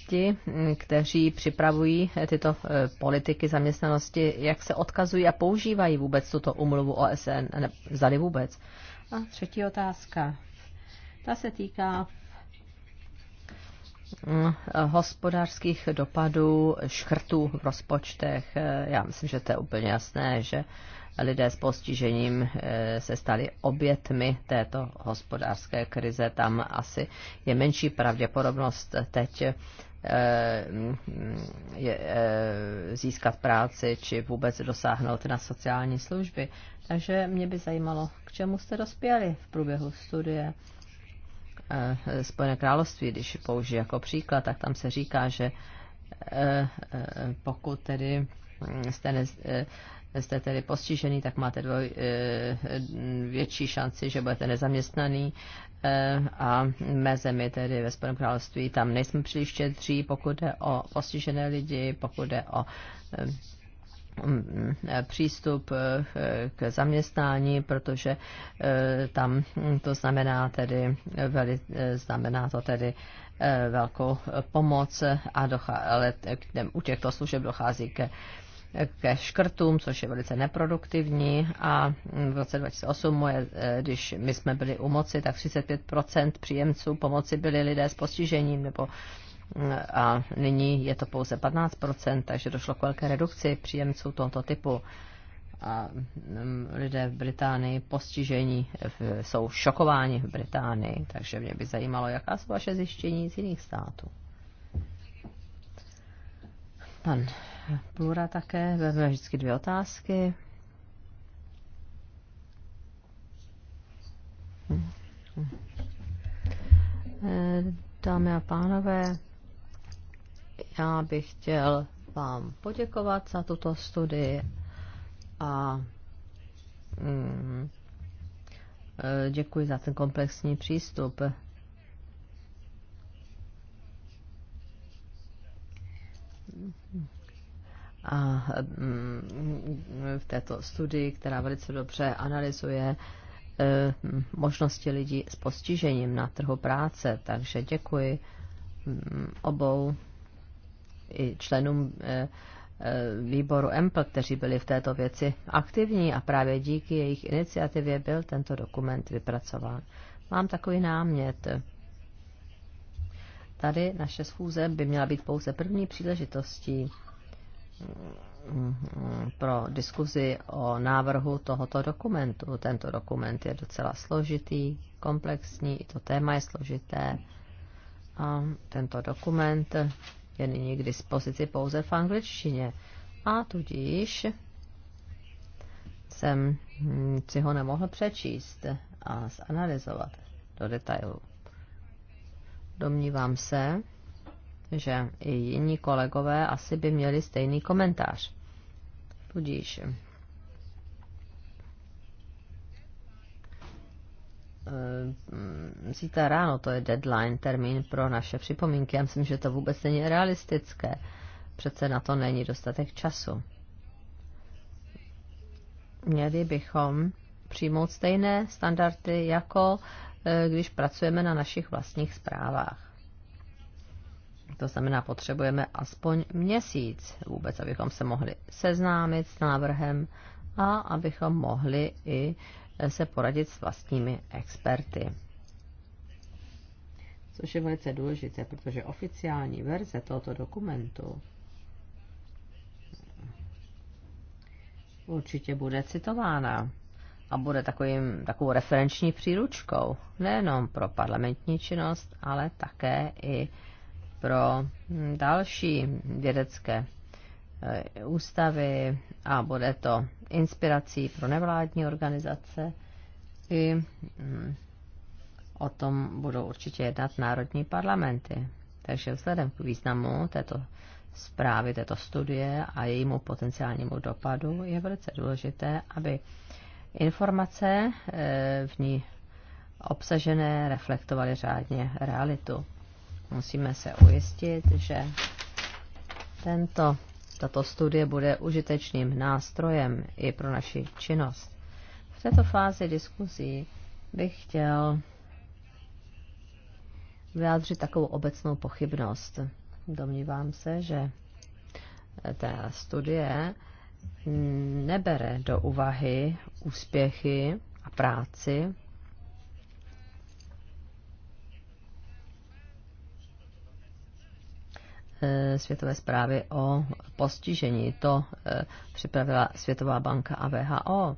ti, hm, kteří připravují eh, tyto politiky zaměstnanosti, jak se odkazují a používají vůbec tuto umluvu OSN, zdali vůbec. A třetí otázka. Ta se týká hm, hospodářských dopadů škrtů v rozpočtech. Já myslím, že to je úplně jasné, že lidé s postižením eh, se stali obětmi této hospodářské krize. Tam asi je menší pravděpodobnost teď eh, mm, eh, získat práci či vůbec dosáhnout na sociální služby. Takže mě by zajímalo, k čemu jste dospěli v průběhu studie. Spojené království, když použiju jako příklad, tak tam se říká, že pokud tedy mm, jste nez, jste tedy postižený, tak máte dvoj, eh, větší šanci, že budete nezaměstnaný eh, a mé zemi, tedy ve Spojeném království, tam nejsme příliš štědří, pokud jde o postižené lidi, pokud jde o eh, mm, přístup k zaměstnání, protože tam to znamená tedy, veli, znamená to tedy velkou pomoc a dochá, ale u těchto služeb dochází ke ke škrtům, což je velice neproduktivní a v roce 2008, moje, eh, když my jsme byli u moci, tak 35% příjemců pomoci byli lidé s postižením nebo mm, a nyní je to pouze 15%, takže došlo k velké redukci příjemců tohoto typu. A mm, lidé v Británii postižení eh, jsou šokováni v Británii, takže mě by zajímalo, jaká jsou vaše zjištění z jiných států. Pan Plura také, vezme vždycky dvě otázky. Dámy a pánové, já bych chtěl vám poděkovat za tuto studii a mm, děkuji za ten komplexní přístup. a mm, v této studii, která velice dobře analyzuje e, možnosti lidí s postižením na trhu práce. Takže děkuji mm, obou i členům e, e, výboru EMPL, kteří byli v této věci aktivní a právě díky jejich iniciativě byl tento dokument vypracován. Mám takový námět. Tady naše schůze by měla být pouze první příležitostí pro diskuzi o návrhu tohoto dokumentu. Tento dokument je docela složitý, komplexní, i to téma je složité. A tento dokument je nyní k dispozici pouze v angličtině. A tudíž jsem si ho nemohl přečíst a zanalizovat do detailu. Domnívám se, že i jiní kolegové asi by měli stejný komentář. Tudíž eh, zítra ráno to je deadline, termín pro naše připomínky. Já myslím, že to vůbec není realistické. Přece na to není dostatek času. Měli bychom přijmout stejné standardy, jako eh, když pracujeme na našich vlastních zprávách. To znamená, potřebujeme aspoň měsíc vůbec, abychom se mohli seznámit s návrhem a abychom mohli i se poradit s vlastními experty. Což je velice důležité, protože oficiální verze tohoto dokumentu určitě bude citována a bude takovým, takovou referenční příručkou nejenom pro parlamentní činnost, ale také i pro hm, další vědecké eh, ústavy a bude to inspirací pro nevládní organizace i hm, o tom budou určitě jednat národní parlamenty. Takže vzhledem k významu této zprávy, této studie a jejímu potenciálnímu dopadu je velice důležité, aby informace eh, v ní obsažené reflektovaly řádně realitu. Musíme se ujistit, že tento, tato studie bude užitečným nástrojem i pro naši činnost. V této fázi diskuzí bych chtěl vyjádřit takovou obecnou pochybnost. Domnívám se, že ta studie nebere do úvahy úspěchy a práci E, světové zprávy o postižení. To e, připravila Světová banka a VHO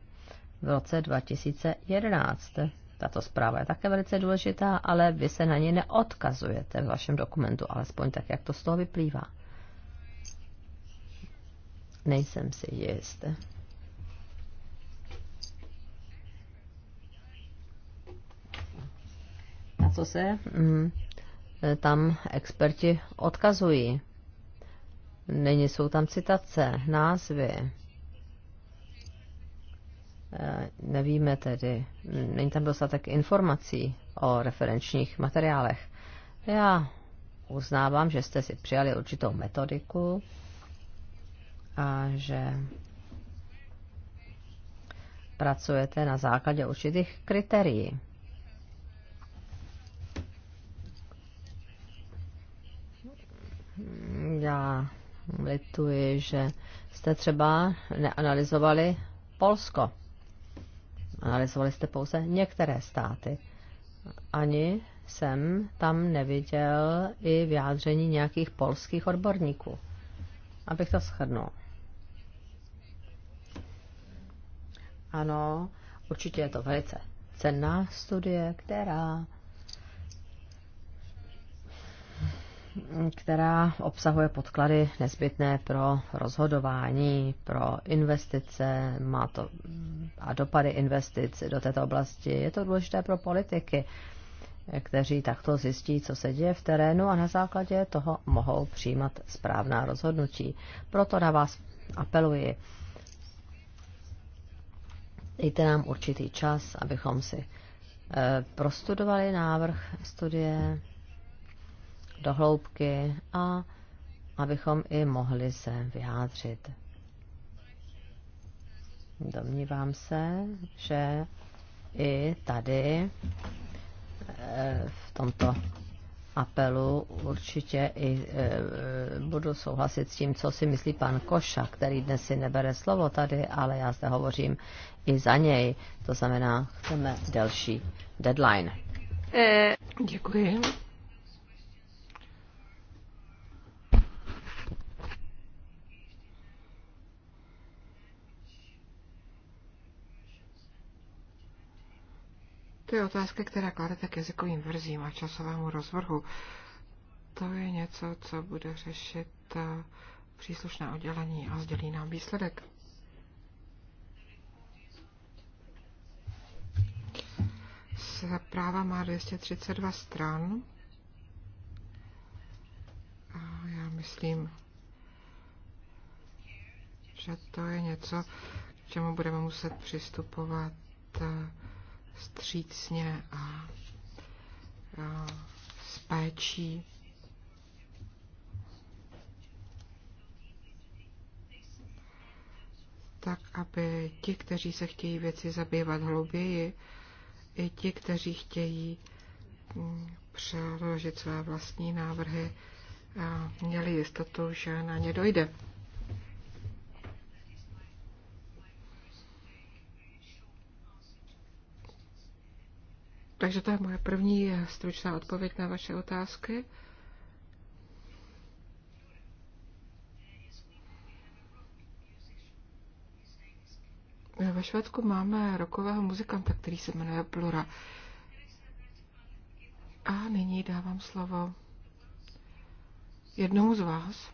v roce 2011. Tato zpráva je také velice důležitá, ale vy se na ně neodkazujete v vašem dokumentu, alespoň tak, jak to z toho vyplývá. Nejsem si jist. Na co se mm, Eh, tam experti odkazují. Není, jsou tam citace, názvy. Eh, nevíme tedy, není tam dostatek informací o referenčních materiálech. Já uznávám, že jste si přijali určitou metodiku a že pracujete na základě určitých kritérií. já lituji, že jste třeba neanalyzovali Polsko. Analyzovali jste pouze některé státy. Ani jsem tam neviděl i vyjádření nějakých polských odborníků. Abych to shrnul. Ano, určitě je to velice cenná studie, která která obsahuje podklady nezbytné pro rozhodování, pro investice, má to a dopady investic do této oblasti. Je to důležité pro politiky, kteří takto zjistí, co se děje v terénu a na základě toho mohou přijímat správná rozhodnutí. Proto na vás apeluji. Dejte nám určitý čas, abychom si eh, prostudovali návrh studie do hloubky a abychom i mohli se vyjádřit. Domnívám se, že i tady eh, v tomto apelu určitě i eh, budu souhlasit s tím, co si myslí pan Koša, který dnes si nebere slovo tady, ale já zde hovořím i za něj. To znamená, chceme delší deadline. Eh, děkuji. To je otázka, která kladete k jazykovým verzím a časovému rozvrhu. To je něco, co bude řešit eh, příslušné oddělení a sdělí nám výsledek. Zpráva má 232 stran. A já myslím, že to je něco, k čemu budeme muset přistupovat eh, střícně a, a s péčí. tak, aby ti, kteří se chtějí věci zabývat hlouběji, i ti, kteří chtějí mm, přeložit své vlastní návrhy, měli jistotu, že na ně dojde. Takže to je moje první stručná odpověď na vaše otázky. Ve Švédsku máme rokového muzikanta, který se jmenuje Plura. A nyní dávám slovo jednomu z vás.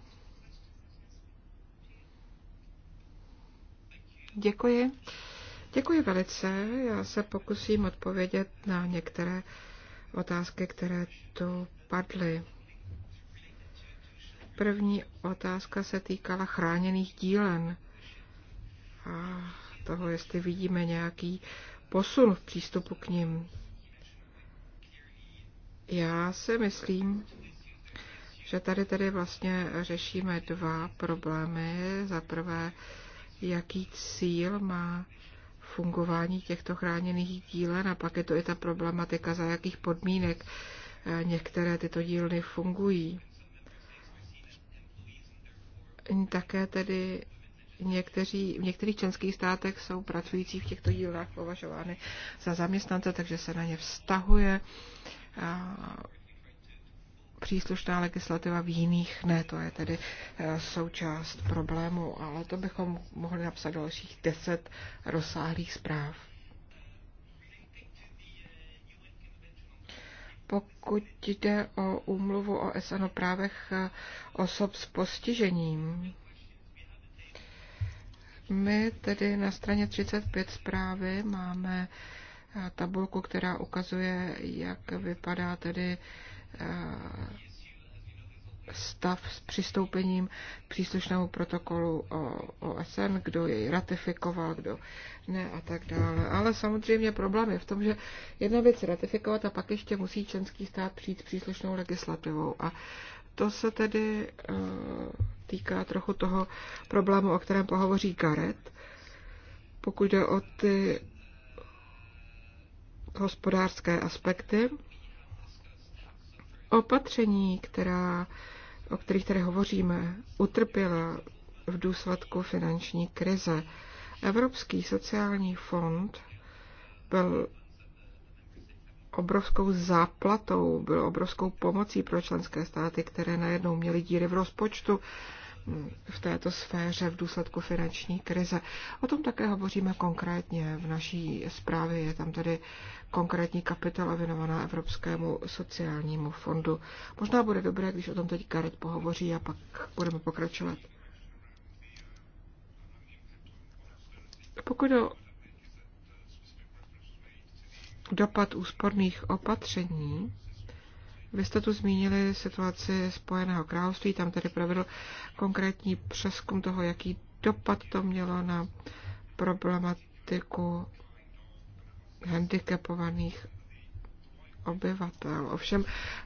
Děkuji. Děkuji velice. Já se pokusím odpovědět na některé otázky, které tu padly. První otázka se týkala chráněných dílen a toho, jestli vidíme nějaký posun v přístupu k ním. Já si myslím, že tady tedy vlastně řešíme dva problémy. Za prvé, jaký cíl má fungování těchto chráněných dílen a pak je to i ta problematika, za jakých podmínek eh, některé tyto dílny fungují. Také tedy někteří, v některých členských státech jsou pracující v těchto dílnách považovány za zaměstnance, takže se na ně vztahuje příslušná legislativa v jiných ne, to je tedy eh, součást problému, ale to bychom mohli napsat dalších deset rozsáhlých zpráv. Pokud jde o úmluvu o SN o právech eh, osob s postižením, my tedy na straně 35 zprávy máme eh, tabulku, která ukazuje, jak vypadá tedy uh, Eh, stav s přistoupením k příslušnému protokolu o OSN, kdo jej ratifikoval, kdo ne a tak dále. Ale samozřejmě problém je v tom, že jedna věc ratifikovat a pak ještě musí členský stát přijít s příslušnou legislativou. A to se tedy uh, týká trochu toho problému, o kterém pohovoří Garet. Pokud jde o ty hospodářské aspekty, opatření, která, o kterých tady hovoříme, utrpěla v důsledku finanční krize. Evropský sociální fond byl obrovskou záplatou, byl obrovskou pomocí pro členské státy, které najednou měly díry v rozpočtu v této sféře v důsledku finanční krize. O tom také hovoříme konkrétně. V naší zprávě je tam tedy konkrétní kapitola věnovaná Evropskému sociálnímu fondu. Možná bude dobré, když o tom teď Karet pohovoří a pak budeme pokračovat. Pokud o dopad úsporných opatření, vy jste tu zmínili situaci Spojeného království, tam tedy provedl konkrétní přeskum toho, jaký dopad to mělo na problematiku handicapovaných obyvatel. Ovšem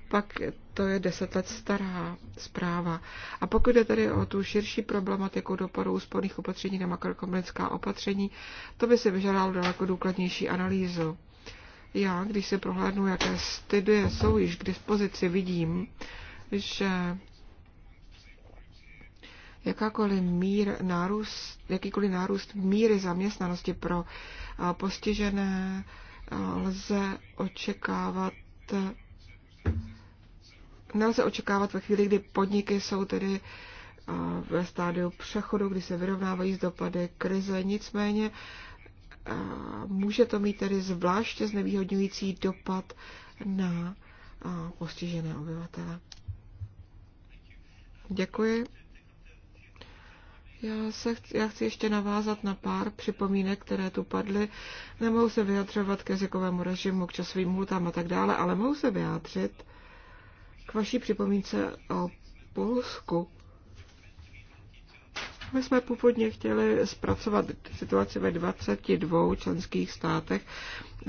pak to je deset let stará zpráva. A pokud jde tedy o tu širší problematiku dopadu úsporných opatření na makroekonomická opatření, to by si vyžadalo daleko důkladnější analýzu. Já, když si prohlédnu, jaké studie jsou již k dispozici, vidím, že jakákoliv mír, nárůst, jakýkoliv nárůst míry zaměstnanosti pro postižené lze očekávat nelze očekávat ve chvíli, kdy podniky jsou tedy ve stádiu přechodu, kdy se vyrovnávají z dopady krize. Nicméně může to mít tedy zvláště znevýhodňující dopad na postižené obyvatele. Děkuji. Já, se chci, já chci ještě navázat na pár připomínek, které tu padly. Nemohu se vyjadřovat k jazykovému režimu, k časovým hutám a tak dále, ale mohu se vyjádřit k vaší připomínce o Polsku. My jsme původně chtěli zpracovat situaci ve 22 členských státech.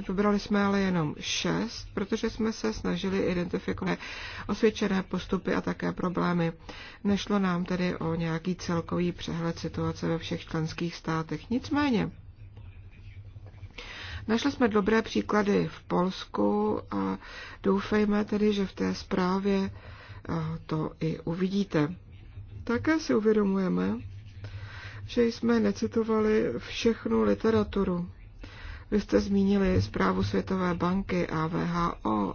Vybrali jsme ale jenom 6, protože jsme se snažili identifikovat osvědčené postupy a také problémy. Nešlo nám tedy o nějaký celkový přehled situace ve všech členských státech. Nicméně, Našli jsme dobré příklady v Polsku a doufejme tedy, že v té zprávě eh, to i uvidíte. Také si uvědomujeme, že jsme necitovali všechnu literaturu. Vy jste zmínili zprávu Světové banky a VHO.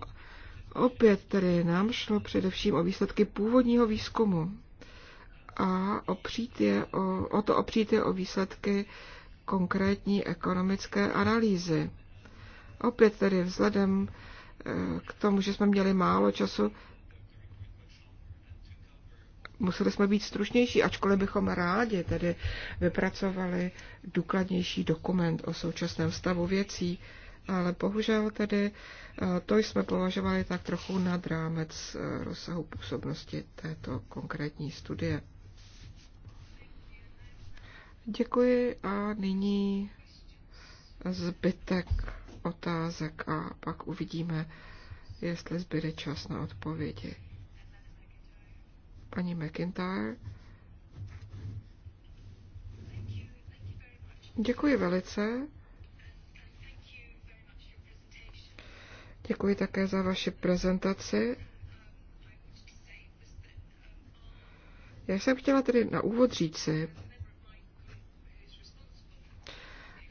Opět tedy nám šlo především o výsledky původního výzkumu a opřít je o, o to opřít je o výsledky konkrétní ekonomické analýzy. Opět tedy vzhledem eh, k tomu, že jsme měli málo času, museli jsme být stručnější, ačkoliv bychom rádi tedy vypracovali důkladnější dokument o současném stavu věcí, ale bohužel tedy eh, to jsme považovali tak trochu nad rámec eh, rozsahu působnosti této konkrétní studie. Děkuji a nyní zbytek otázek a pak uvidíme, jestli zbyde čas na odpovědi paní McIntyre. Děkuji velice. Děkuji také za vaši prezentaci. Já jsem chtěla tedy na úvod říci,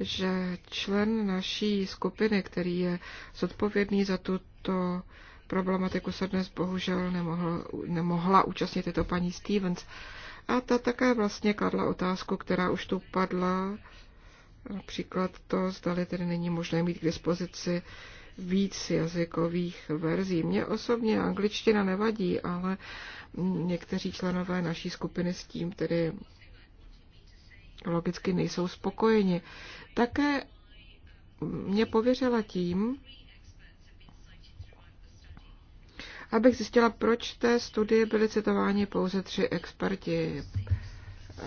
že člen naší skupiny, který je zodpovědný za tuto problematiku se dnes bohužel nemohl, nemohla účastnit tyto paní Stevens. A ta také vlastně kladla otázku, která už tu padla, například to, zdali tedy není možné mít k dispozici víc jazykových verzí. Mně osobně angličtina nevadí, ale někteří členové naší skupiny s tím tedy logicky nejsou spokojeni. Také mě pověřila tím, abych zjistila, proč té studii byly citováni pouze tři experti.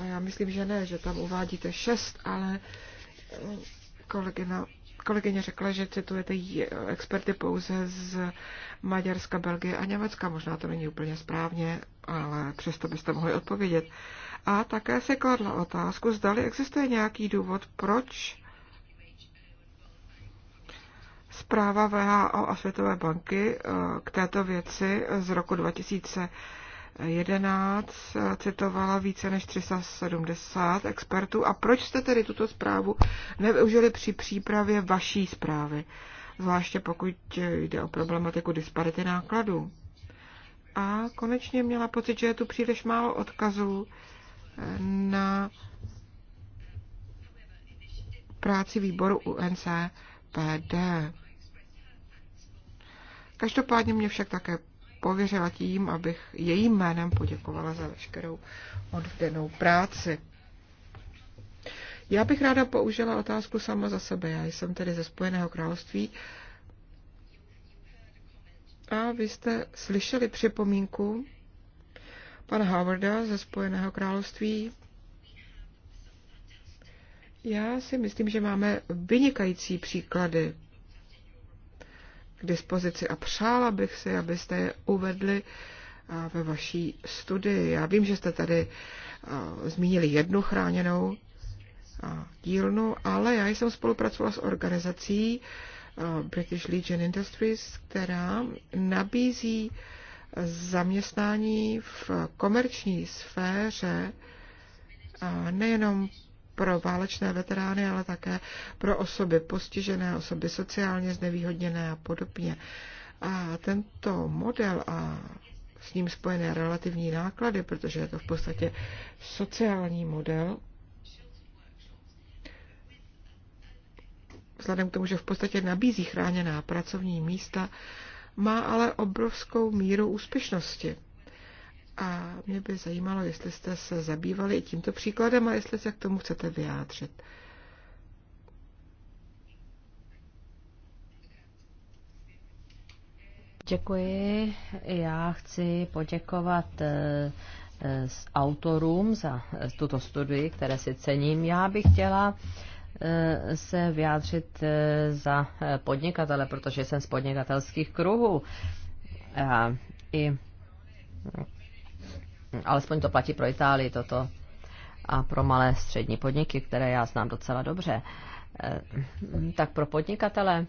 Já myslím, že ne, že tam uvádíte šest, ale eh, kolegyna, kolegyně řekla, že citujete eh, experty pouze z Maďarska, Belgie a Německa. Možná to není úplně správně, ale přesto byste mohli odpovědět. A také se kladla otázku, zdali existuje nějaký důvod, proč Zpráva VHO a Světové banky eh, k této věci z roku 2011 eh, citovala více než 370 expertů. A proč jste tedy tuto zprávu nevyužili při přípravě vaší zprávy? Zvláště pokud jde o problematiku disparity nákladů. A konečně měla pocit, že je tu příliš málo odkazů eh, na práci výboru UNCPD. Každopádně mě však také pověřila tím, abych jejím jménem poděkovala za veškerou odvedenou práci. Já bych ráda použila otázku sama za sebe. Já jsem tedy ze Spojeného království. A vy jste slyšeli připomínku pana Howarda ze Spojeného království. Já si myslím, že máme vynikající příklady k dispozici a přála bych si, abyste je uvedli ve vaší studii. Já vím, že jste tady zmínili jednu chráněnou dílnu, ale já jsem spolupracovala s organizací British Legion Industries, která nabízí zaměstnání v komerční sféře nejenom pro válečné veterány, ale také pro osoby postižené, osoby sociálně znevýhodněné a podobně. A tento model a s ním spojené relativní náklady, protože je to v podstatě sociální model, vzhledem k tomu, že v podstatě nabízí chráněná pracovní místa, má ale obrovskou míru úspěšnosti. A mě by zajímalo, jestli jste se zabývali i tímto příkladem a jestli se k tomu chcete vyjádřit. Děkuji. Já chci poděkovat eh, eh, s autorům za eh, tuto studii, které si cením. Já bych chtěla se vyjádřit za podnikatele, protože jsem z podnikatelských kruhů. A I Alespoň to platí pro Itálii toto a pro malé střední podniky, které já znám docela dobře. Eh, tak pro podnikatele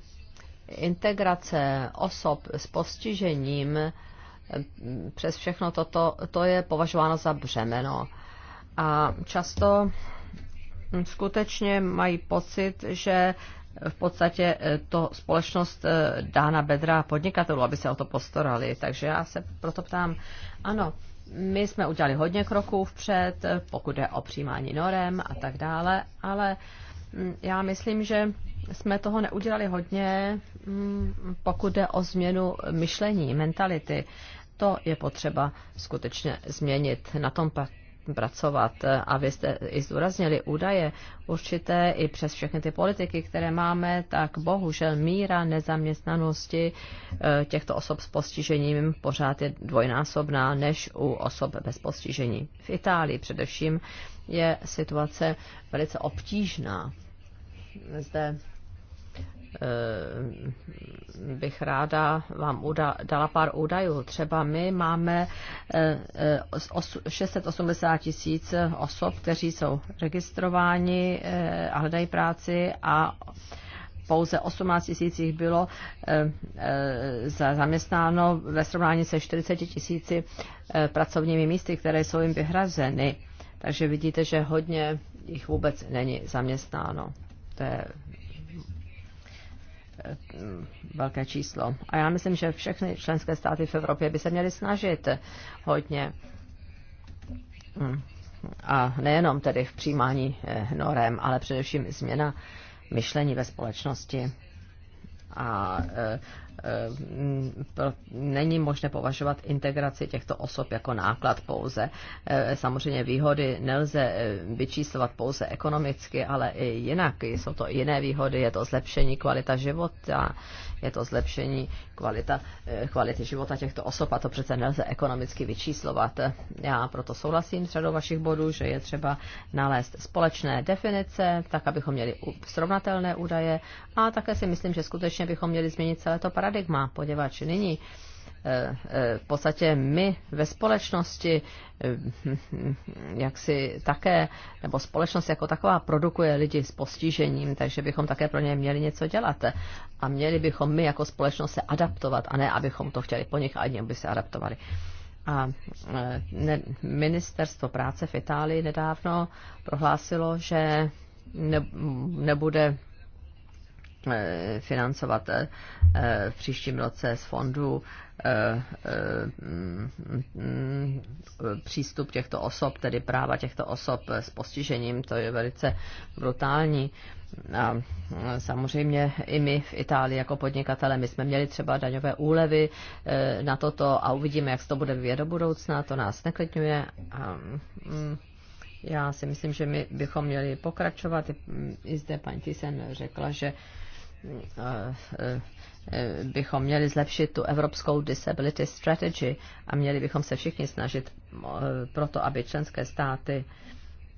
integrace osob s postižením eh, přes všechno toto, to je považováno za břemeno. A často hm, skutečně mají pocit, že v podstatě eh, to společnost dá na bedra podnikatelů, aby se o to postarali. Takže já se proto ptám, ano, my jsme udělali hodně kroků vpřed, pokud je o přijímání norem a tak dále, ale mm, já myslím, že jsme toho neudělali hodně, mm, pokud jde o změnu myšlení, mentality. To je potřeba skutečně změnit. Na tom pracovat. A vy jste i zdůraznili údaje určité i přes všechny ty politiky, které máme, tak bohužel míra nezaměstnanosti eh, těchto osob s postižením pořád je dvojnásobná než u osob bez postižení. V Itálii především je situace velice obtížná. Zde Eh, bych ráda vám dala pár údajů. Třeba my máme 680 eh, eh, tisíc osob, kteří jsou registrováni a hledají práci a pouze 18 tisíc jich bylo zaměstnáno ve srovnání se 40 tisíci pracovními místy, které jsou jim vyhrazeny. Takže vidíte, že hodně jich vůbec není zaměstnáno. To je velké číslo. A já myslím, že všechny členské státy v Evropě by se měly snažit hodně. A nejenom tedy v přijímání eh, norem, ale především změna myšlení ve společnosti. A eh, Eh, není možné považovat integraci těchto osob jako náklad pouze. Eh, samozřejmě výhody nelze eh, vyčíslovat pouze ekonomicky, ale i jinak. Jsou to jiné výhody, je to zlepšení kvalita života, je to zlepšení kvalita, kvality života těchto osob a to přece nelze ekonomicky vyčíslovat. Já proto souhlasím s řadou vašich bodů, že je třeba nalézt společné definice, tak abychom měli srovnatelné údaje a také si myslím, že skutečně bychom měli změnit celé to paradigma paradigma, poněvadž nyní eh, eh, v podstatě my ve společnosti, eh, jak si také, nebo společnost jako taková produkuje lidi s postižením, takže bychom také pro ně měli něco dělat. A měli bychom my jako společnost se adaptovat, a ne abychom to chtěli po nich, ani aby se adaptovali. A ministerstvo práce v Itálii nedávno prohlásilo, že nebude Eh, financovat eh, v příštím roce z fondu eh, mm, přístup těchto osob, tedy práva těchto osob s postižením, to je velice brutální. A samozřejmě i my v Itálii jako podnikatele, my jsme měli třeba daňové úlevy na toto a uvidíme, jak se to bude vyvíjet do budoucna, to nás neklidňuje. A, mm, já si myslím, že my bychom měli pokračovat. I zde paní Thyssen řekla, že E, e, bychom měli zlepšit tu evropskou disability strategy a měli bychom se všichni snažit e, proto, aby členské státy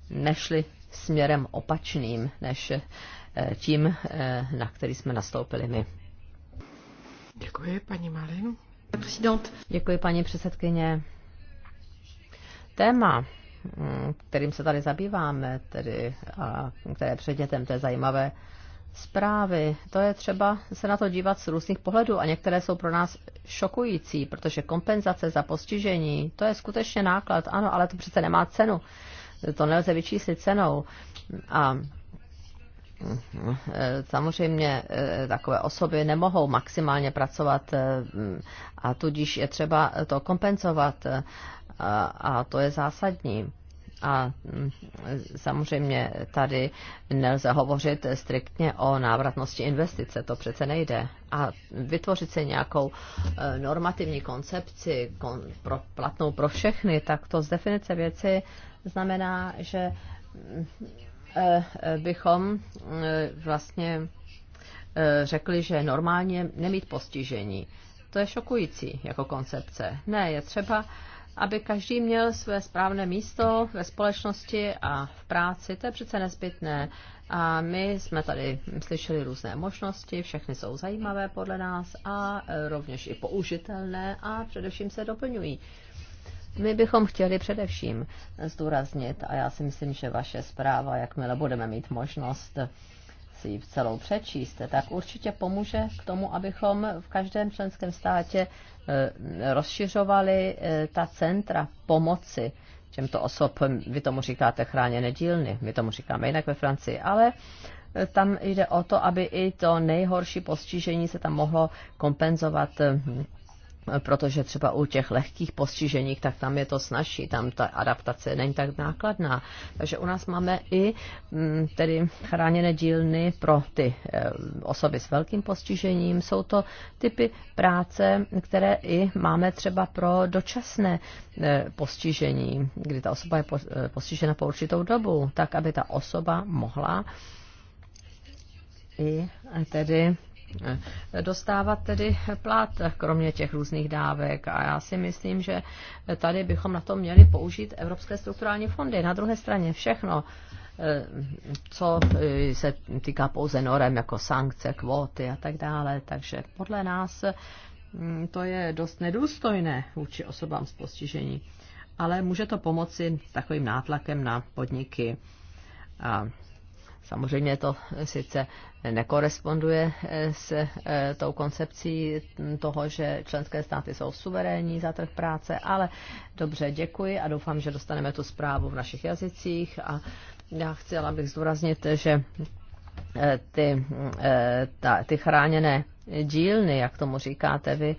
nešly směrem opačným než tím, na který jsme nastoupili my. Děkuji, paní Malin. Děkuji, paní předsedkyně. Téma, mm, kterým se tady zabýváme, tedy, a které předmětem, to je zajímavé, zprávy, to je třeba se na to dívat z různých pohledů a některé jsou pro nás šokující, protože kompenzace za postižení, to je skutečně náklad, ano, ale to přece nemá cenu. To nelze vyčíslit cenou. A Samozřejmě eh, takové osoby nemohou maximálně pracovat eh, a tudíž je třeba to kompenzovat eh, a to je zásadní. A mm, samozřejmě tady nelze hovořit striktně o návratnosti investice, to přece nejde. A vytvořit si nějakou eh, normativní koncepci pro, platnou pro všechny, tak to z definice věci znamená, že mm, eh, eh, bychom vlastně řekli, že normálně nemít postižení. To je šokující jako koncepce. Ne, je třeba aby každý měl své správné místo ve společnosti a v práci, to je přece nezbytné. A my jsme tady slyšeli různé možnosti, všechny jsou zajímavé podle nás a e, rovněž i použitelné a především se doplňují. My bychom chtěli především zdůraznit, a já si myslím, že vaše zpráva, jakmile budeme mít možnost si ji celou přečíst, tak určitě pomůže k tomu, abychom v každém členském státě Eh, rozšiřovali eh, ta centra pomoci těmto osob. Vy tomu říkáte chráněné dílny, my tomu říkáme jinak ve Francii, ale eh, tam jde o to, aby i to nejhorší postižení se tam mohlo kompenzovat protože třeba u těch lehkých postižení, tak tam je to snažší, tam ta adaptace není tak nákladná. Takže u nás máme i mm, tedy chráněné dílny pro ty eh, osoby s velkým postižením. Jsou to typy práce, které i máme třeba pro dočasné eh, postižení, kdy ta osoba je eh, postižena po určitou dobu, tak aby ta osoba mohla i tedy Eh, dostávat tedy plat, kromě těch různých dávek. A já si myslím, že tady bychom na to měli použít Evropské strukturální fondy. Na druhé straně všechno, eh, co eh, se týká pouze norem, jako sankce, kvóty a tak dále. Takže podle nás hm, to je dost nedůstojné vůči osobám s postižením. Ale může to pomoci takovým nátlakem na podniky. A Samozřejmě to sice nekoresponduje s e, tou koncepcí toho, že členské státy jsou suverénní za trh práce, ale dobře, děkuji a doufám, že dostaneme tu zprávu v našich jazycích a já chtěla bych zdůraznit, že e, ty, e, ta, ty chráněné dílny, jak tomu říkáte vy,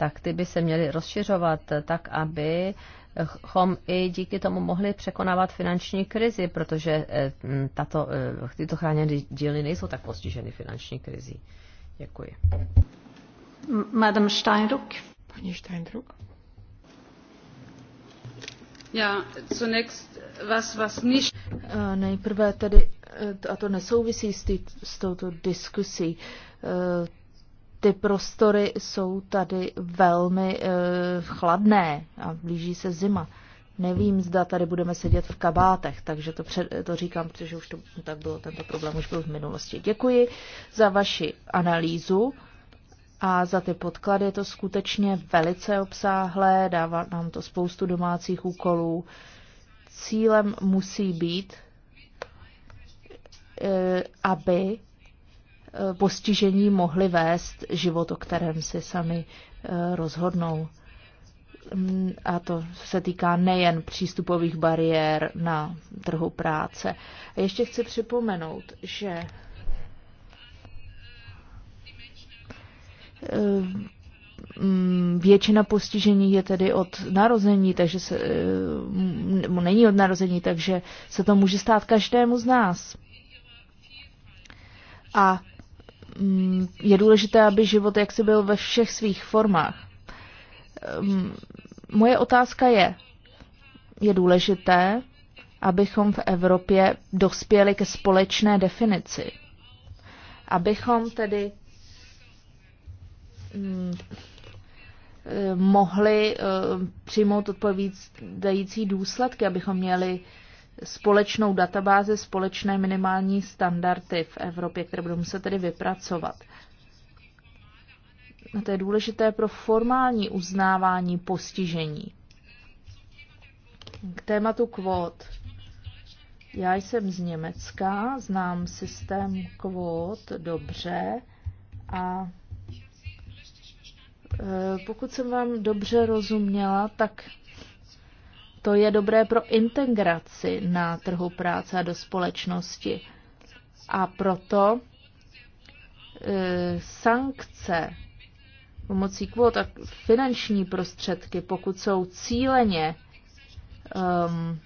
tak ty by se měly rozšiřovat tak, aby chom i díky tomu mohli překonávat finanční krizi, protože eh, tato, eh, tyto chráněné díly nejsou tak postiženy finanční krizí. Děkuji. Madam Steinruck. Paní Steinruck. Já zunächst was, was nicht... Nejprve tedy, eh, a to nesouvisí s, tý, s touto diskusí, ty prostory jsou tady velmi e, chladné a blíží se zima. Nevím, zda tady budeme sedět v kabátech, takže to, před, to říkám, protože už to tak bylo, tento problém už byl v minulosti. Děkuji za vaši analýzu a za ty podklady. Je to skutečně velice obsáhlé, dává nám to spoustu domácích úkolů. Cílem musí být, eh, aby Eh, postižení mohli vést život, o kterém si sami eh, rozhodnou. Mm, a to se týká nejen přístupových bariér na trhu práce. A ještě chci připomenout, že eh, mm, většina postižení je tedy od narození, takže se, není od narození, takže se to může stát každému z nás. A Mm, je důležité, aby život jaksi byl ve všech svých formách. Ehm, moje otázka je, je důležité, abychom v Evropě dospěli ke společné definici. Abychom tedy mm, eh, mohli eh, přijmout odpovídající důsledky, abychom měli společnou databázi, společné minimální standardy v Evropě, které budou muset tedy vypracovat. A to je důležité pro formální uznávání postižení. K tématu kvót. Já jsem z Německa, znám systém kvót dobře a e, pokud jsem vám dobře rozuměla, tak to je dobré pro integraci na trhu práce a do společnosti. A proto e, sankce pomocí kvót a finanční prostředky, pokud jsou cíleně um,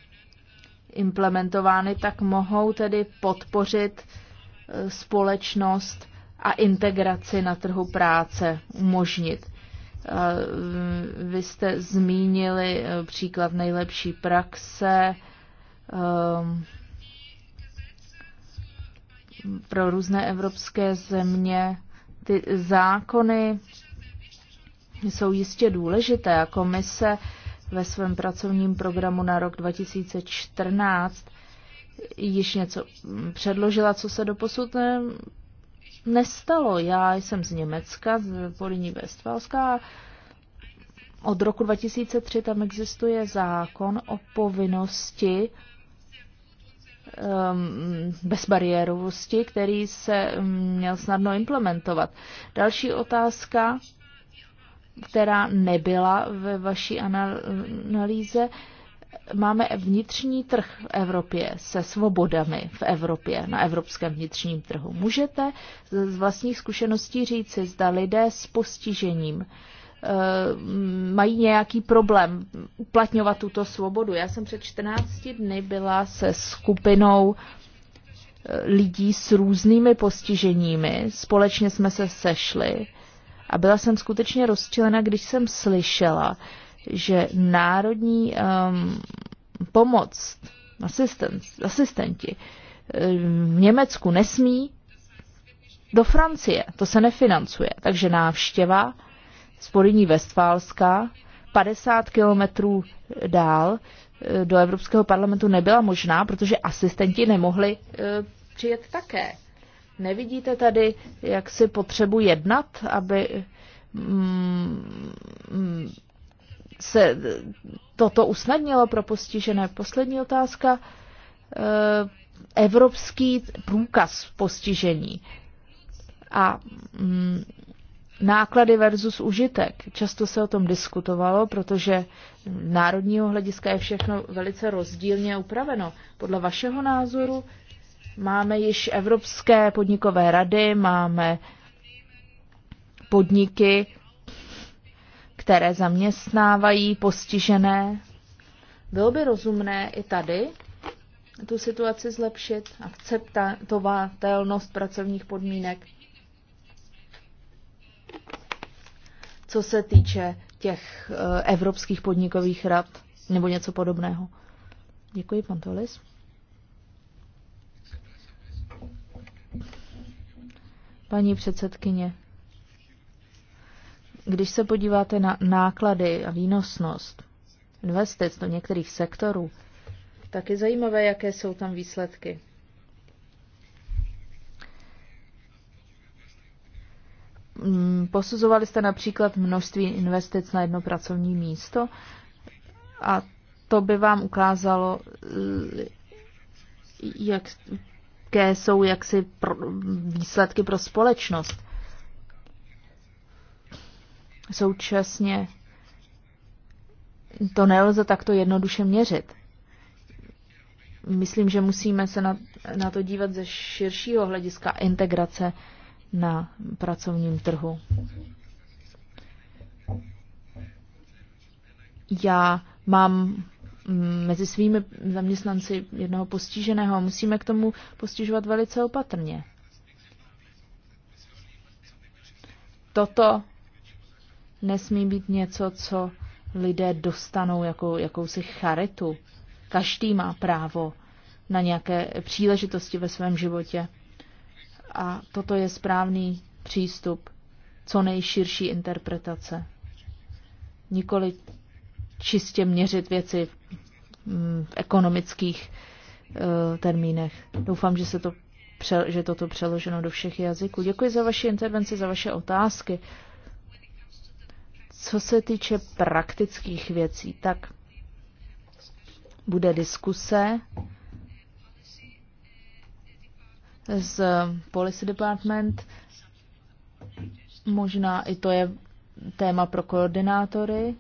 implementovány, tak mohou tedy podpořit e, společnost a integraci na trhu práce umožnit. Mm, vy jste zmínili eh, příklad nejlepší praxe ehm, pro různé evropské země. Ty zákony jsou jistě důležité a komise ve svém pracovním programu na rok 2014 již něco předložila, co se do posud nestalo. Já jsem z Německa, z Polní Westfalska. Od roku 2003 tam existuje zákon o povinnosti um, bezbariérovosti, který se um, měl snadno implementovat. Další otázka, která nebyla ve vaší analýze, máme vnitřní trh v Evropě se svobodami v Evropě, na evropském vnitřním trhu. Můžete z vlastních zkušeností říci, zda lidé s postižením eh, mají nějaký problém uplatňovat tuto svobodu. Já jsem před 14 dny byla se skupinou eh, lidí s různými postiženími. Společně jsme se sešli a byla jsem skutečně rozčilena, když jsem slyšela, že národní um, pomoc, asistenti um, v Německu nesmí do Francie, to se nefinancuje. Takže návštěva z Políní Westfálska 50 kilometrů dál uh, do Evropského parlamentu nebyla možná, protože asistenti nemohli uh, přijet také. Nevidíte tady, jak si potřebu jednat, aby mm, se toto usnadnilo pro postižené. Poslední otázka. Eh, evropský průkaz postižení a mm, náklady versus užitek. Často se o tom diskutovalo, protože národního hlediska je všechno velice rozdílně upraveno. Podle vašeho názoru máme již Evropské podnikové rady, máme podniky, které zaměstnávají postižené. Bylo by rozumné i tady tu situaci zlepšit, akceptovatelnost pracovních podmínek. Co se týče těch eh, evropských podnikových rad nebo něco podobného. Děkuji, pan Tolis. Paní předsedkyně, když se podíváte na náklady a výnosnost investic do některých sektorů, tak je zajímavé, jaké jsou tam výsledky. Mm, posuzovali jste například množství investic na jedno pracovní místo a to by vám ukázalo, eh, jaké jsou jaksi pro, výsledky pro společnost. Současně to nelze takto jednoduše měřit. Myslím, že musíme se na, na to dívat ze širšího hlediska integrace na pracovním trhu. Já mám mm, mezi svými zaměstnanci jednoho postiženého. a Musíme k tomu postižovat velice opatrně. Toto nesmí být něco, co lidé dostanou jako jakousi charitu. Každý má právo na nějaké příležitosti ve svém životě. A toto je správný přístup, co nejširší interpretace. Nikoli čistě měřit věci v mm, ekonomických eh, termínech. Doufám, že se to že toto přeloženo do všech jazyků. Děkuji za vaši intervenci, za vaše otázky. Co se týče praktických věcí, tak bude diskuse z Policy Department. Možná i to je téma pro koordinátory.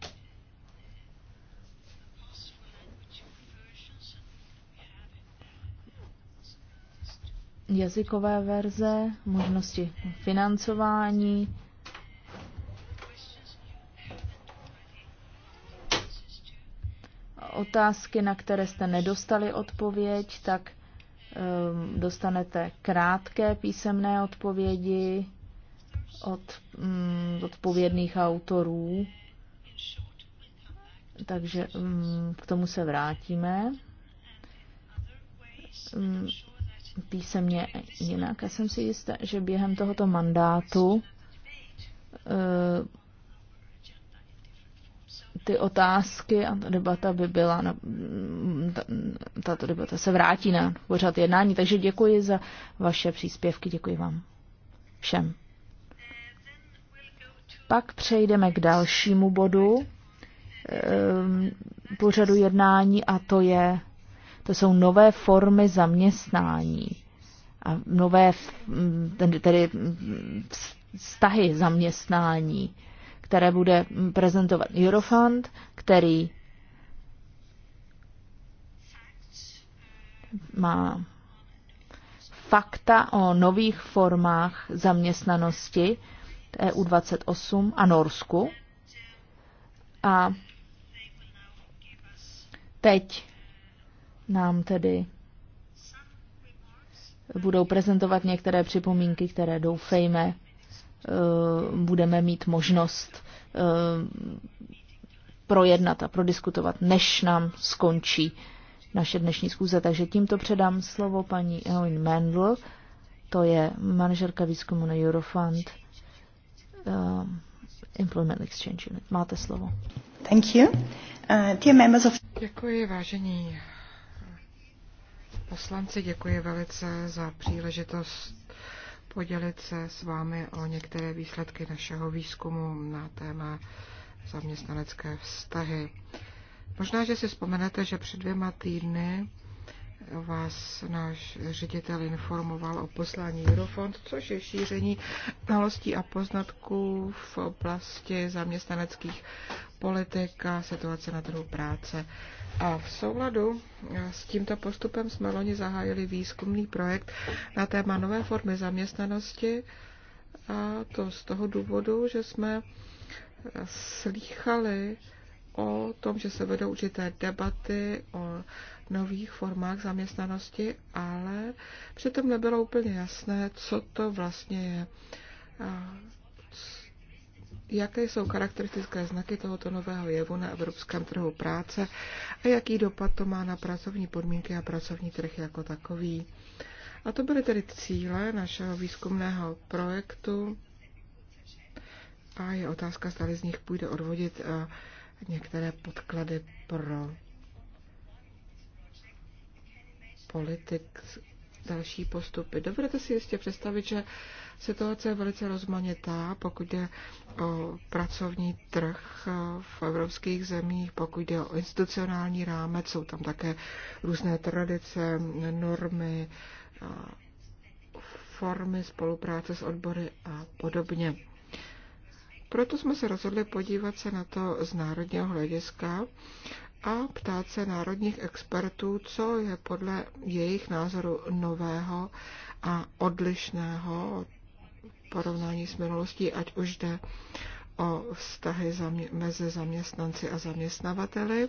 Jazykové verze, možnosti financování, otázky, na které jste nedostali odpověď, tak um, dostanete krátké písemné odpovědi od mm, odpovědných autorů. Takže mm, k tomu se vrátíme. Mm, písemně jinak. Já jsem si jistá, že během tohoto mandátu ty otázky a ta debata by byla, na, ta, tato debata se vrátí na pořad jednání, takže děkuji za vaše příspěvky, děkuji vám všem. Pak přejdeme k dalšímu bodu ehm, pořadu jednání a to je, to jsou nové formy zaměstnání a nové tedy vztahy zaměstnání které bude prezentovat Eurofund, který má fakta o nových formách zaměstnanosti EU28 a Norsku. A teď nám tedy budou prezentovat některé připomínky, které doufejme Eh, budeme mít možnost eh, projednat a prodiskutovat, než nám skončí naše dnešní zkuze. Takže tímto předám slovo paní Eoin Mendel, to je manažerka výzkumu na Eurofund uh, Employment Exchange Unit. Máte slovo. Thank you. Uh, dear members of... Děkuji, vážení poslanci, děkuji velice za příležitost podělit se s vámi o některé výsledky našeho výzkumu na téma zaměstnanecké vztahy. Možná, že si vzpomenete, že před dvěma týdny vás náš ředitel informoval o poslání Eurofond, což je šíření znalostí a poznatků v oblasti zaměstnaneckých politik a situace na trhu práce. A v souladu eh, s tímto postupem jsme loni zahájili výzkumný projekt na téma nové formy zaměstnanosti a to z toho důvodu, že jsme eh, slýchali o tom, že se vedou určité debaty o nových formách zaměstnanosti, ale přitom nebylo úplně jasné, co to vlastně je jaké jsou charakteristické znaky tohoto nového jevu na evropském trhu práce a jaký dopad to má na pracovní podmínky a pracovní trh jako takový. A to byly tedy cíle našeho výzkumného projektu. A je otázka, zda z nich půjde odvodit eh, některé podklady pro politik, další postupy. Dovedete si jistě představit, že situace je velice rozmanitá, pokud je o pracovní trh v evropských zemích, pokud je o institucionální rámec, jsou tam také různé tradice, normy, formy spolupráce s odbory a podobně. Proto jsme se rozhodli podívat se na to z národního hlediska a ptát se národních expertů, co je podle jejich názoru nového a odlišného porovnání s minulostí, ať už jde o vztahy zamě- mezi zaměstnanci a zaměstnavateli,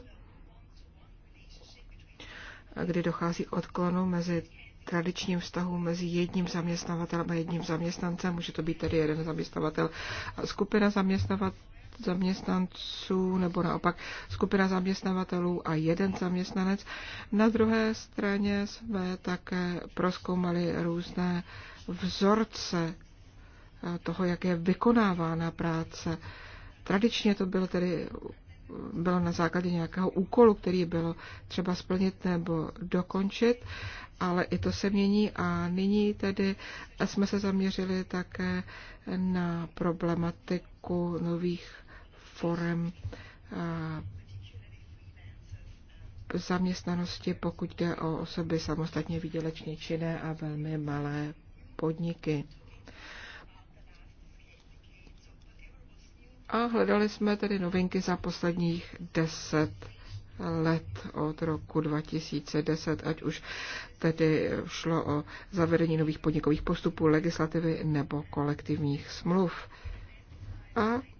kdy dochází k odklonu mezi tradičním vztahu mezi jedním zaměstnavatelem a jedním zaměstnancem. Může to být tedy jeden zaměstnavatel a skupina zaměstnavat, zaměstnanců nebo naopak skupina zaměstnavatelů a jeden zaměstnanec. Na druhé straně jsme také proskoumali různé vzorce eh, toho, jak je vykonávána práce. Tradičně to bylo tedy bylo na základě nějakého úkolu, který bylo třeba splnit nebo dokončit, ale i to se mění a nyní tedy jsme se zaměřili také na problematiku nových forem eh, zaměstnanosti, pokud jde o osoby samostatně výdělečně činné a velmi malé podniky. A hledali jsme tedy novinky za posledních deset let od roku 2010, ať už tedy šlo o zavedení nových podnikových postupů, legislativy nebo kolektivních smluv. A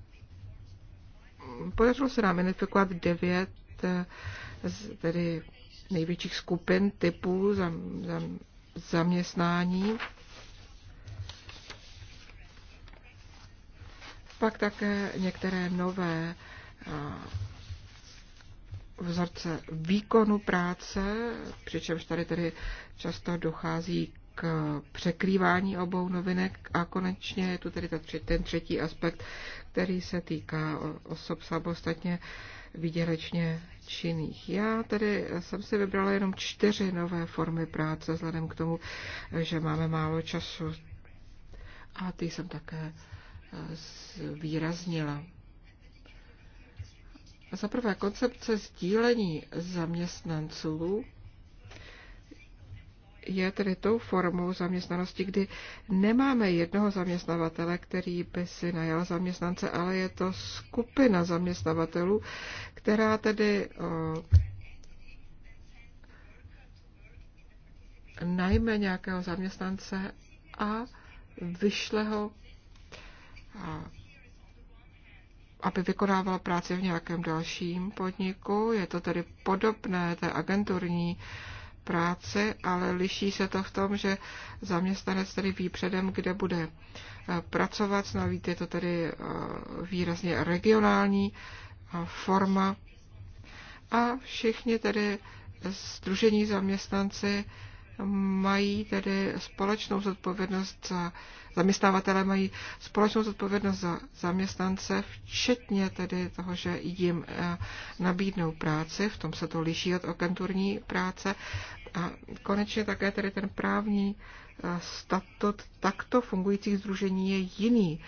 podařilo se nám identifikovat devět eh, tedy největších skupin typů zaměstnání. Pak také některé nové eh, vzorce výkonu práce, přičemž tady tedy často dochází k překrývání obou novinek a konečně je tu tedy ta tři, ten třetí aspekt, který se týká osob samostatně výdělečně činných. Já tady jsem si vybrala jenom čtyři nové formy práce, vzhledem k tomu, že máme málo času a ty jsem také eh, zvýraznila. Za prvé koncepce sdílení zaměstnanců je tedy tou formou zaměstnanosti, kdy nemáme jednoho zaměstnavatele, který by si najal zaměstnance, ale je to skupina zaměstnavatelů, která tedy najme nějakého zaměstnance a vyšle ho, aby vykonával práci v nějakém dalším podniku. Je to tedy podobné té agenturní práci, ale liší se to v tom, že zaměstnanec tedy ví předem, kde bude eh, pracovat. Navíc je to tedy eh, výrazně regionální eh, forma. A všichni tedy združení zaměstnanci mají tedy společnou zodpovědnost za zaměstnavatele, mají společnou zodpovědnost za zaměstnance, včetně tedy toho, že jim eh, nabídnou práci, v tom se to liší od agenturní práce. A konečně také tedy ten právní eh, statut takto fungujících združení je jiný.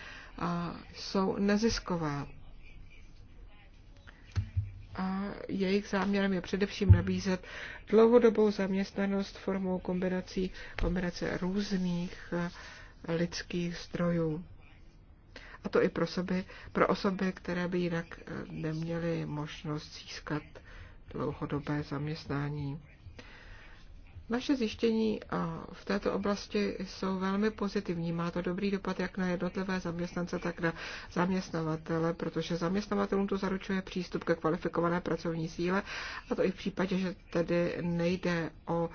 Jsou nezisková a jejich záměrem je především nabízet dlouhodobou zaměstnanost formou kombinací, kombinace různých eh, lidských zdrojů. A to i pro, osoby, pro osoby, které by jinak eh, neměly možnost získat dlouhodobé zaměstnání. Naše zjištění v této oblasti jsou velmi pozitivní. Má to dobrý dopad jak na jednotlivé zaměstnance, tak na zaměstnavatele, protože zaměstnavatelům to zaručuje přístup ke kvalifikované pracovní síle, a to i v případě, že tedy nejde o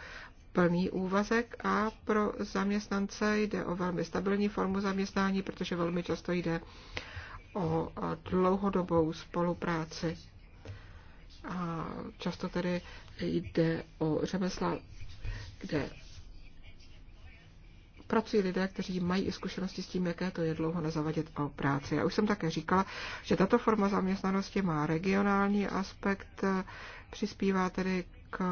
plný úvazek a pro zaměstnance jde o velmi stabilní formu zaměstnání, protože velmi často jde o dlouhodobou spolupráci. A často tedy jde o řemesla kde pracují lidé, kteří mají i zkušenosti s tím, jaké to je dlouho nezavadit o práci. Já už jsem také říkala, že tato forma zaměstnanosti má regionální aspekt, přispívá tedy k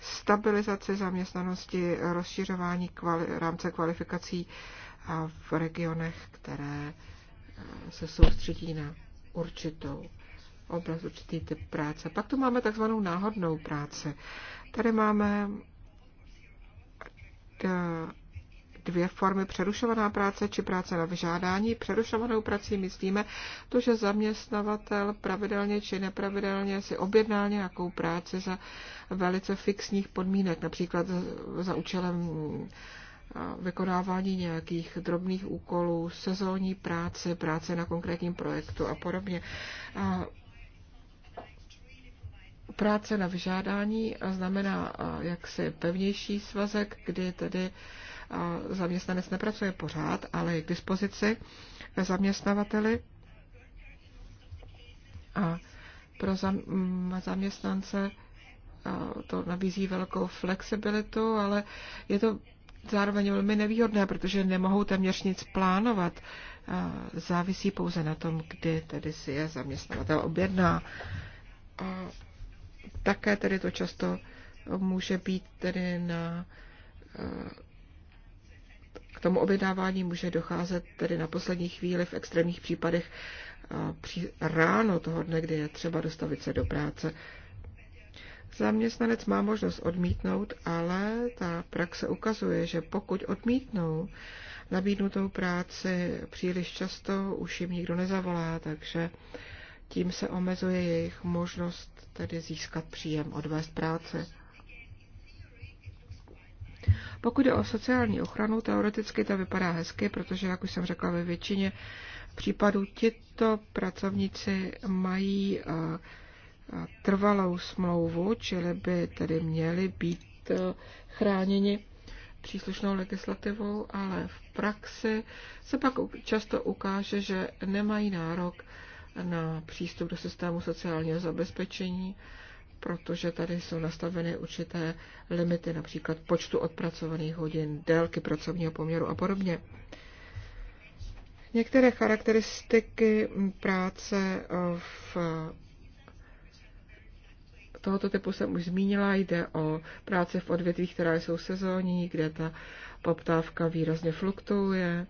stabilizaci zaměstnanosti, rozšiřování kvali- rámce kvalifikací a v regionech, které eh, se soustředí na určitou oblast, určitý typ práce. Pak tu máme takzvanou náhodnou práci. Tady máme Eh, dvě formy přerušovaná práce či práce na vyžádání. Přerušovanou prací myslíme to, že zaměstnavatel pravidelně či nepravidelně si objednal nějakou práci za velice fixních podmínek, například za účelem eh, vykonávání nějakých drobných úkolů, sezónní práce, práce na konkrétním projektu a podobně. A eh, Práce na vyžádání znamená jaksi pevnější svazek, kdy tedy zaměstnanec nepracuje pořád, ale je k dispozici zaměstnavateli. A pro mm, zaměstnance to nabízí velkou flexibilitu, ale je to zároveň velmi nevýhodné, protože nemohou téměř nic plánovat. Závisí pouze na tom, kdy tedy si je zaměstnavatel objedná. A také tedy to často může být tedy na eh, k tomu objednávání může docházet tedy na poslední chvíli v extrémních případech eh, při ráno toho dne, kdy je třeba dostavit se do práce. Zaměstnanec má možnost odmítnout, ale ta praxe ukazuje, že pokud odmítnou nabídnutou práci příliš často, už jim nikdo nezavolá, takže tím se omezuje jejich možnost tedy získat příjem, odvést práce. Pokud je o sociální ochranu, teoreticky to vypadá hezky, protože, jak už jsem řekla, ve většině případů tito pracovníci mají eh, eh, trvalou smlouvu, čili by tedy měli být eh, chráněni příslušnou legislativou, ale v praxi se pak často ukáže, že nemají nárok na přístup do systému sociálního zabezpečení, protože tady jsou nastaveny určité limity, například počtu odpracovaných hodin, délky pracovního poměru a podobně. Některé charakteristiky práce v tohoto typu jsem už zmínila, jde o práce v odvětvích, která jsou sezónní, kde ta poptávka výrazně fluktuuje.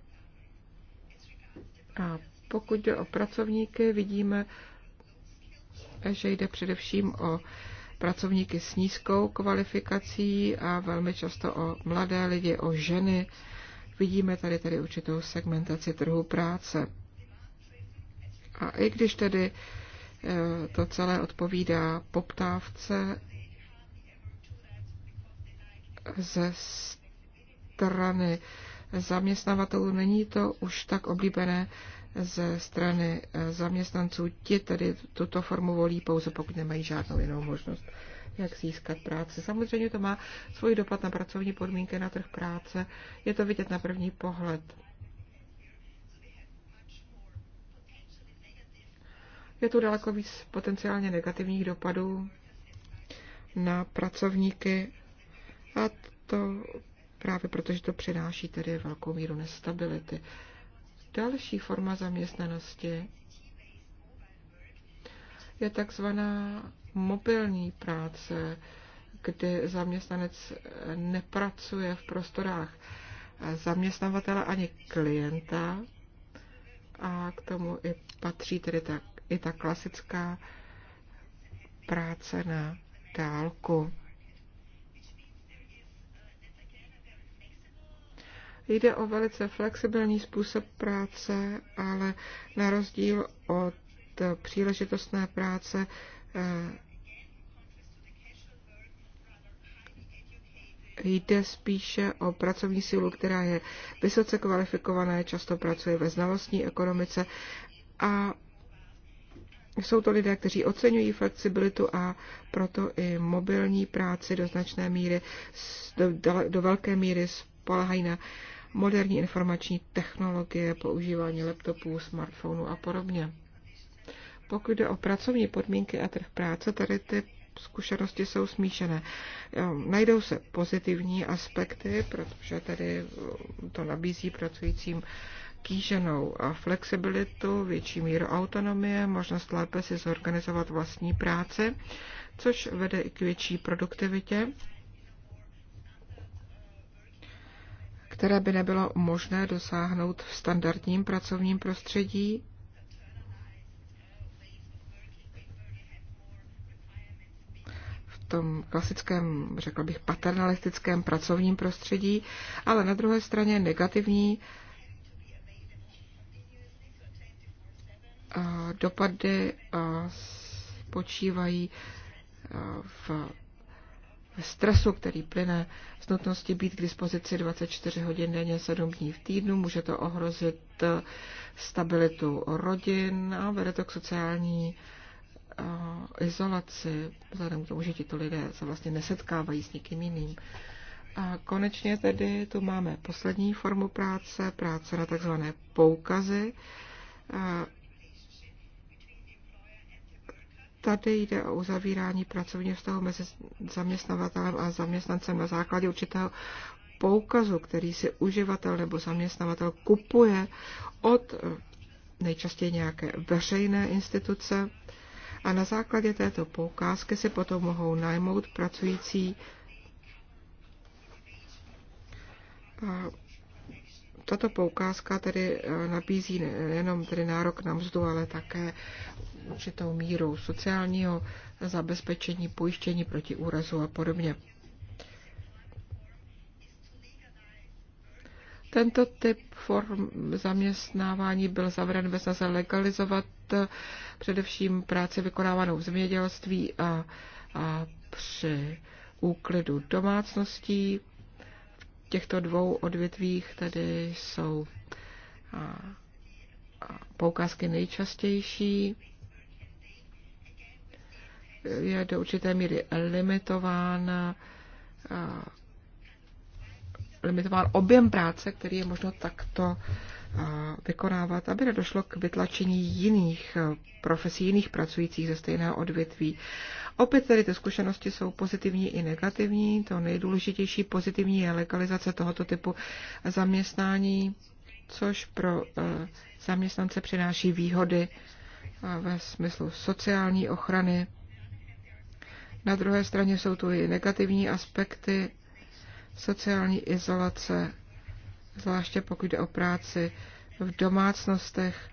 A pokud jde o pracovníky, vidíme, že jde především o pracovníky s nízkou kvalifikací a velmi často o mladé lidi, o ženy. Vidíme tady tady určitou segmentaci trhu práce. A i když tedy eh, to celé odpovídá poptávce ze strany zaměstnavatelů, není to už tak oblíbené ze strany eh, zaměstnanců. Ti tedy tuto formu volí pouze, pokud nemají žádnou jinou možnost, jak získat práci. Samozřejmě to má svůj dopad na pracovní podmínky, na trh práce. Je to vidět na první pohled. Je tu daleko víc potenciálně negativních dopadů na pracovníky a to právě protože to přináší tedy velkou míru nestability. Další forma zaměstnanosti je takzvaná mobilní práce, kdy zaměstnanec nepracuje v prostorách zaměstnavatele ani klienta a k tomu i patří tedy ta, i ta klasická práce na dálku. Jde o velice flexibilní způsob práce, ale na rozdíl od příležitostné práce eh, jde spíše o pracovní sílu, která je vysoce kvalifikovaná, často pracuje ve znalostní ekonomice a jsou to lidé, kteří oceňují flexibilitu a proto i mobilní práci do značné míry, do, do velké míry spolehají na uh, moderní informační technologie, používání laptopů, smartphonů a podobně. Pokud jde o pracovní podmínky a trh práce, tady ty zkušenosti jsou smíšené. Ehm, najdou se pozitivní aspekty, protože tady ehm, to nabízí pracujícím kýženou a flexibilitu, větší míru autonomie, možnost lépe si zorganizovat vlastní práce, což vede i k větší produktivitě které by nebylo možné dosáhnout v standardním pracovním prostředí. V tom klasickém, řekl bych, paternalistickém pracovním prostředí, ale na druhé straně negativní eh, dopady eh, spočívají eh, v stresu, který plyne z nutnosti být k dispozici 24 hodin denně 7 dní v týdnu. Může to ohrozit eh, stabilitu rodin a vede to k sociální eh, izolaci, vzhledem k tomu, že tito lidé se vlastně nesetkávají s nikým jiným. A konečně tedy tu máme poslední formu práce, práce na takzvané poukazy. Eh, Tady jde o uzavírání pracovního vztahu mezi zaměstnavatelem a zaměstnancem na základě určitého poukazu, který si uživatel nebo zaměstnavatel kupuje od eh, nejčastěji nějaké veřejné instituce a na základě této poukázky si potom mohou najmout pracující tato poukázka tedy eh, nabízí nejenom tedy nárok na mzdu, ale také určitou mírou sociálního zabezpečení, pojištění proti úrazu a podobně. Tento typ form zaměstnávání byl zavřen ve snaze legalizovat eh, především práci vykonávanou v zemědělství a, a při úklidu domácností. V těchto dvou odvětvích tedy jsou a, a poukázky nejčastější je do určité míry limitován, limitován objem práce, který je možno takto vykonávat, aby nedošlo k vytlačení jiných profesí, jiných pracujících ze stejného odvětví. Opět tedy ty zkušenosti jsou pozitivní i negativní. To nejdůležitější pozitivní je legalizace tohoto typu zaměstnání, což pro e, zaměstnance přináší výhody ve smyslu sociální ochrany, na druhé straně jsou tu i negativní aspekty sociální izolace, zvláště pokud jde o práci v domácnostech.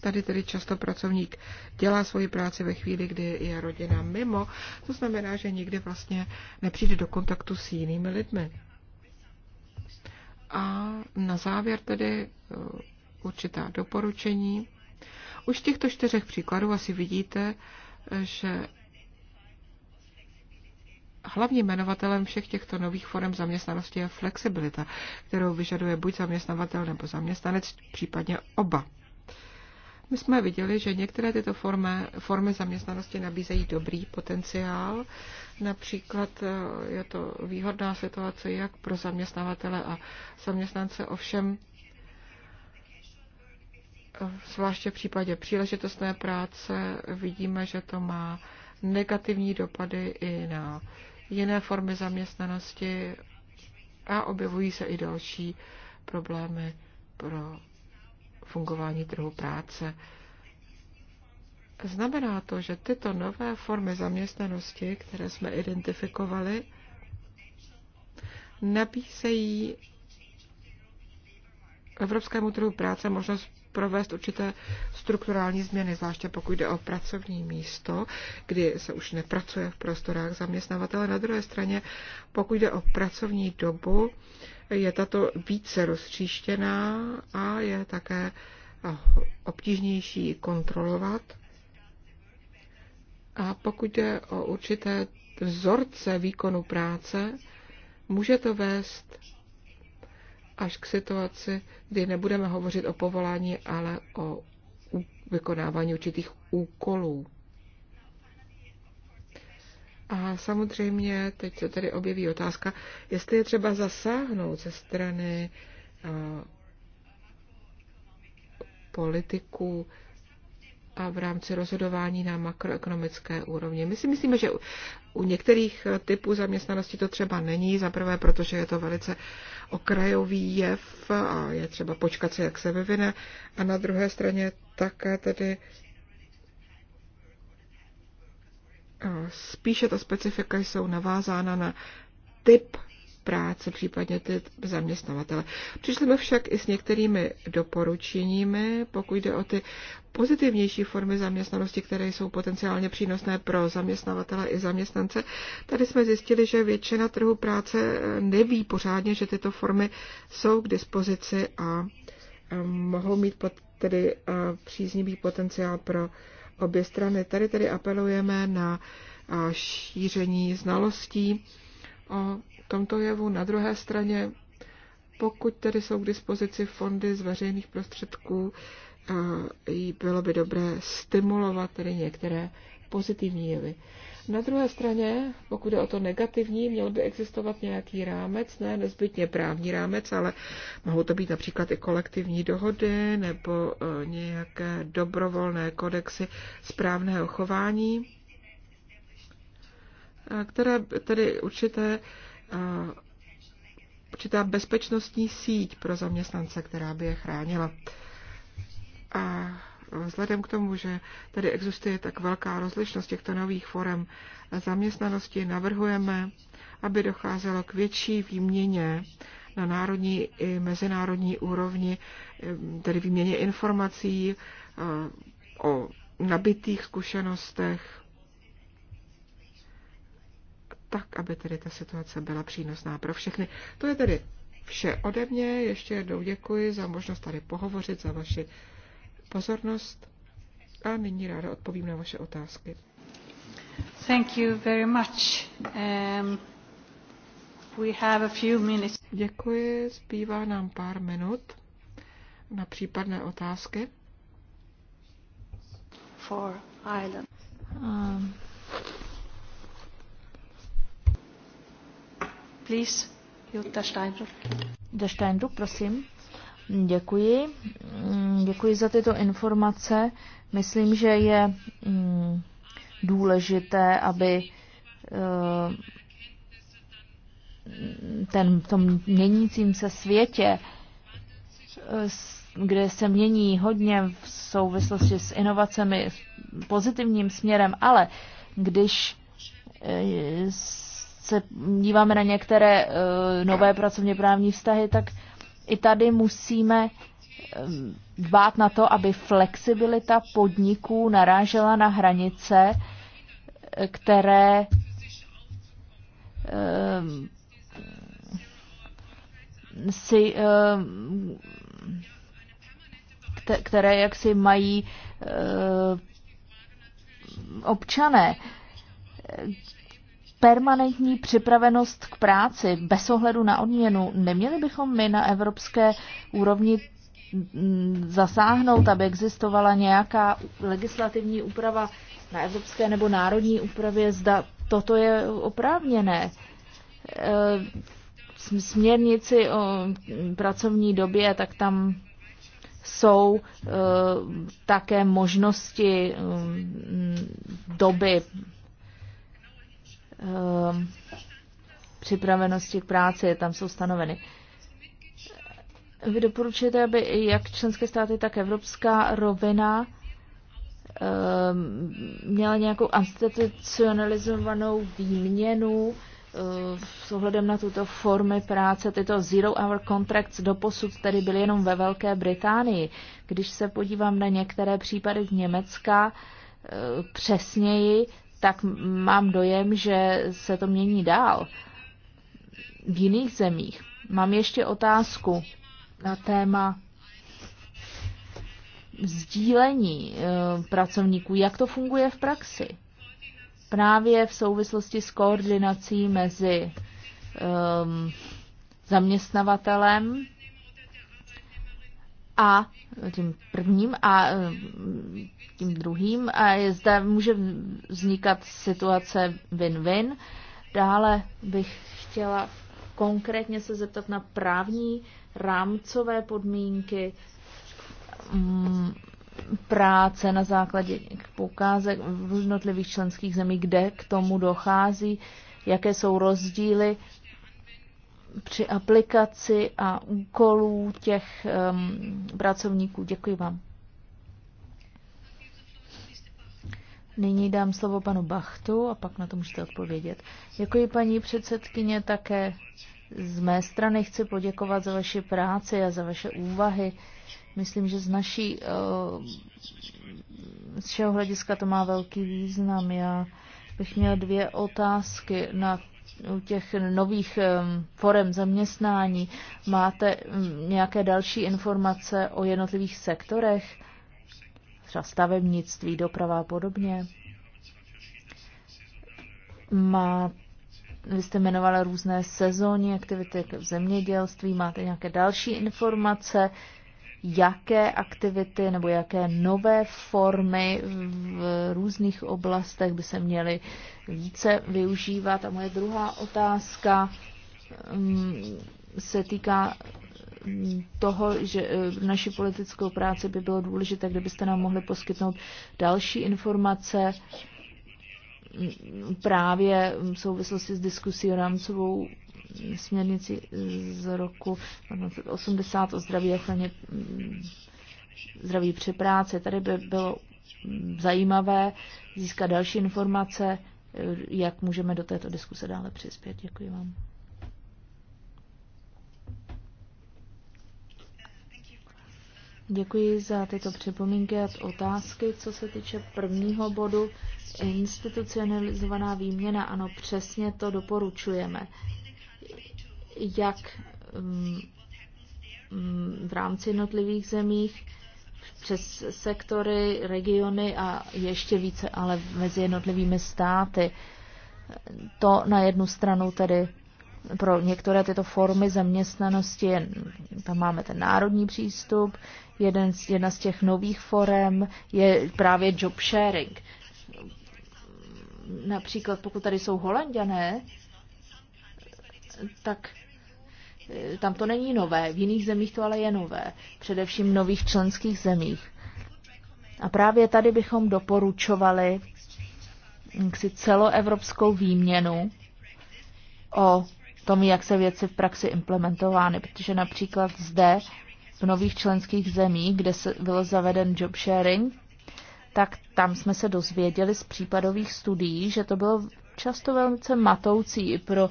Tady tedy často pracovník dělá svoji práci ve chvíli, kdy je rodina mimo. To znamená, že nikdy vlastně nepřijde do kontaktu s jinými lidmi. A na závěr tedy uh, určitá doporučení. Už těchto čtyřech příkladů asi vidíte, že hlavním jmenovatelem všech těchto nových forem zaměstnanosti je flexibilita, kterou vyžaduje buď zaměstnavatel nebo zaměstnanec, případně oba. My jsme viděli, že některé tyto formy, formy zaměstnanosti nabízejí dobrý potenciál. Například eh, je to výhodná situace jak pro zaměstnavatele a zaměstnance, ovšem zvláště v případě příležitostné práce vidíme, že to má negativní dopady i na jiné formy zaměstnanosti a objevují se i další problémy pro fungování trhu práce. Znamená to, že tyto nové formy zaměstnanosti, které jsme identifikovali, nabízejí evropskému trhu práce možnost provést určité strukturální změny, zvláště pokud jde o pracovní místo, kdy se už nepracuje v prostorách zaměstnavatele. Na druhé straně, pokud jde o pracovní dobu, je tato více roztříštěná a je také obtížnější kontrolovat. A pokud jde o určité vzorce výkonu práce, může to vést až k situaci, kdy nebudeme hovořit o povolání, ale o vykonávání určitých úkolů. A samozřejmě teď se tady objeví otázka, jestli je třeba zasáhnout ze strany politiků a v rámci rozhodování na makroekonomické úrovni. My si myslíme, že u některých typů zaměstnanosti to třeba není, zaprvé protože je to velice okrajový jev a je třeba počkat se, jak se vyvine, a na druhé straně také tedy spíše ta specifika jsou navázána na typ práce, případně ty zaměstnavatele. Přišli jsme však i s některými doporučeními, pokud jde o ty pozitivnější formy zaměstnanosti, které jsou potenciálně přínosné pro zaměstnavatele i zaměstnance. Tady jsme zjistili, že většina trhu práce neví pořádně, že tyto formy jsou k dispozici a mohou mít tedy příznivý potenciál pro obě strany. Tady tedy apelujeme na šíření znalostí o tomto jevu. Na druhé straně, pokud tedy jsou k dispozici fondy z veřejných prostředků, eh, bylo by dobré stimulovat tedy některé pozitivní jevy. Na druhé straně, pokud je o to negativní, měl by existovat nějaký rámec, ne nezbytně právní rámec, ale mohou to být například i kolektivní dohody nebo eh, nějaké dobrovolné kodexy správného chování které tedy určité, určitá bezpečnostní síť pro zaměstnance, která by je chránila. A vzhledem k tomu, že tady existuje tak velká rozlišnost těchto nových forem zaměstnanosti, navrhujeme, aby docházelo k větší výměně na národní i mezinárodní úrovni, tedy výměně informací o nabitých zkušenostech tak, aby tedy ta situace byla přínosná pro všechny. To je tedy vše ode mě. Ještě jednou děkuji za možnost tady pohovořit, za vaši pozornost a nyní ráda odpovím na vaše otázky. Thank you very much. Um, we have a few minutes. Děkuji, zbývá nám pár minut na případné otázky. For Ireland. Um Please, Jutta Steinruck. Jutta Steinruck, prosím. Děkuji. Mm, děkuji za tyto informace. Myslím, že je mm, důležité, aby eh, ten, tom měnícím se světě, kde se mění hodně v souvislosti s inovacemi pozitivním směrem, ale když eh, se díváme na některé eh, nové pracovně právní vztahy, tak i tady musíme eh, dbát na to, aby flexibilita podniků narážela na hranice, eh, které si které jaksi mají občané permanentní připravenost k práci bez ohledu na odměnu. Neměli bychom my na evropské úrovni zasáhnout, aby existovala nějaká legislativní úprava na evropské nebo národní úpravě, zda toto je oprávněné. E, směrnici o pracovní době, tak tam jsou e, také možnosti e, doby Ehm, připravenosti k práci, tam jsou stanoveny. Vy doporučujete, aby jak členské státy, tak evropská rovina ehm, měla nějakou institucionalizovanou výměnu eh, s ohledem na tuto formy práce, tyto zero hour contracts doposud tedy byly jenom ve Velké Británii. Když se podívám na některé případy v Německa, eh, přesněji, tak mám dojem, že se to mění dál v jiných zemích. Mám ještě otázku na téma sdílení eh, pracovníků. Jak to funguje v praxi? Právě v souvislosti s koordinací mezi ehm, zaměstnavatelem a tím prvním a eh, tím druhým. A je zde může vznikat situace win-win. Dále bych chtěla konkrétně se zeptat na právní rámcové podmínky mm, práce na základě poukázek v jednotlivých členských zemí, kde k tomu dochází, jaké jsou rozdíly při aplikaci a úkolů těch um, pracovníků. Děkuji vám. Nyní dám slovo panu Bachtu a pak na to můžete odpovědět. Děkuji paní předsedkyně také. Z mé strany chci poděkovat za vaši práci a za vaše úvahy. Myslím, že z naší uh, z všeho hlediska to má velký význam. Já bych měl dvě otázky na u těch nových forem zaměstnání máte nějaké další informace o jednotlivých sektorech, třeba stavebnictví, doprava a podobně? Má, vy jste jmenovala různé sezónní aktivity v jako zemědělství, máte nějaké další informace, jaké aktivity nebo jaké nové formy v různých oblastech by se měly více využívat. A moje druhá otázka mm, se týká mm, toho, že e, naši politickou práci by bylo důležité, kdybyste nám mohli poskytnout další informace mm, právě v souvislosti s diskusí o rámcovou směrnici z roku 80 o zdraví a ochraně mm, zdraví při práci. Tady by bylo mm, zajímavé získat další informace, eh, jak můžeme do této diskuse dále přispět. Děkuji vám. Děkuji za tyto připomínky a otázky, co se týče prvního bodu. Institucionalizovaná výměna, ano, přesně to doporučujeme jak mm, mm, v rámci jednotlivých zemích přes sektory, regiony a ještě více ale mezi jednotlivými státy. To na jednu stranu tedy pro některé tyto formy zaměstnanosti, tam máme ten národní přístup, jeden z, jedna z těch nových forem je právě job sharing. Například pokud tady jsou holanděné, tak Eh, tam to není nové, v jiných zemích to ale je nové, především v nových členských zemích. A právě tady bychom doporučovali si celoevropskou výměnu o tom, jak se věci v praxi implementovány, protože například zde v nových členských zemích, kde se byl zaveden job sharing, tak tam jsme se dozvěděli z případových studií, že to bylo často velmi matoucí i pro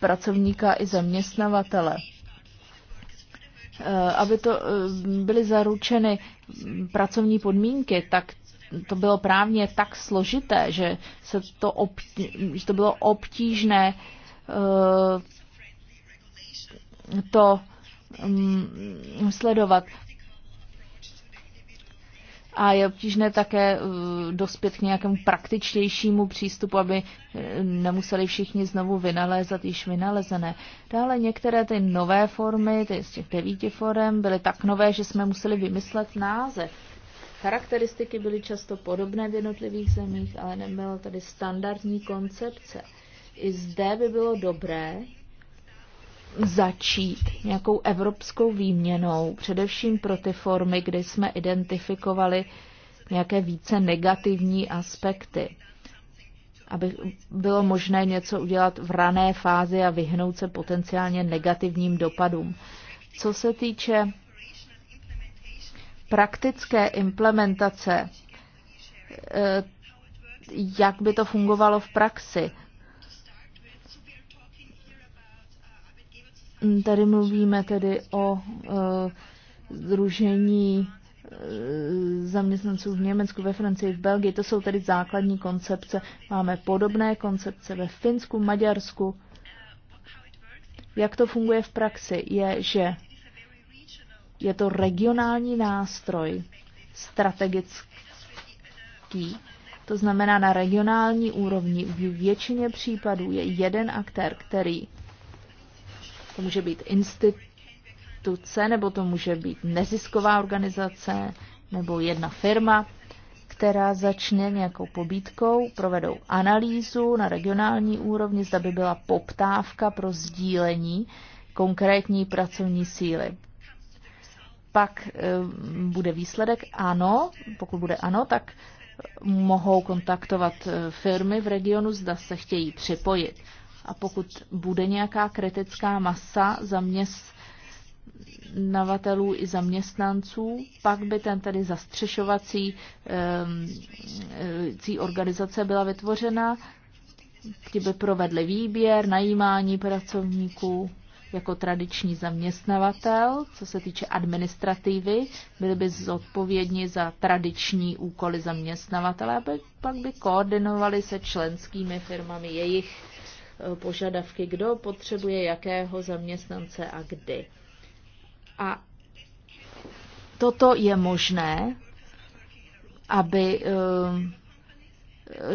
pracovníka i zaměstnavatele. Eh, aby to eh, byly zaručeny pracovní podmínky, tak to bylo právně tak složité, že, se to, obtí, že to bylo obtížné eh, to mm, sledovat a je obtížné také eh, dospět k nějakému praktičtějšímu přístupu, aby eh, nemuseli všichni znovu vynalézat již vynalezené. Dále některé ty nové formy, ty z těch devíti forem, byly tak nové, že jsme museli vymyslet název. Charakteristiky byly často podobné v jednotlivých zemích, ale nebyla tady standardní koncepce. I zde by bylo dobré začít nějakou evropskou výměnou, především pro ty formy, kdy jsme identifikovali nějaké více negativní aspekty, aby bylo možné něco udělat v rané fázi a vyhnout se potenciálně negativním dopadům. Co se týče praktické implementace, eh, jak by to fungovalo v praxi, Tady mluvíme tedy o e, združení e, zaměstnanců v Německu, ve Francii, v Belgii. To jsou tedy základní koncepce. Máme podobné koncepce ve Finsku, Maďarsku. Jak to funguje v praxi, je, že je to regionální nástroj strategický. To znamená, na regionální úrovni v většině případů je jeden aktér, který to může být instituce, nebo to může být nezisková organizace, nebo jedna firma, která začne nějakou pobídkou, provedou analýzu na regionální úrovni, zda by byla poptávka pro sdílení konkrétní pracovní síly. Pak eh, bude výsledek ano, pokud bude ano, tak eh, mohou kontaktovat eh, firmy v regionu, zda se chtějí připojit. A pokud bude nějaká kritická masa zaměstnavatelů i zaměstnanců, pak by ten tedy zastřešovací cí ehm, ehm, organizace byla vytvořena, kdyby by provedli výběr, najímání pracovníků jako tradiční zaměstnavatel, co se týče administrativy, byli by zodpovědní za tradiční úkoly zaměstnavatele, a pak by koordinovali se členskými firmami jejich Eh, požadavky, kdo potřebuje jakého zaměstnance a kdy. A toto je možné, aby eh,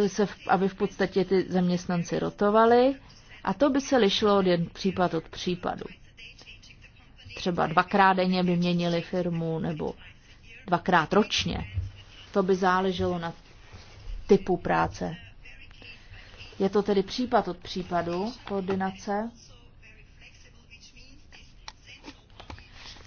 se, aby v podstatě ty zaměstnanci rotovali a to by se lišilo od jen případ od případu. Třeba dvakrát denně by měnili firmu nebo dvakrát ročně. To by záleželo na typu práce. Je to tedy případ od případu koordinace.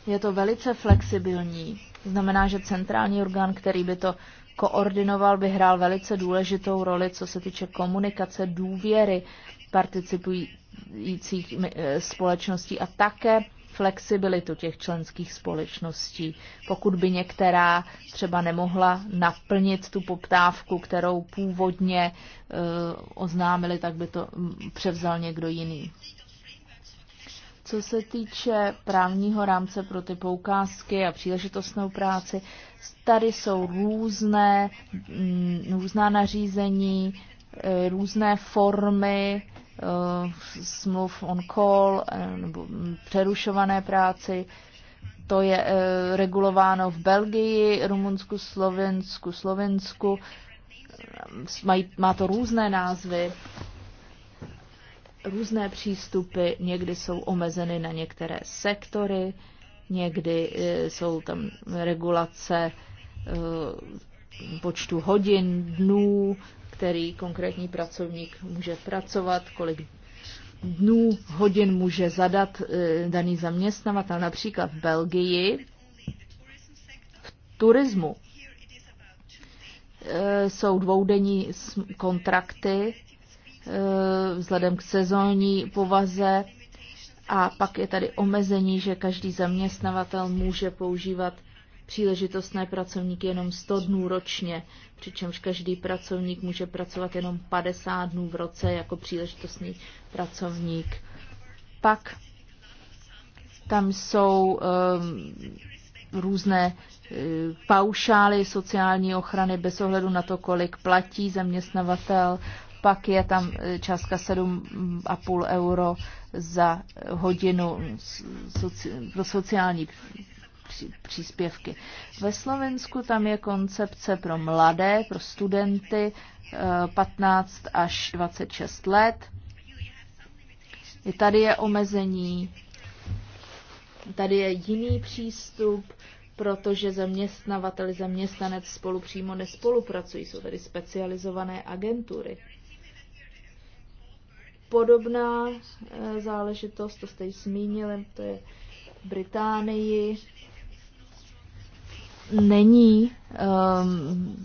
Je to velice flexibilní. Znamená, že centrální orgán, který by to koordinoval, by hrál velice důležitou roli, co se týče komunikace, důvěry participujících eh, společností a také flexibilitu těch členských společností. Pokud by některá třeba nemohla naplnit tu poptávku, kterou původně eh, oznámili, tak by to mm, převzal někdo jiný. Co se týče právního rámce pro ty poukázky a příležitostnou práci, tady jsou různé, mm, různá nařízení, eh, různé formy Eh, smluv on call eh, nebo mm, přerušované práci. To je eh, regulováno v Belgii, Rumunsku, Slovensku, Slovensku. Mají, má to různé názvy, různé přístupy, někdy jsou omezeny na některé sektory, někdy jsou tam regulace počtu hodin, dnů, který konkrétní pracovník může pracovat, kolik dnů, hodin může zadat eh, daný zaměstnavatel, například v Belgii, v turismu. Eh, jsou dvoudenní kontrakty eh, vzhledem k sezónní povaze a pak je tady omezení, že každý zaměstnavatel může používat příležitostné pracovníky jenom 100 dnů ročně, přičemž každý pracovník může pracovat jenom 50 dnů v roce jako příležitostný pracovník. Pak tam jsou um, různé um, paušály sociální ochrany bez ohledu na to, kolik platí zaměstnavatel. Pak je tam e, částka 7,5 euro za hodinu pro sociální příspěvky. Ve Slovensku tam je koncepce pro mladé, pro studenty 15 eh, až 26 let. I tady je omezení, tady je jiný přístup, protože zaměstnavateli zaměstnanec spolu přímo nespolupracují, jsou tady specializované agentury. Podobná eh, záležitost, to jste již zmínili, to je v Británii, není um,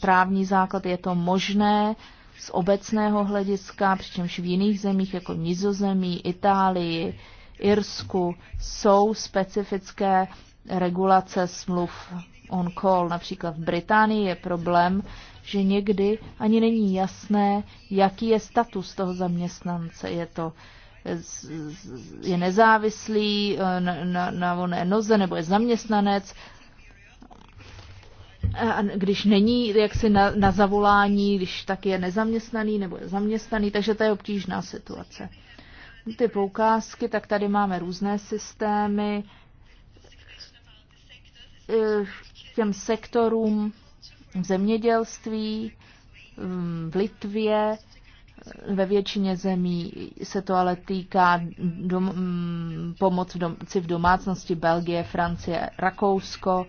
právní základ, je to možné z obecného hlediska, přičemž v jiných zemích jako Nizozemí, Itálii, Irsku jsou specifické regulace smluv on call. Například v Británii je problém, že někdy ani není jasné, jaký je status toho zaměstnance. Je to eh, je nezávislý eh, na, na, na volné noze nebo je zaměstnanec, když není jaksi na, na zavolání, když tak je nezaměstnaný nebo je zaměstnaný, takže to je obtížná situace. Ty poukázky, tak tady máme různé systémy eh, těm sektorům v zemědělství, mm, v Litvě, eh, ve většině zemí se to ale týká dom, mm, pomoc v dom, v domácnosti Belgie, Francie, Rakousko,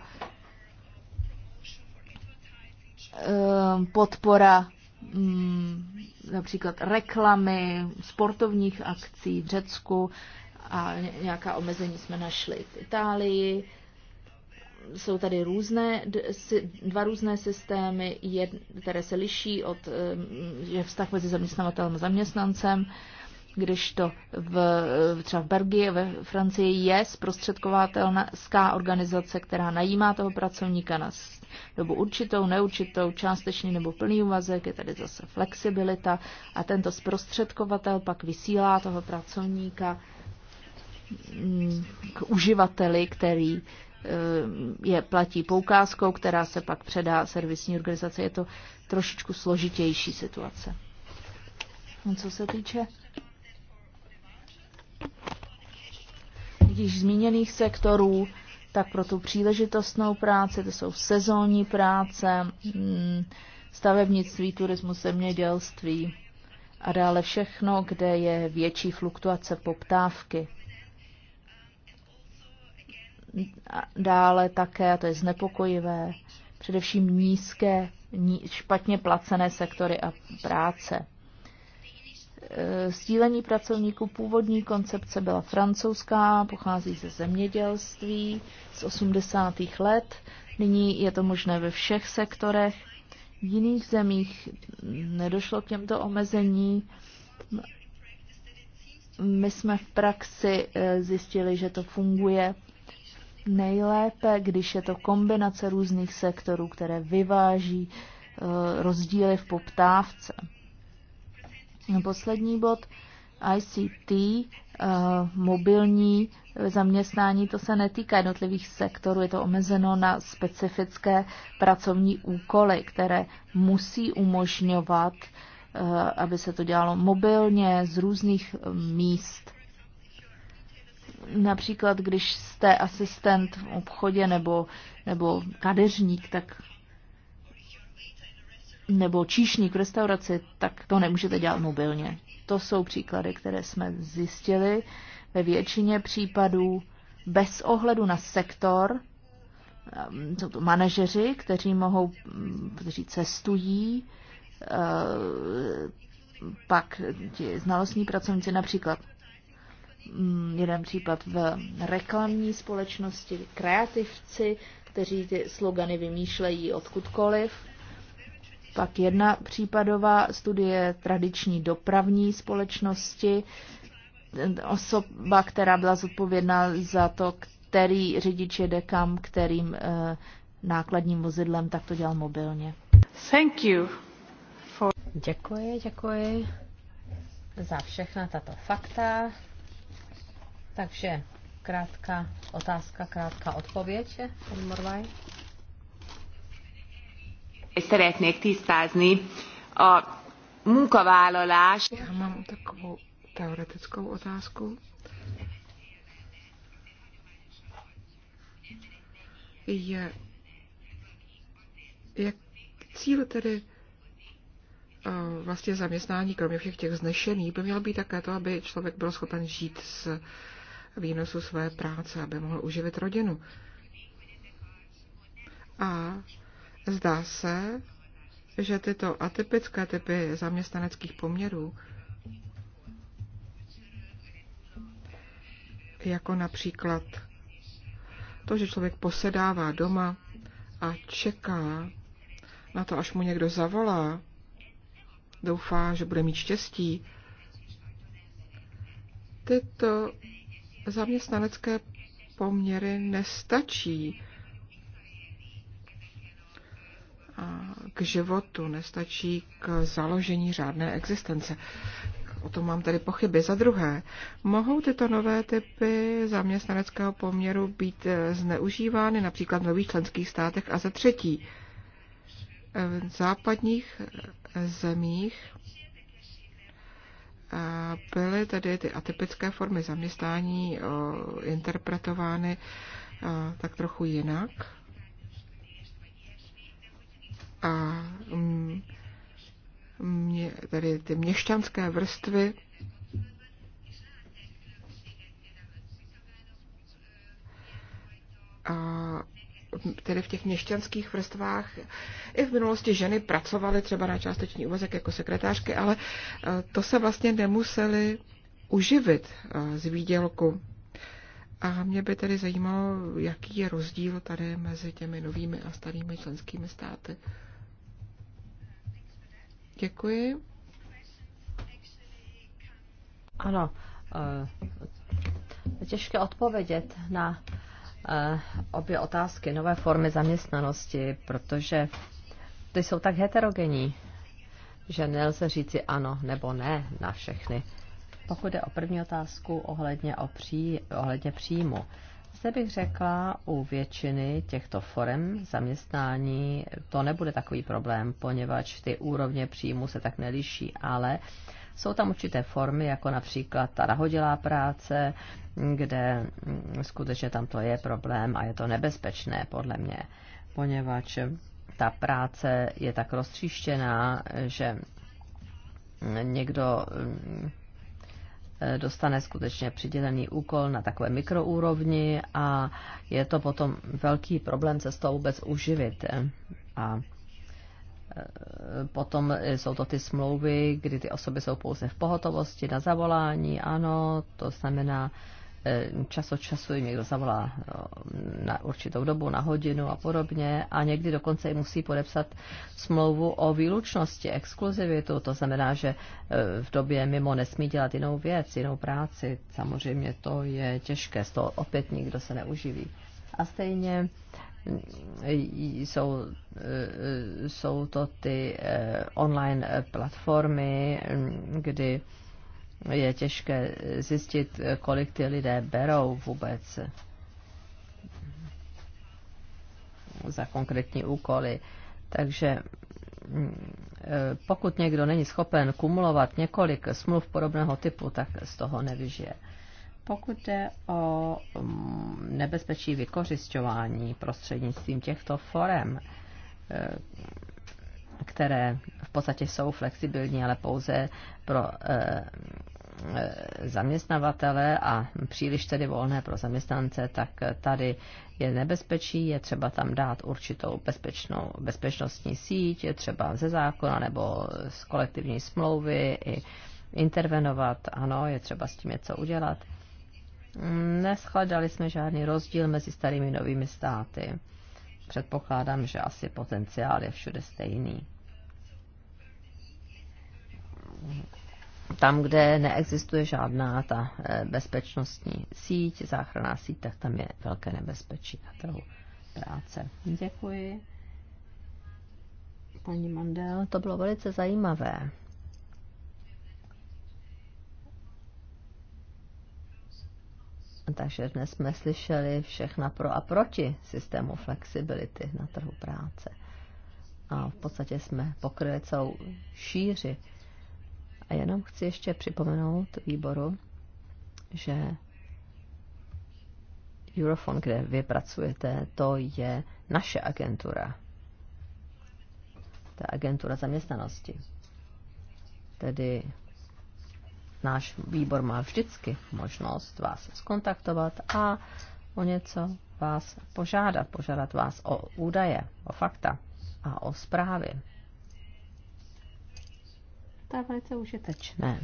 Ehm, podpora mm, například reklamy, sportovních akcí v Řecku a nějaká omezení jsme našli v Itálii. Jsou tady různé, dva různé systémy, které se liší od, ehm, je vztah mezi zaměstnavatelem a zaměstnancem když to v, třeba v Belgii, ve Francii je zprostředkovatelská organizace, která najímá toho pracovníka na dobu určitou, neurčitou, částečný nebo plný úvazek, je tady zase flexibilita a tento zprostředkovatel pak vysílá toho pracovníka mm, k uživateli, který eh, je platí poukázkou, která se pak předá servisní organizaci. Je to trošičku složitější situace. Co se týče již zmíněných sektorů, tak pro tu příležitostnou práci, to jsou sezónní práce, mm, stavebnictví, turismus, zemědělství a dále všechno, kde je větší fluktuace poptávky. Dále také, a to je znepokojivé, především nízké, špatně placené sektory a práce. Eh, stílení pracovníků. Původní koncepce byla francouzská, pochází ze zemědělství z 80. let. Nyní je to možné ve všech sektorech. V jiných zemích nedošlo k těmto omezení. My jsme v praxi eh, zjistili, že to funguje nejlépe, když je to kombinace různých sektorů, které vyváží eh, rozdíly v poptávce. No, poslední bod ICT, eh, mobilní zaměstnání, to se netýká jednotlivých sektorů, je to omezeno na specifické pracovní úkoly, které musí umožňovat, eh, aby se to dělalo mobilně z různých eh, míst. Například, když jste asistent v obchodě nebo, nebo kadeřník, tak nebo číšník v restauraci, tak to nemůžete dělat mobilně. To jsou příklady, které jsme zjistili ve většině případů bez ohledu na sektor. Ehm, jsou to manažeři, kteří mohou, mm, kteří cestují, eh, pak ti znalostní pracovníci například mm, jeden případ v reklamní společnosti, kreativci, kteří ty slogany vymýšlejí odkudkoliv. Pak jedna případová studie tradiční dopravní společnosti, osoba, která byla zodpovědná za to, který řidič jede kam, kterým e, nákladním vozidlem, tak to dělal mobilně. Thank you for... Děkuji, děkuji za všechna tato fakta. Takže krátká otázka, krátká odpověď, pan Morvaj szeretnék tisztázni. A munkavállalás... cíl tedy eh, vlastně zaměstnání, kromě všech těch znešených, by mělo být také to, aby člověk byl schopen žít z výnosu své práce, aby mohl uživit rodinu. A Zdá se, že tyto atypické typy zaměstnaneckých poměrů, jako například to, že člověk posedává doma a čeká na to, až mu někdo zavolá, doufá, že bude mít štěstí, tyto zaměstnanecké poměry nestačí k životu, nestačí k založení řádné existence. O tom mám tedy pochyby. Za druhé, mohou tyto nové typy zaměstnaneckého poměru být eh, zneužívány například v nových členských státech? A za třetí, eh, v západních eh, zemích byly tedy ty atypické formy zaměstnání interpretovány tak trochu jinak a mm, mě, tady ty měšťanské vrstvy a tedy v těch měšťanských vrstvách. I v minulosti ženy pracovaly třeba na částečný úvazek jako sekretářky, ale e, to se vlastně nemuseli uživit e, z výdělku. A mě by tedy zajímalo, jaký je rozdíl tady mezi těmi novými a starými členskými státy. Děkuji. Ano, je eh, těžké odpovědět na eh, obě otázky nové formy zaměstnanosti, protože ty jsou tak heterogenní, že nelze říci ano nebo ne na všechny. Pokud jde o první otázku ohledně, o pří, ohledně příjmu, zde bych řekla, u většiny těchto forem zaměstnání to nebude takový problém, poněvadž ty úrovně příjmu se tak neliší, ale jsou tam určité formy, jako například ta nahodilá práce, kde mm, skutečně tam to je problém a je to nebezpečné podle mě, poněvadž ta práce je tak roztříštěná, že někdo mm, Eh, dostane skutečně přidělený úkol na takové mikroúrovni a je to potom velký problém se z toho vůbec uživit. Eh, a eh, potom jsou to ty smlouvy, kdy ty osoby jsou pouze v pohotovosti, na zavolání, ano, to znamená, Eh, čas od času jim někdo zavolá eh, na určitou dobu, na hodinu a podobně a někdy dokonce i musí podepsat smlouvu o výlučnosti, exkluzivitu, to znamená, že eh, v době mimo nesmí dělat jinou věc, jinou práci. Samozřejmě to je těžké, z toho opět nikdo se neuživí. A stejně mm, jsou, jsou to ty online platformy, mm, kdy je těžké zjistit, kolik ty lidé berou vůbec za konkrétní úkoly. Takže mm, e, pokud někdo není schopen kumulovat několik smluv podobného typu, tak z toho nevyžije. Pokud jde o mm, nebezpečí vykořišťování prostřednictvím těchto forem, e, které v podstatě jsou flexibilní, ale pouze pro eh, eh, zaměstnavatele a příliš tedy volné pro zaměstnance, tak tady je nebezpečí, je třeba tam dát určitou bezpečnou, bezpečnostní síť, je třeba ze zákona nebo z kolektivní smlouvy i intervenovat, ano, je třeba s tím něco udělat. Neschledali jsme žádný rozdíl mezi starými novými státy předpokládám, že asi potenciál je všude stejný. Tam, kde neexistuje žádná ta eh, bezpečnostní síť, záchranná síť, tak tam je velké nebezpečí na trhu práce. Děkuji. Paní Mandel, to bylo velice zajímavé. Takže dnes jsme slyšeli všechna pro a proti systému flexibility na trhu práce. A v podstatě jsme pokryli celou šíři. A jenom chci ještě připomenout výboru, že Eurofon, kde vy pracujete, to je naše agentura. Ta agentura zaměstnanosti. Tedy náš výbor má vždycky možnost vás skontaktovat a o něco vás požádat, požádat vás o údaje, o fakta a o zprávy. To je velice užitečné.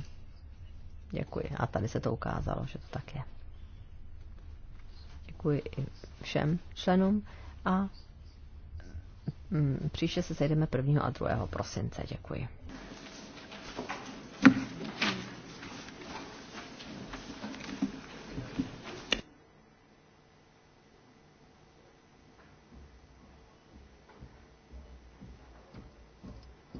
Děkuji. A tady se to ukázalo, že to tak je. Děkuji i všem členům a mm, příště se sejdeme 1. a 2. prosince. Děkuji.